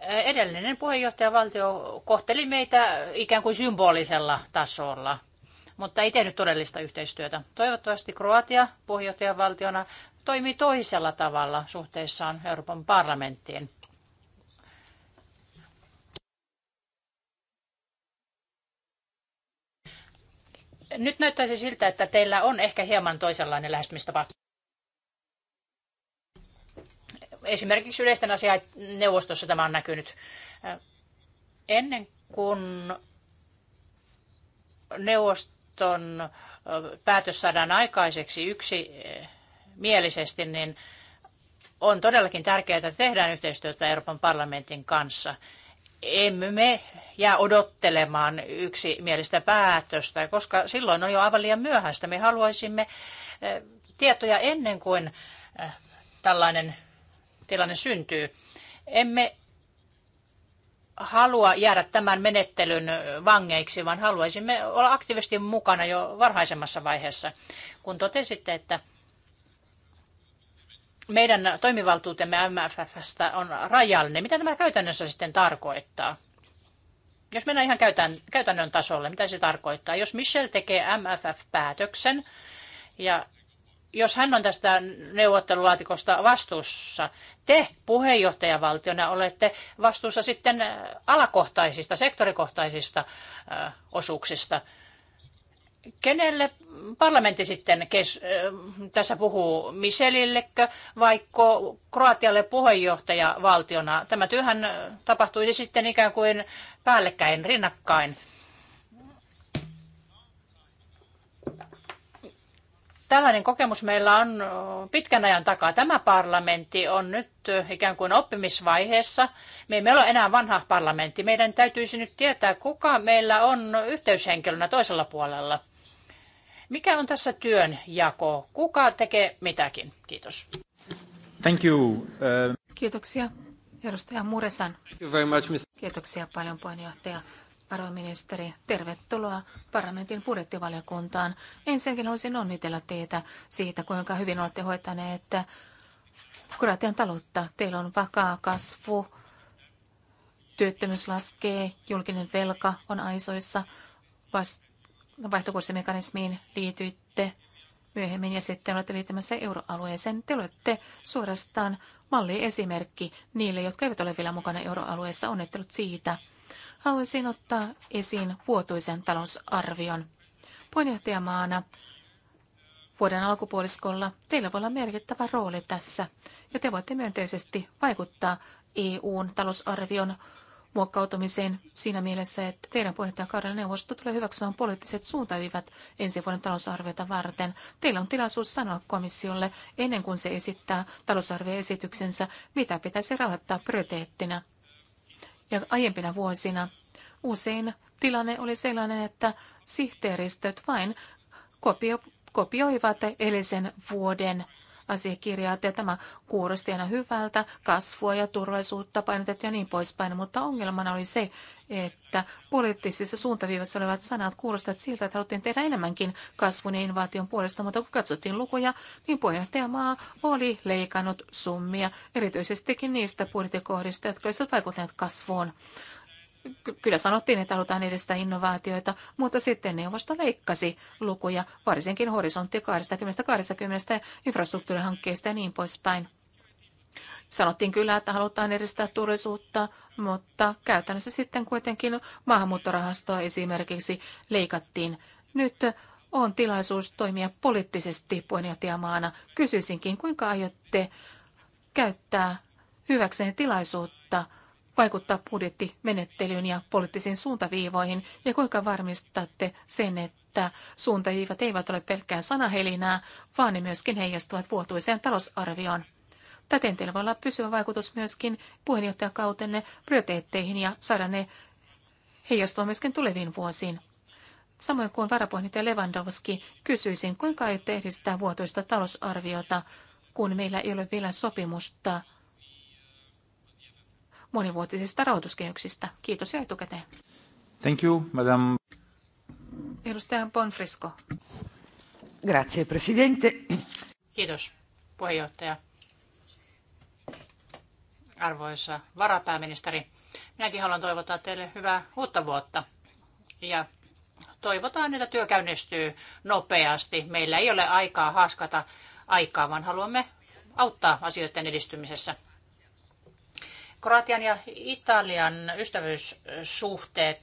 Edellinen puheenjohtajavaltio kohteli meitä ikään kuin symbolisella tasolla, mutta ei tehnyt todellista yhteistyötä. Toivottavasti Kroatia puheenjohtajavaltiona toimii toisella tavalla suhteessaan Euroopan parlamenttiin. Nyt näyttäisi siltä, että teillä on ehkä hieman toisenlainen lähestymistapa. Esimerkiksi yleisten asiat neuvostossa tämä on näkynyt. Ennen kuin neuvoston päätös saadaan aikaiseksi yksi mielisesti, niin on todellakin tärkeää, että tehdään yhteistyötä Euroopan parlamentin kanssa emme me jää odottelemaan yksimielistä päätöstä, koska silloin on jo aivan liian myöhäistä. Me haluaisimme eh, tietoja ennen kuin eh, tällainen tilanne syntyy. Emme halua jäädä tämän menettelyn eh, vangeiksi, vaan haluaisimme olla aktiivisesti mukana jo varhaisemmassa vaiheessa. Kun totesitte, että meidän toimivaltuutemme MFFstä on rajallinen. Mitä tämä käytännössä sitten tarkoittaa? Jos mennään ihan käytännön tasolle, mitä se tarkoittaa? Jos Michel tekee MFF-päätöksen ja jos hän on tästä neuvottelulaatikosta vastuussa, te puheenjohtajavaltiona olette vastuussa sitten alakohtaisista, sektorikohtaisista osuuksista – Kenelle parlamentti sitten kes, tässä puhuu? Michelillekö vaikka Kroatialle puheenjohtajavaltiona? Tämä työhän tapahtuisi sitten ikään kuin päällekkäin, rinnakkain. tällainen kokemus meillä on pitkän ajan takaa. Tämä parlamentti on nyt ikään kuin oppimisvaiheessa. Me emme ole enää vanha parlamentti. Meidän täytyisi nyt tietää, kuka meillä on yhteyshenkilönä toisella puolella. Mikä on tässä työn jako? Kuka tekee mitäkin? Kiitos.
Thank you. Uh...
Kiitoksia. Edustaja Muresan.
Thank you very much, Mr.
Kiitoksia paljon puheenjohtaja. Varoministeri, tervetuloa parlamentin budjettivaliokuntaan. Ensinnäkin haluaisin onnitella teitä siitä, kuinka hyvin olette hoitaneet että Kroatian taloutta. Teillä on vakaa kasvu, työttömyys laskee, julkinen velka on aisoissa, vaihtokurssimekanismiin liityitte myöhemmin ja sitten olette liittämässä euroalueeseen. Te olette suorastaan malliesimerkki niille, jotka eivät ole vielä mukana euroalueessa. Onnittelut siitä. Haluaisin ottaa esiin vuotuisen talousarvion. Puheenjohtajamaana vuoden alkupuoliskolla teillä voi olla merkittävä rooli tässä ja te voitte myönteisesti vaikuttaa EUn talousarvion muokkautumiseen siinä mielessä, että teidän puheenjohtajakaudella neuvosto tulee hyväksymään poliittiset suuntaviivat ensi vuoden talousarviota varten. Teillä on tilaisuus sanoa komissiolle ennen kuin se esittää talousarvioesityksensä, mitä pitäisi rahoittaa prioriteettina. Ja aiempina vuosina usein tilanne oli sellainen, että sihteeristöt vain kopio, kopioivat edellisen vuoden asiakirjaa, ja tämä kuulosti aina hyvältä, kasvua ja turvallisuutta painotettiin ja niin poispäin, mutta ongelmana oli se, että poliittisissa suuntaviivassa olevat sanat kuulostavat siltä, että haluttiin tehdä enemmänkin kasvun ja invaation puolesta, mutta kun katsottiin lukuja, niin puheenjohtajamaa oli leikannut summia, erityisestikin niistä budjettikohdista, jotka olisivat vaikuttaneet kasvuun kyllä sanottiin, että halutaan edistää innovaatioita, mutta sitten neuvosto leikkasi lukuja, varsinkin horisontti 20-20 infrastruktuurihankkeista ja niin poispäin. Sanottiin kyllä, että halutaan edistää turvallisuutta, mutta käytännössä sitten kuitenkin maahanmuuttorahastoa esimerkiksi leikattiin. Nyt on tilaisuus toimia poliittisesti puheenjohtajamaana. Kysyisinkin, kuinka aiotte käyttää hyväkseen tilaisuutta – vaikuttaa budjettimenettelyyn ja poliittisiin suuntaviivoihin ja kuinka varmistatte sen, että suuntaviivat eivät ole pelkkää sanahelinää, vaan ne myöskin heijastuvat vuotuiseen talousarvioon. Täten teillä voi olla pysyvä vaikutus myöskin puheenjohtajakautenne prioriteetteihin ja saada ne heijastua myöskin tuleviin vuosiin. Samoin kuin varapuheenjohtaja Lewandowski, kysyisin, kuinka aiotte edistää vuotuista talousarviota, kun meillä ei ole vielä sopimusta – monivuotisista rahoituskehyksistä. Kiitos ja etukäteen. Thank you, madam. Edustaja Bonfrisco. Grazie, presidente.
Kiitos, puheenjohtaja. Arvoisa varapääministeri, minäkin haluan toivottaa teille hyvää uutta vuotta. Ja toivotaan, että työ käynnistyy nopeasti. Meillä ei ole aikaa haaskata aikaa, vaan haluamme auttaa asioiden edistymisessä. Kroatian ja Italian ystävyyssuhteet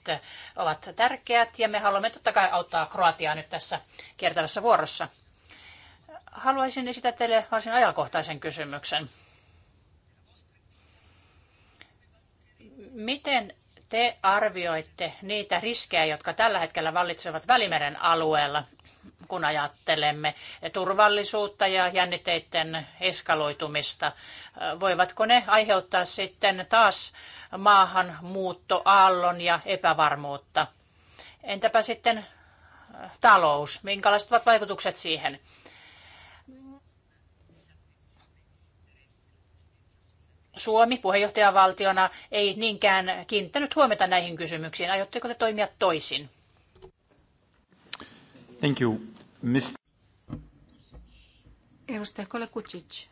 ovat tärkeät ja me haluamme totta kai auttaa Kroatiaa nyt tässä kiertävässä vuorossa. Haluaisin esittää teille varsin ajankohtaisen kysymyksen. Miten te arvioitte niitä riskejä, jotka tällä hetkellä vallitsevat Välimeren alueella kun ajattelemme turvallisuutta ja jännitteiden eskaloitumista? Voivatko ne aiheuttaa sitten taas maahan muuttoaallon ja epävarmuutta? Entäpä sitten äh, talous? Minkälaiset ovat vaikutukset siihen? Suomi puheenjohtajavaltiona ei niinkään kiinnittänyt huomiota näihin kysymyksiin. Aiotteko te toimia toisin?
Thank you. Mist...
Edustaja Kolekučić.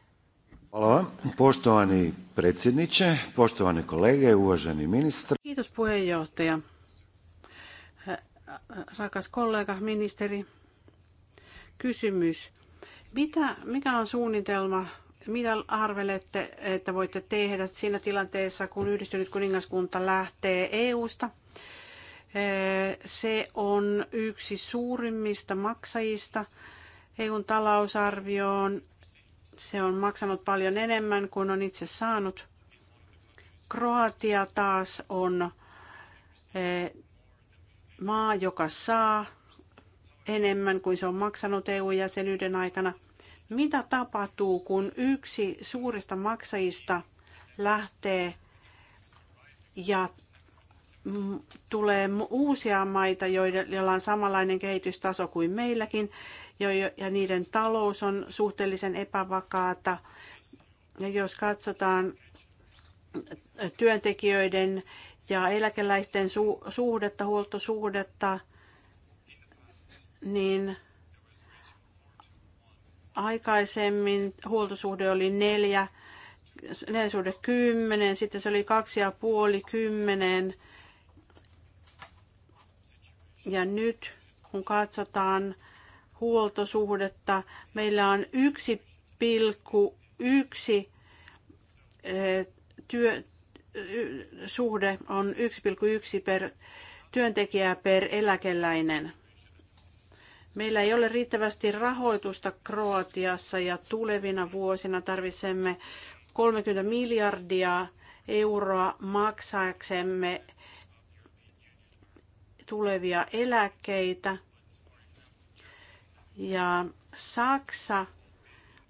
Hvala vam. Poštovani predsjedniče, poštovane kolege, uvaženi ministar. Kiitos puheenjohtaja. Rakas kollega, ministeri. Kysymys. Mitä, mikä on suunnitelma mitä arvelette, että voitte tehdä siinä tilanteessa, kun yhdistynyt kuningaskunta lähtee EU-sta? Eh, se on yksi suurimmista maksajista EUn talousarvioon. Se on maksanut paljon enemmän kuin on itse saanut. Kroatia taas on eh, maa, joka saa enemmän kuin se on maksanut EU-jäsenyyden aikana. Mitä tapahtuu, kun yksi suurista maksajista lähtee ja tulee uusia maita, joilla on samanlainen kehitystaso kuin meilläkin, ja niiden talous on suhteellisen epävakaata. Ja jos katsotaan työntekijöiden ja eläkeläisten su- suhdetta, huoltosuhdetta, niin aikaisemmin huoltosuhde oli neljä, neljä suhde kymmenen, sitten se oli kaksi ja puoli kymmenen. Ja nyt kun katsotaan huoltosuhdetta, meillä on 1,1 eh, työ, suhde on 1,1 per työntekijä per eläkeläinen. Meillä ei ole riittävästi rahoitusta Kroatiassa ja tulevina vuosina tarvitsemme 30 miljardia euroa maksaaksemme tulevia eläkkeitä. Ja Saksa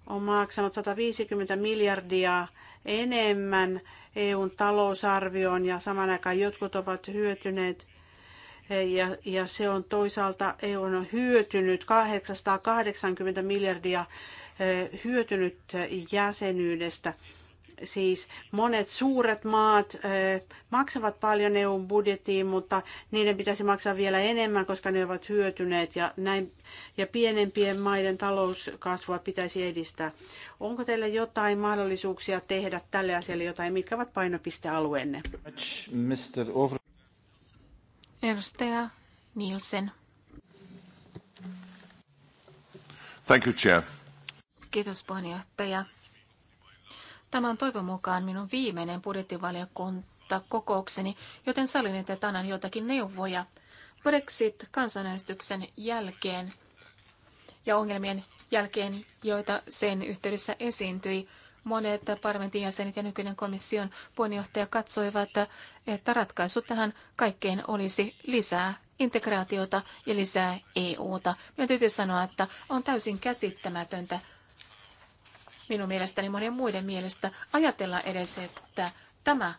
on maksanut 150 miljardia enemmän EUn talousarvioon ja saman aikaan jotkut ovat hyötyneet ja, ja se on toisaalta EU on hyötynyt 880 miljardia eh, hyötynyt jäsenyydestä. Siis monet suuret maat maksavat paljon EUn budjettiin, mutta niiden pitäisi maksaa vielä enemmän, koska ne ovat hyötyneet ja, näin, ja pienempien maiden talouskasvua pitäisi edistää. Onko teillä jotain mahdollisuuksia tehdä tälle asialle jotain? Mitkä ovat painopistealueenne?
Edustaja Nielsen. Thank you, Chair. Kiitos puheenjohtaja. Tämä on toivon mukaan minun viimeinen budjettivaliokunta kokoukseni, joten salin, että tänään jotakin neuvoja Brexit-kansanäänestyksen jälkeen ja ongelmien jälkeen, joita sen yhteydessä esiintyi. Monet parlamentin jäsenet ja nykyinen komission puheenjohtaja katsoivat, että ratkaisu tähän kaikkeen olisi lisää integraatiota ja lisää EUta. Minun täytyy sanoa, että on täysin käsittämätöntä minun mielestäni monen muiden mielestä ajatella edes, että tämä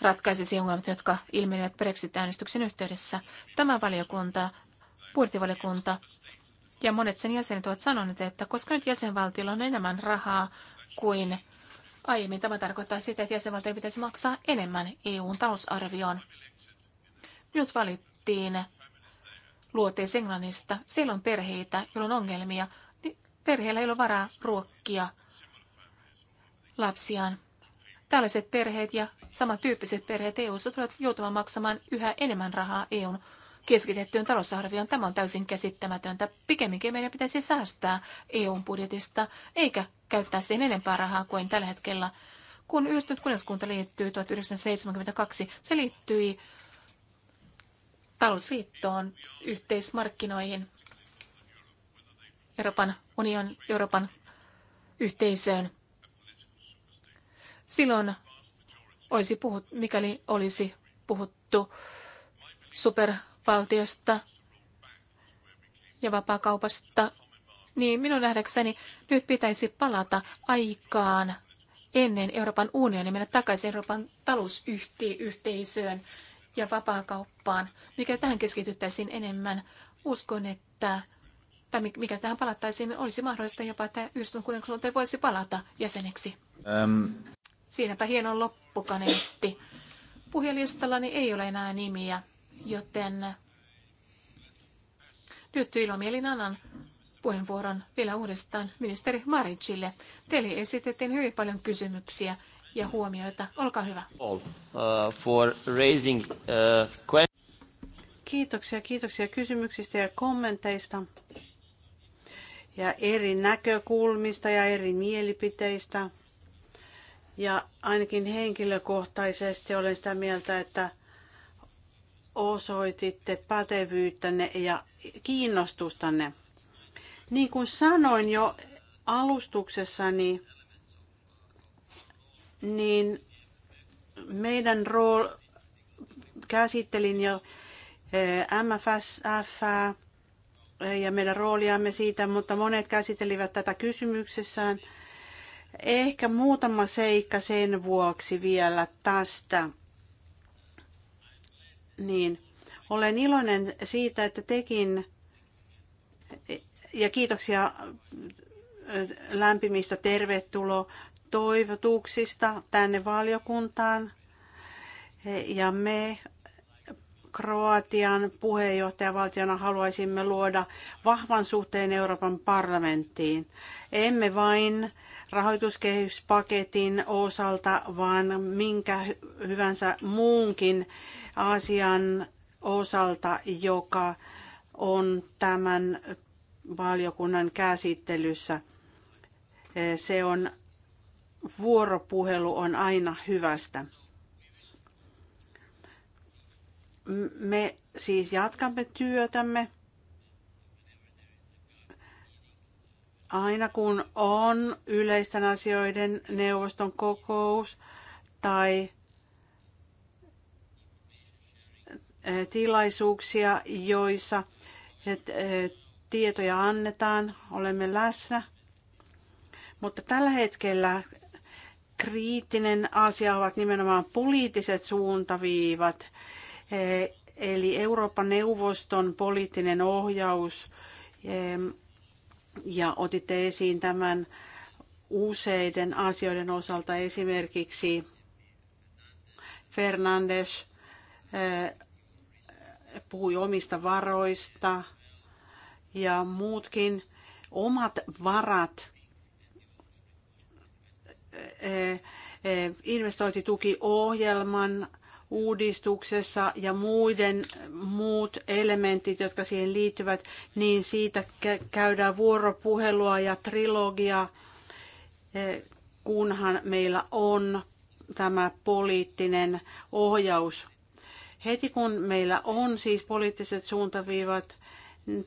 ratkaisisi ongelmat, jotka ilmenevät Brexit-äänestyksen yhteydessä. Tämä valiokunta, puurtivaliokunta ja monet sen jäsenet ovat sanoneet, että koska nyt jäsenvaltiolla on enemmän rahaa kuin aiemmin, tämä tarkoittaa sitä, että jäsenvaltiolla pitäisi maksaa enemmän EUn talousarvioon. Nyt valittiin luoteis Englannista. Siellä on perheitä, joilla on ongelmia. Niin Perheellä ei ole varaa ruokkia lapsiaan. Tällaiset perheet ja samantyyppiset perheet EU-ssa tulevat joutumaan maksamaan yhä enemmän rahaa EUn keskitettyyn talousarvioon. Tämä on täysin käsittämätöntä. Pikemminkin meidän pitäisi säästää EUn budjetista, eikä käyttää sen enempää rahaa kuin tällä hetkellä. Kun yhdistynyt kuningaskunta liittyy 1972, se liittyi talousliittoon, yhteismarkkinoihin, Euroopan union, Euroopan yhteisöön. Silloin olisi puhut, mikäli olisi puhuttu supervaltiosta ja vapaakaupasta, niin minun nähdäkseni nyt pitäisi palata aikaan ennen Euroopan unionia, mennä takaisin Euroopan talousyhteisöön ja vapaakauppaan. Mikä tähän keskityttäisiin enemmän, uskon, että tai mikä tähän palattaisiin, olisi mahdollista jopa, että yhdistyn kuningaskunta voisi palata jäseneksi. Um. Siinäpä hieno loppukaneetti. Puhelistallani ei ole enää nimiä, joten nyt ilomielin annan puheenvuoron vielä uudestaan ministeri Maricille. Teille esitettiin hyvin paljon kysymyksiä ja huomioita. Olkaa hyvä.
Uh, for raising, uh,
kiitoksia, kiitoksia kysymyksistä ja kommenteista ja eri näkökulmista ja eri mielipiteistä. Ja ainakin henkilökohtaisesti olen sitä mieltä, että osoititte pätevyyttänne ja kiinnostustanne. Niin kuin sanoin jo alustuksessani, niin meidän rool, käsittelin jo eh, MFSF eh, ja meidän rooliamme siitä, mutta monet käsittelivät tätä kysymyksessään – Ehkä muutama seikka sen vuoksi vielä tästä. Niin, olen iloinen siitä, että tekin, ja kiitoksia lämpimistä tervetulo toivotuksista tänne valiokuntaan. Ja me Kroatian puheenjohtajavaltiona haluaisimme luoda vahvan suhteen Euroopan parlamenttiin. Emme vain rahoituskehyspaketin osalta, vaan minkä hyvänsä muunkin asian osalta, joka on tämän valiokunnan käsittelyssä. Se on, vuoropuhelu on aina hyvästä. Me siis jatkamme työtämme Aina kun on yleisten asioiden neuvoston kokous tai eh, tilaisuuksia, joissa eh, tietoja annetaan, olemme läsnä. Mutta tällä hetkellä kriittinen asia ovat nimenomaan poliittiset suuntaviivat, eh, eli Euroopan neuvoston poliittinen ohjaus ja otitte esiin tämän useiden asioiden osalta esimerkiksi Fernandes eh, puhui omista varoista ja muutkin omat varat eh, eh, investointitukiohjelman uudistuksessa ja muiden muut elementit, jotka siihen liittyvät, niin siitä käydään vuoropuhelua ja trilogia, e, kunhan meillä on tämä poliittinen ohjaus. Heti kun meillä on siis poliittiset suuntaviivat,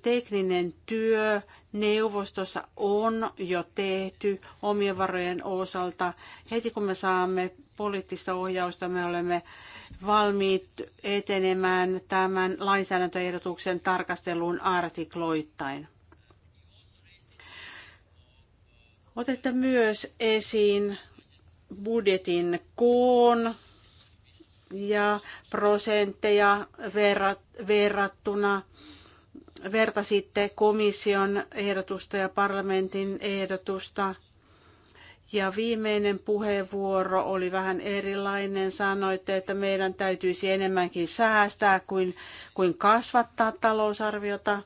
tekninen työ neuvostossa on jo tehty omien varojen osalta. Heti kun me saamme poliittista ohjausta, me olemme valmiit etenemään tämän lainsäädäntöehdotuksen tarkasteluun artikloittain. Otetta myös esiin budjetin koon ja prosentteja verrat, verrattuna vertasitte komission ehdotusta ja parlamentin ehdotusta – ja viimeinen puheenvuoro oli vähän erilainen. Sanoitte, että meidän täytyisi enemmänkin säästää kuin, kuin kasvattaa talousarviota.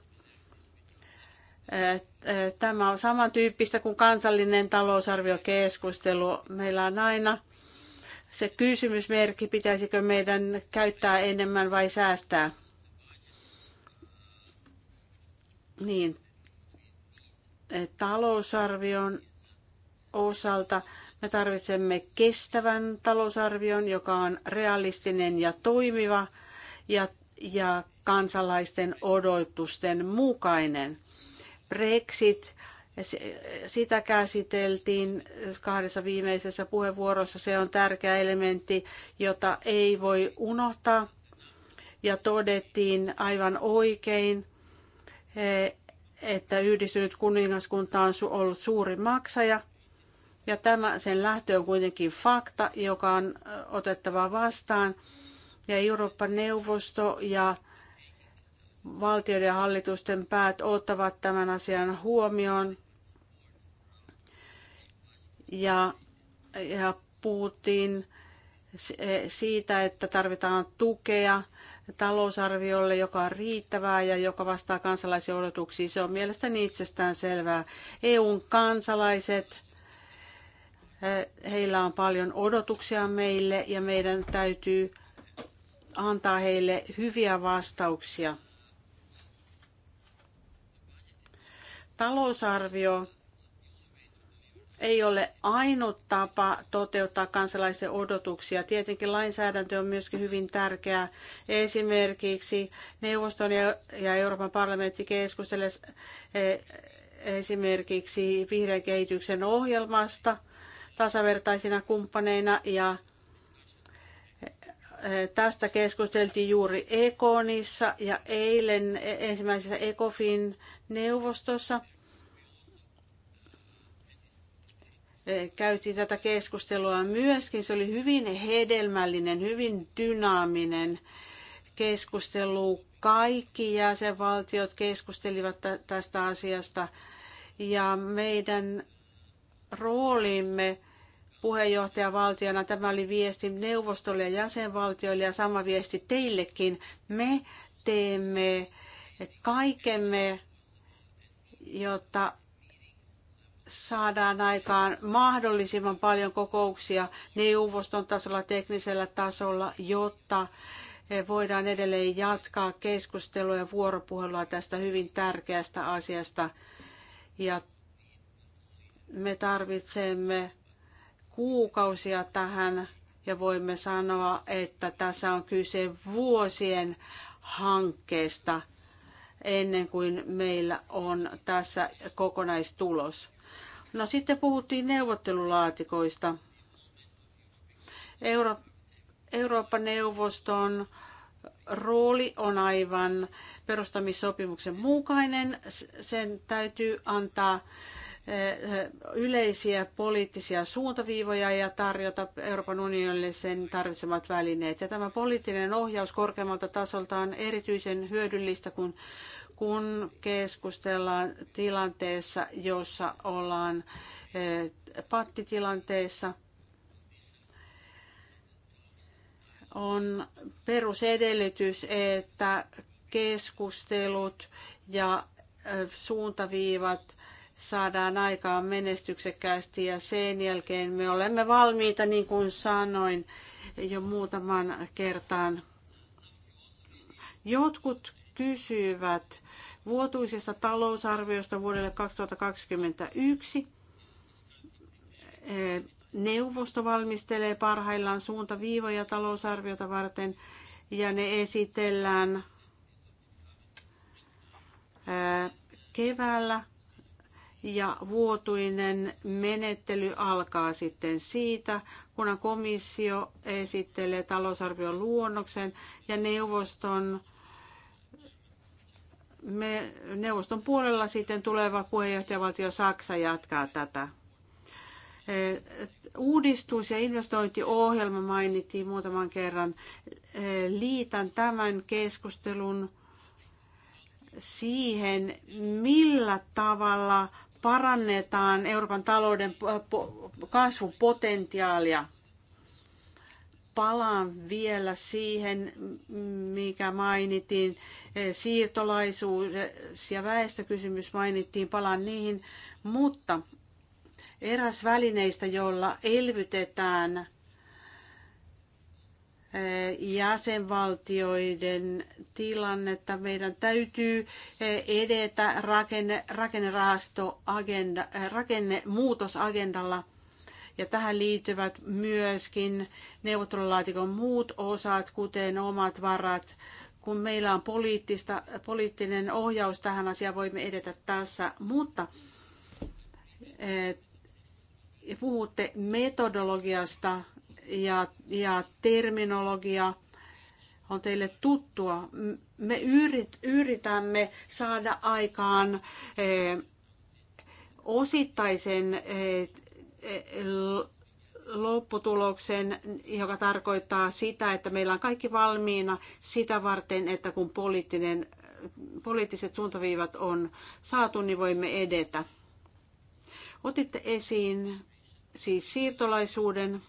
Tämä on samantyyppistä kuin kansallinen talousarviokeskustelu. Meillä on aina se kysymysmerkki, pitäisikö meidän käyttää enemmän vai säästää. Niin, talousarvion osalta me tarvitsemme kestävän talousarvion, joka on realistinen ja toimiva ja, ja kansalaisten odotusten mukainen. Brexit, sitä käsiteltiin kahdessa viimeisessä puheenvuorossa. Se on tärkeä elementti, jota ei voi unohtaa. Ja todettiin aivan oikein, eh, että yhdistynyt kuningaskunta on ollut suuri maksaja – ja tämä, sen lähtö on kuitenkin fakta, joka on otettava vastaan. Ja Euroopan neuvosto ja valtioiden ja hallitusten päät ottavat tämän asian huomioon. Ja, ja puhuttiin e, siitä, että tarvitaan tukea talousarviolle, joka on riittävää ja joka vastaa kansalaisen odotuksia. Se on mielestäni itsestään selvää. EUn kansalaiset Heillä on paljon odotuksia meille ja meidän täytyy antaa heille hyviä vastauksia. Talousarvio ei ole ainut tapa toteuttaa kansalaisten odotuksia. Tietenkin lainsäädäntö on myöskin hyvin tärkeää. Esimerkiksi neuvoston ja Euroopan parlamentti keskustelee eh, esimerkiksi vihreän kehityksen ohjelmasta – tasavertaisina kumppaneina ja e, tästä keskusteltiin juuri Ekonissa ja eilen e, ensimmäisessä Ekofin neuvostossa e, käytiin tätä keskustelua myöskin. Se oli hyvin hedelmällinen, hyvin dynaaminen keskustelu. Kaikki jäsenvaltiot keskustelivat tästä asiasta ja meidän roolimme puheenjohtajavaltiona. Tämä oli viesti neuvostolle ja jäsenvaltioille ja sama viesti teillekin. Me teemme kaikemme, jotta saadaan aikaan mahdollisimman paljon kokouksia neuvoston tasolla, teknisellä tasolla, jotta voidaan edelleen jatkaa keskustelua ja vuoropuhelua tästä hyvin tärkeästä asiasta. Ja me tarvitsemme kuukausia tähän ja voimme sanoa, että tässä on kyse vuosien hankkeesta ennen kuin meillä on tässä kokonaistulos. No sitten puhuttiin neuvottelulaatikoista. Euro- Euroopan neuvoston rooli on aivan perustamissopimuksen mukainen. Sen täytyy antaa Eh, yleisiä poliittisia suuntaviivoja ja tarjota Euroopan unionille sen tarvitsemat välineet. Ja tämä poliittinen ohjaus korkeammalta tasolta on erityisen hyödyllistä, kun, kun keskustellaan tilanteessa, jossa ollaan eh, pattitilanteessa. On perusedellytys, että keskustelut ja eh, suuntaviivat – saadaan aikaan menestyksekkäästi ja sen jälkeen me olemme valmiita, niin kuin sanoin jo muutaman kertaan. Jotkut kysyvät vuotuisesta talousarviosta vuodelle 2021. Neuvosto valmistelee parhaillaan suuntaviivoja talousarviota varten ja ne esitellään keväällä ja vuotuinen menettely alkaa sitten siitä, kun komissio esittelee talousarvion luonnoksen ja neuvoston me, neuvoston puolella sitten tuleva puheenjohtajavaltio Saksa jatkaa tätä. E, uudistus- ja investointiohjelma mainittiin muutaman kerran. E, liitän tämän keskustelun siihen, millä tavalla parannetaan Euroopan talouden kasvupotentiaalia. Palaan vielä siihen, mikä mainittiin eh, siirtolaisuus ja väestökysymys mainittiin, palaan niihin, mutta eräs välineistä, jolla elvytetään – Eh, jäsenvaltioiden tilannetta. Meidän täytyy eh, edetä rakenne, agenda, eh, rakennemuutosagendalla ja tähän liittyvät myöskin neuvottelulaatikon muut osat, kuten omat varat. Kun meillä on poliittista, poliittinen ohjaus tähän asiaan, voimme edetä tässä. Mutta puhutte metodologiasta ja, ja terminologia on teille tuttua. Me yrit, yritämme saada aikaan eh, osittaisen eh, lopputuloksen, joka tarkoittaa sitä, että meillä on kaikki valmiina sitä varten, että kun poliittinen, poliittiset suuntaviivat on saatu, niin voimme edetä. Otitte esiin siis siirtolaisuuden.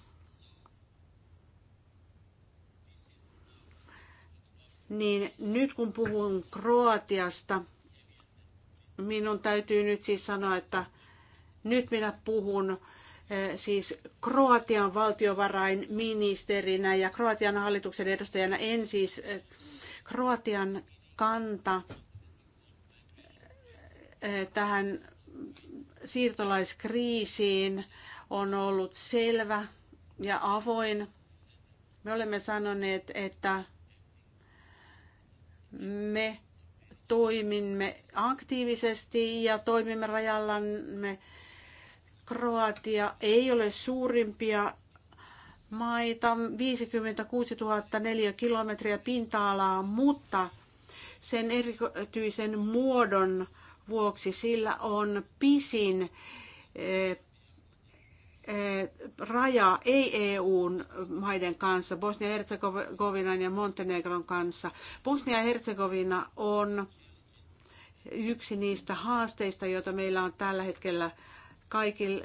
niin nyt kun puhun Kroatiasta, minun täytyy nyt siis sanoa, että nyt minä puhun eh, siis Kroatian valtiovarainministerinä ja Kroatian hallituksen edustajana. En siis eh, Kroatian kanta eh, tähän siirtolaiskriisiin on ollut selvä ja avoin. Me olemme sanoneet, että me toimimme aktiivisesti ja toimimme rajallamme. Kroatia ei ole suurimpia maita, 56 004 kilometriä pinta-alaa, mutta sen erityisen muodon vuoksi sillä on pisin eh, Eh, raja ei EUn maiden kanssa, Bosnia-Herzegovinan ja Montenegron kanssa. Bosnia-Herzegovina on yksi niistä haasteista, joita meillä on tällä hetkellä kaikille,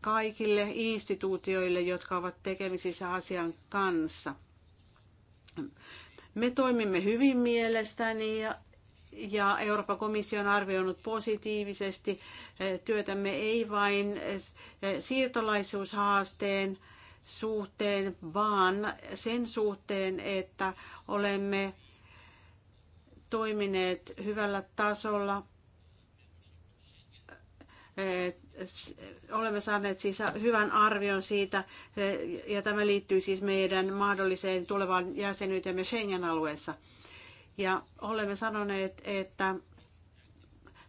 kaikille instituutioille, jotka ovat tekemisissä asian kanssa. Me toimimme hyvin mielestäni ja ja Euroopan komissio on arvioinut positiivisesti eh, työtämme ei vain eh, siirtolaisuushaasteen suhteen, vaan sen suhteen, että olemme toimineet hyvällä tasolla. Eh, olemme saaneet siis hyvän arvion siitä, ja tämä liittyy siis meidän mahdolliseen tulevaan jäsenyytemme Schengen-alueessa. Ja olemme sanoneet, että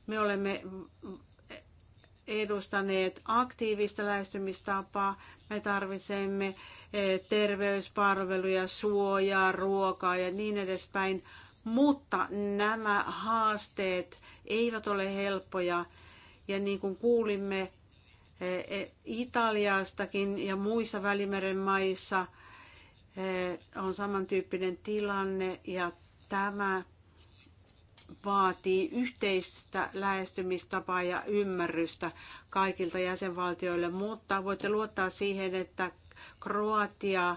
me olemme edustaneet aktiivista lähestymistapaa. Me tarvitsemme eh, terveyspalveluja, suojaa, ruokaa ja niin edespäin. Mutta nämä haasteet eivät ole helppoja. Ja niin kuin kuulimme eh, eh, Italiastakin ja muissa Välimeren maissa, on samantyyppinen tilanne ja Tämä vaatii yhteistä lähestymistapaa ja ymmärrystä kaikilta jäsenvaltioille, mutta voitte luottaa siihen, että Kroatia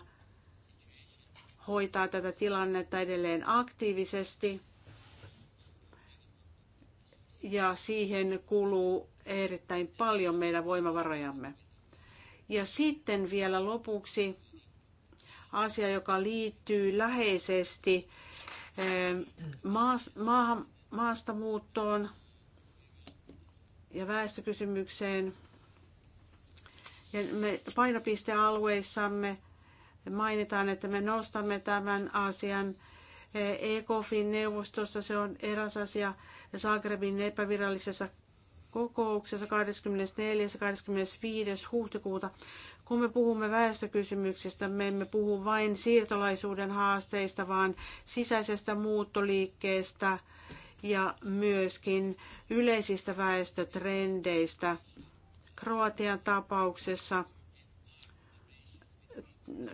hoitaa tätä tilannetta edelleen aktiivisesti ja siihen kuluu erittäin paljon meidän voimavarojamme. Ja sitten vielä lopuksi asia, joka liittyy läheisesti Öö, maas, maahan, maastamuuttoon ja väestökysymykseen. Ja me painopistealueissamme mainitaan, että me nostamme tämän asian öö, ECOFin neuvostossa. Se on eräs asia Zagrebin epävirallisessa kokouksessa 24. ja 25. huhtikuuta. Kun me puhumme väestökysymyksistä, me emme puhu vain siirtolaisuuden haasteista, vaan sisäisestä muuttoliikkeestä ja myöskin yleisistä väestötrendeistä. Kroatian tapauksessa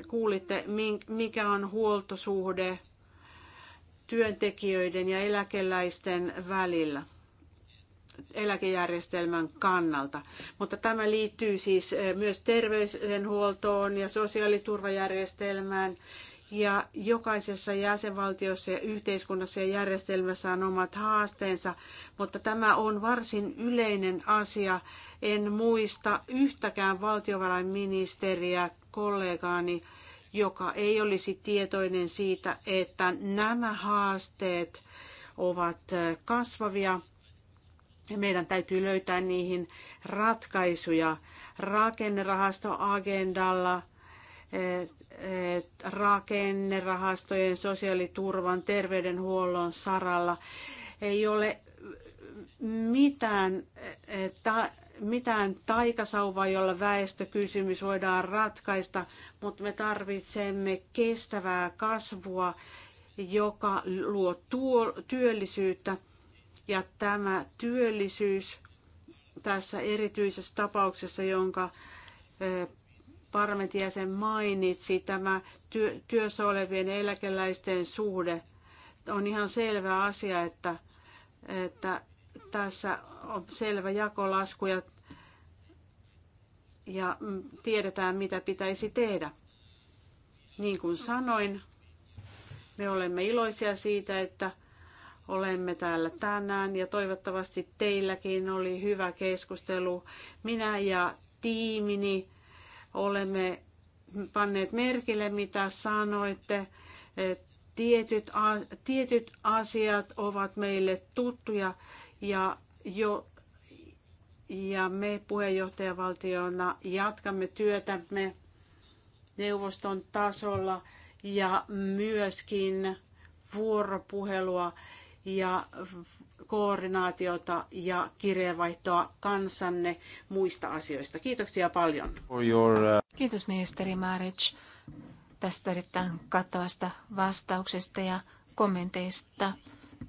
kuulitte, mikä on huoltosuhde työntekijöiden ja eläkeläisten välillä eläkejärjestelmän kannalta. Mutta tämä liittyy siis eh, myös terveydenhuoltoon ja sosiaaliturvajärjestelmään. Ja jokaisessa jäsenvaltiossa ja yhteiskunnassa ja järjestelmässä on omat haasteensa, mutta tämä on varsin yleinen asia. En muista yhtäkään valtiovarainministeriä, kollegaani, joka ei olisi tietoinen siitä, että nämä haasteet ovat eh, kasvavia meidän täytyy löytää niihin ratkaisuja rakennerahastoagendalla, rakennerahastojen sosiaaliturvan, terveydenhuollon saralla. Ei ole mitään, ta, mitään taikasauvaa, jolla väestökysymys voidaan ratkaista, mutta me tarvitsemme kestävää kasvua, joka luo tuo, työllisyyttä – ja tämä työllisyys tässä erityisessä tapauksessa, jonka parlamentin jäsen mainitsi, tämä työssä olevien eläkeläisten suhde, on ihan selvä asia, että, että tässä on selvä jakolasku ja, ja tiedetään, mitä pitäisi tehdä. Niin kuin sanoin, me olemme iloisia siitä, että olemme täällä tänään ja toivottavasti teilläkin oli hyvä keskustelu. Minä ja tiimini olemme panneet merkille, mitä sanoitte. Tietyt, tietyt asiat ovat meille tuttuja ja, jo, ja me puheenjohtajavaltiona jatkamme työtämme neuvoston tasolla ja myöskin vuoropuhelua ja koordinaatiota ja kirjeenvaihtoa kansanne muista asioista. Kiitoksia paljon. Your, uh...
Kiitos ministeri Maric tästä erittäin kattavasta vastauksesta ja kommenteista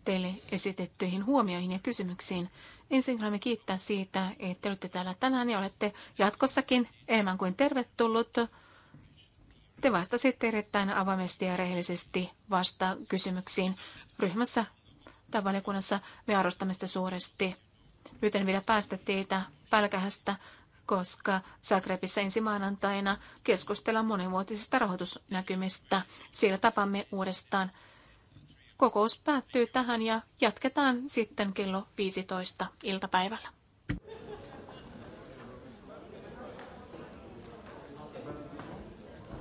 teille esitettyihin huomioihin ja kysymyksiin. Ensin haluamme kiittää siitä, että olette täällä tänään ja olette jatkossakin enemmän kuin tervetullut. Te vastasitte erittäin avoimesti ja rehellisesti vasta kysymyksiin ryhmässä tai valiokunnassa me arvostamme sitä suuresti. Nyt en vielä päästä teitä pälkähästä, koska Zagrebissa ensi maanantaina keskustellaan monivuotisista rahoitusnäkymistä. Siellä tapamme uudestaan. Kokous päättyy tähän ja jatketaan sitten kello 15
iltapäivällä.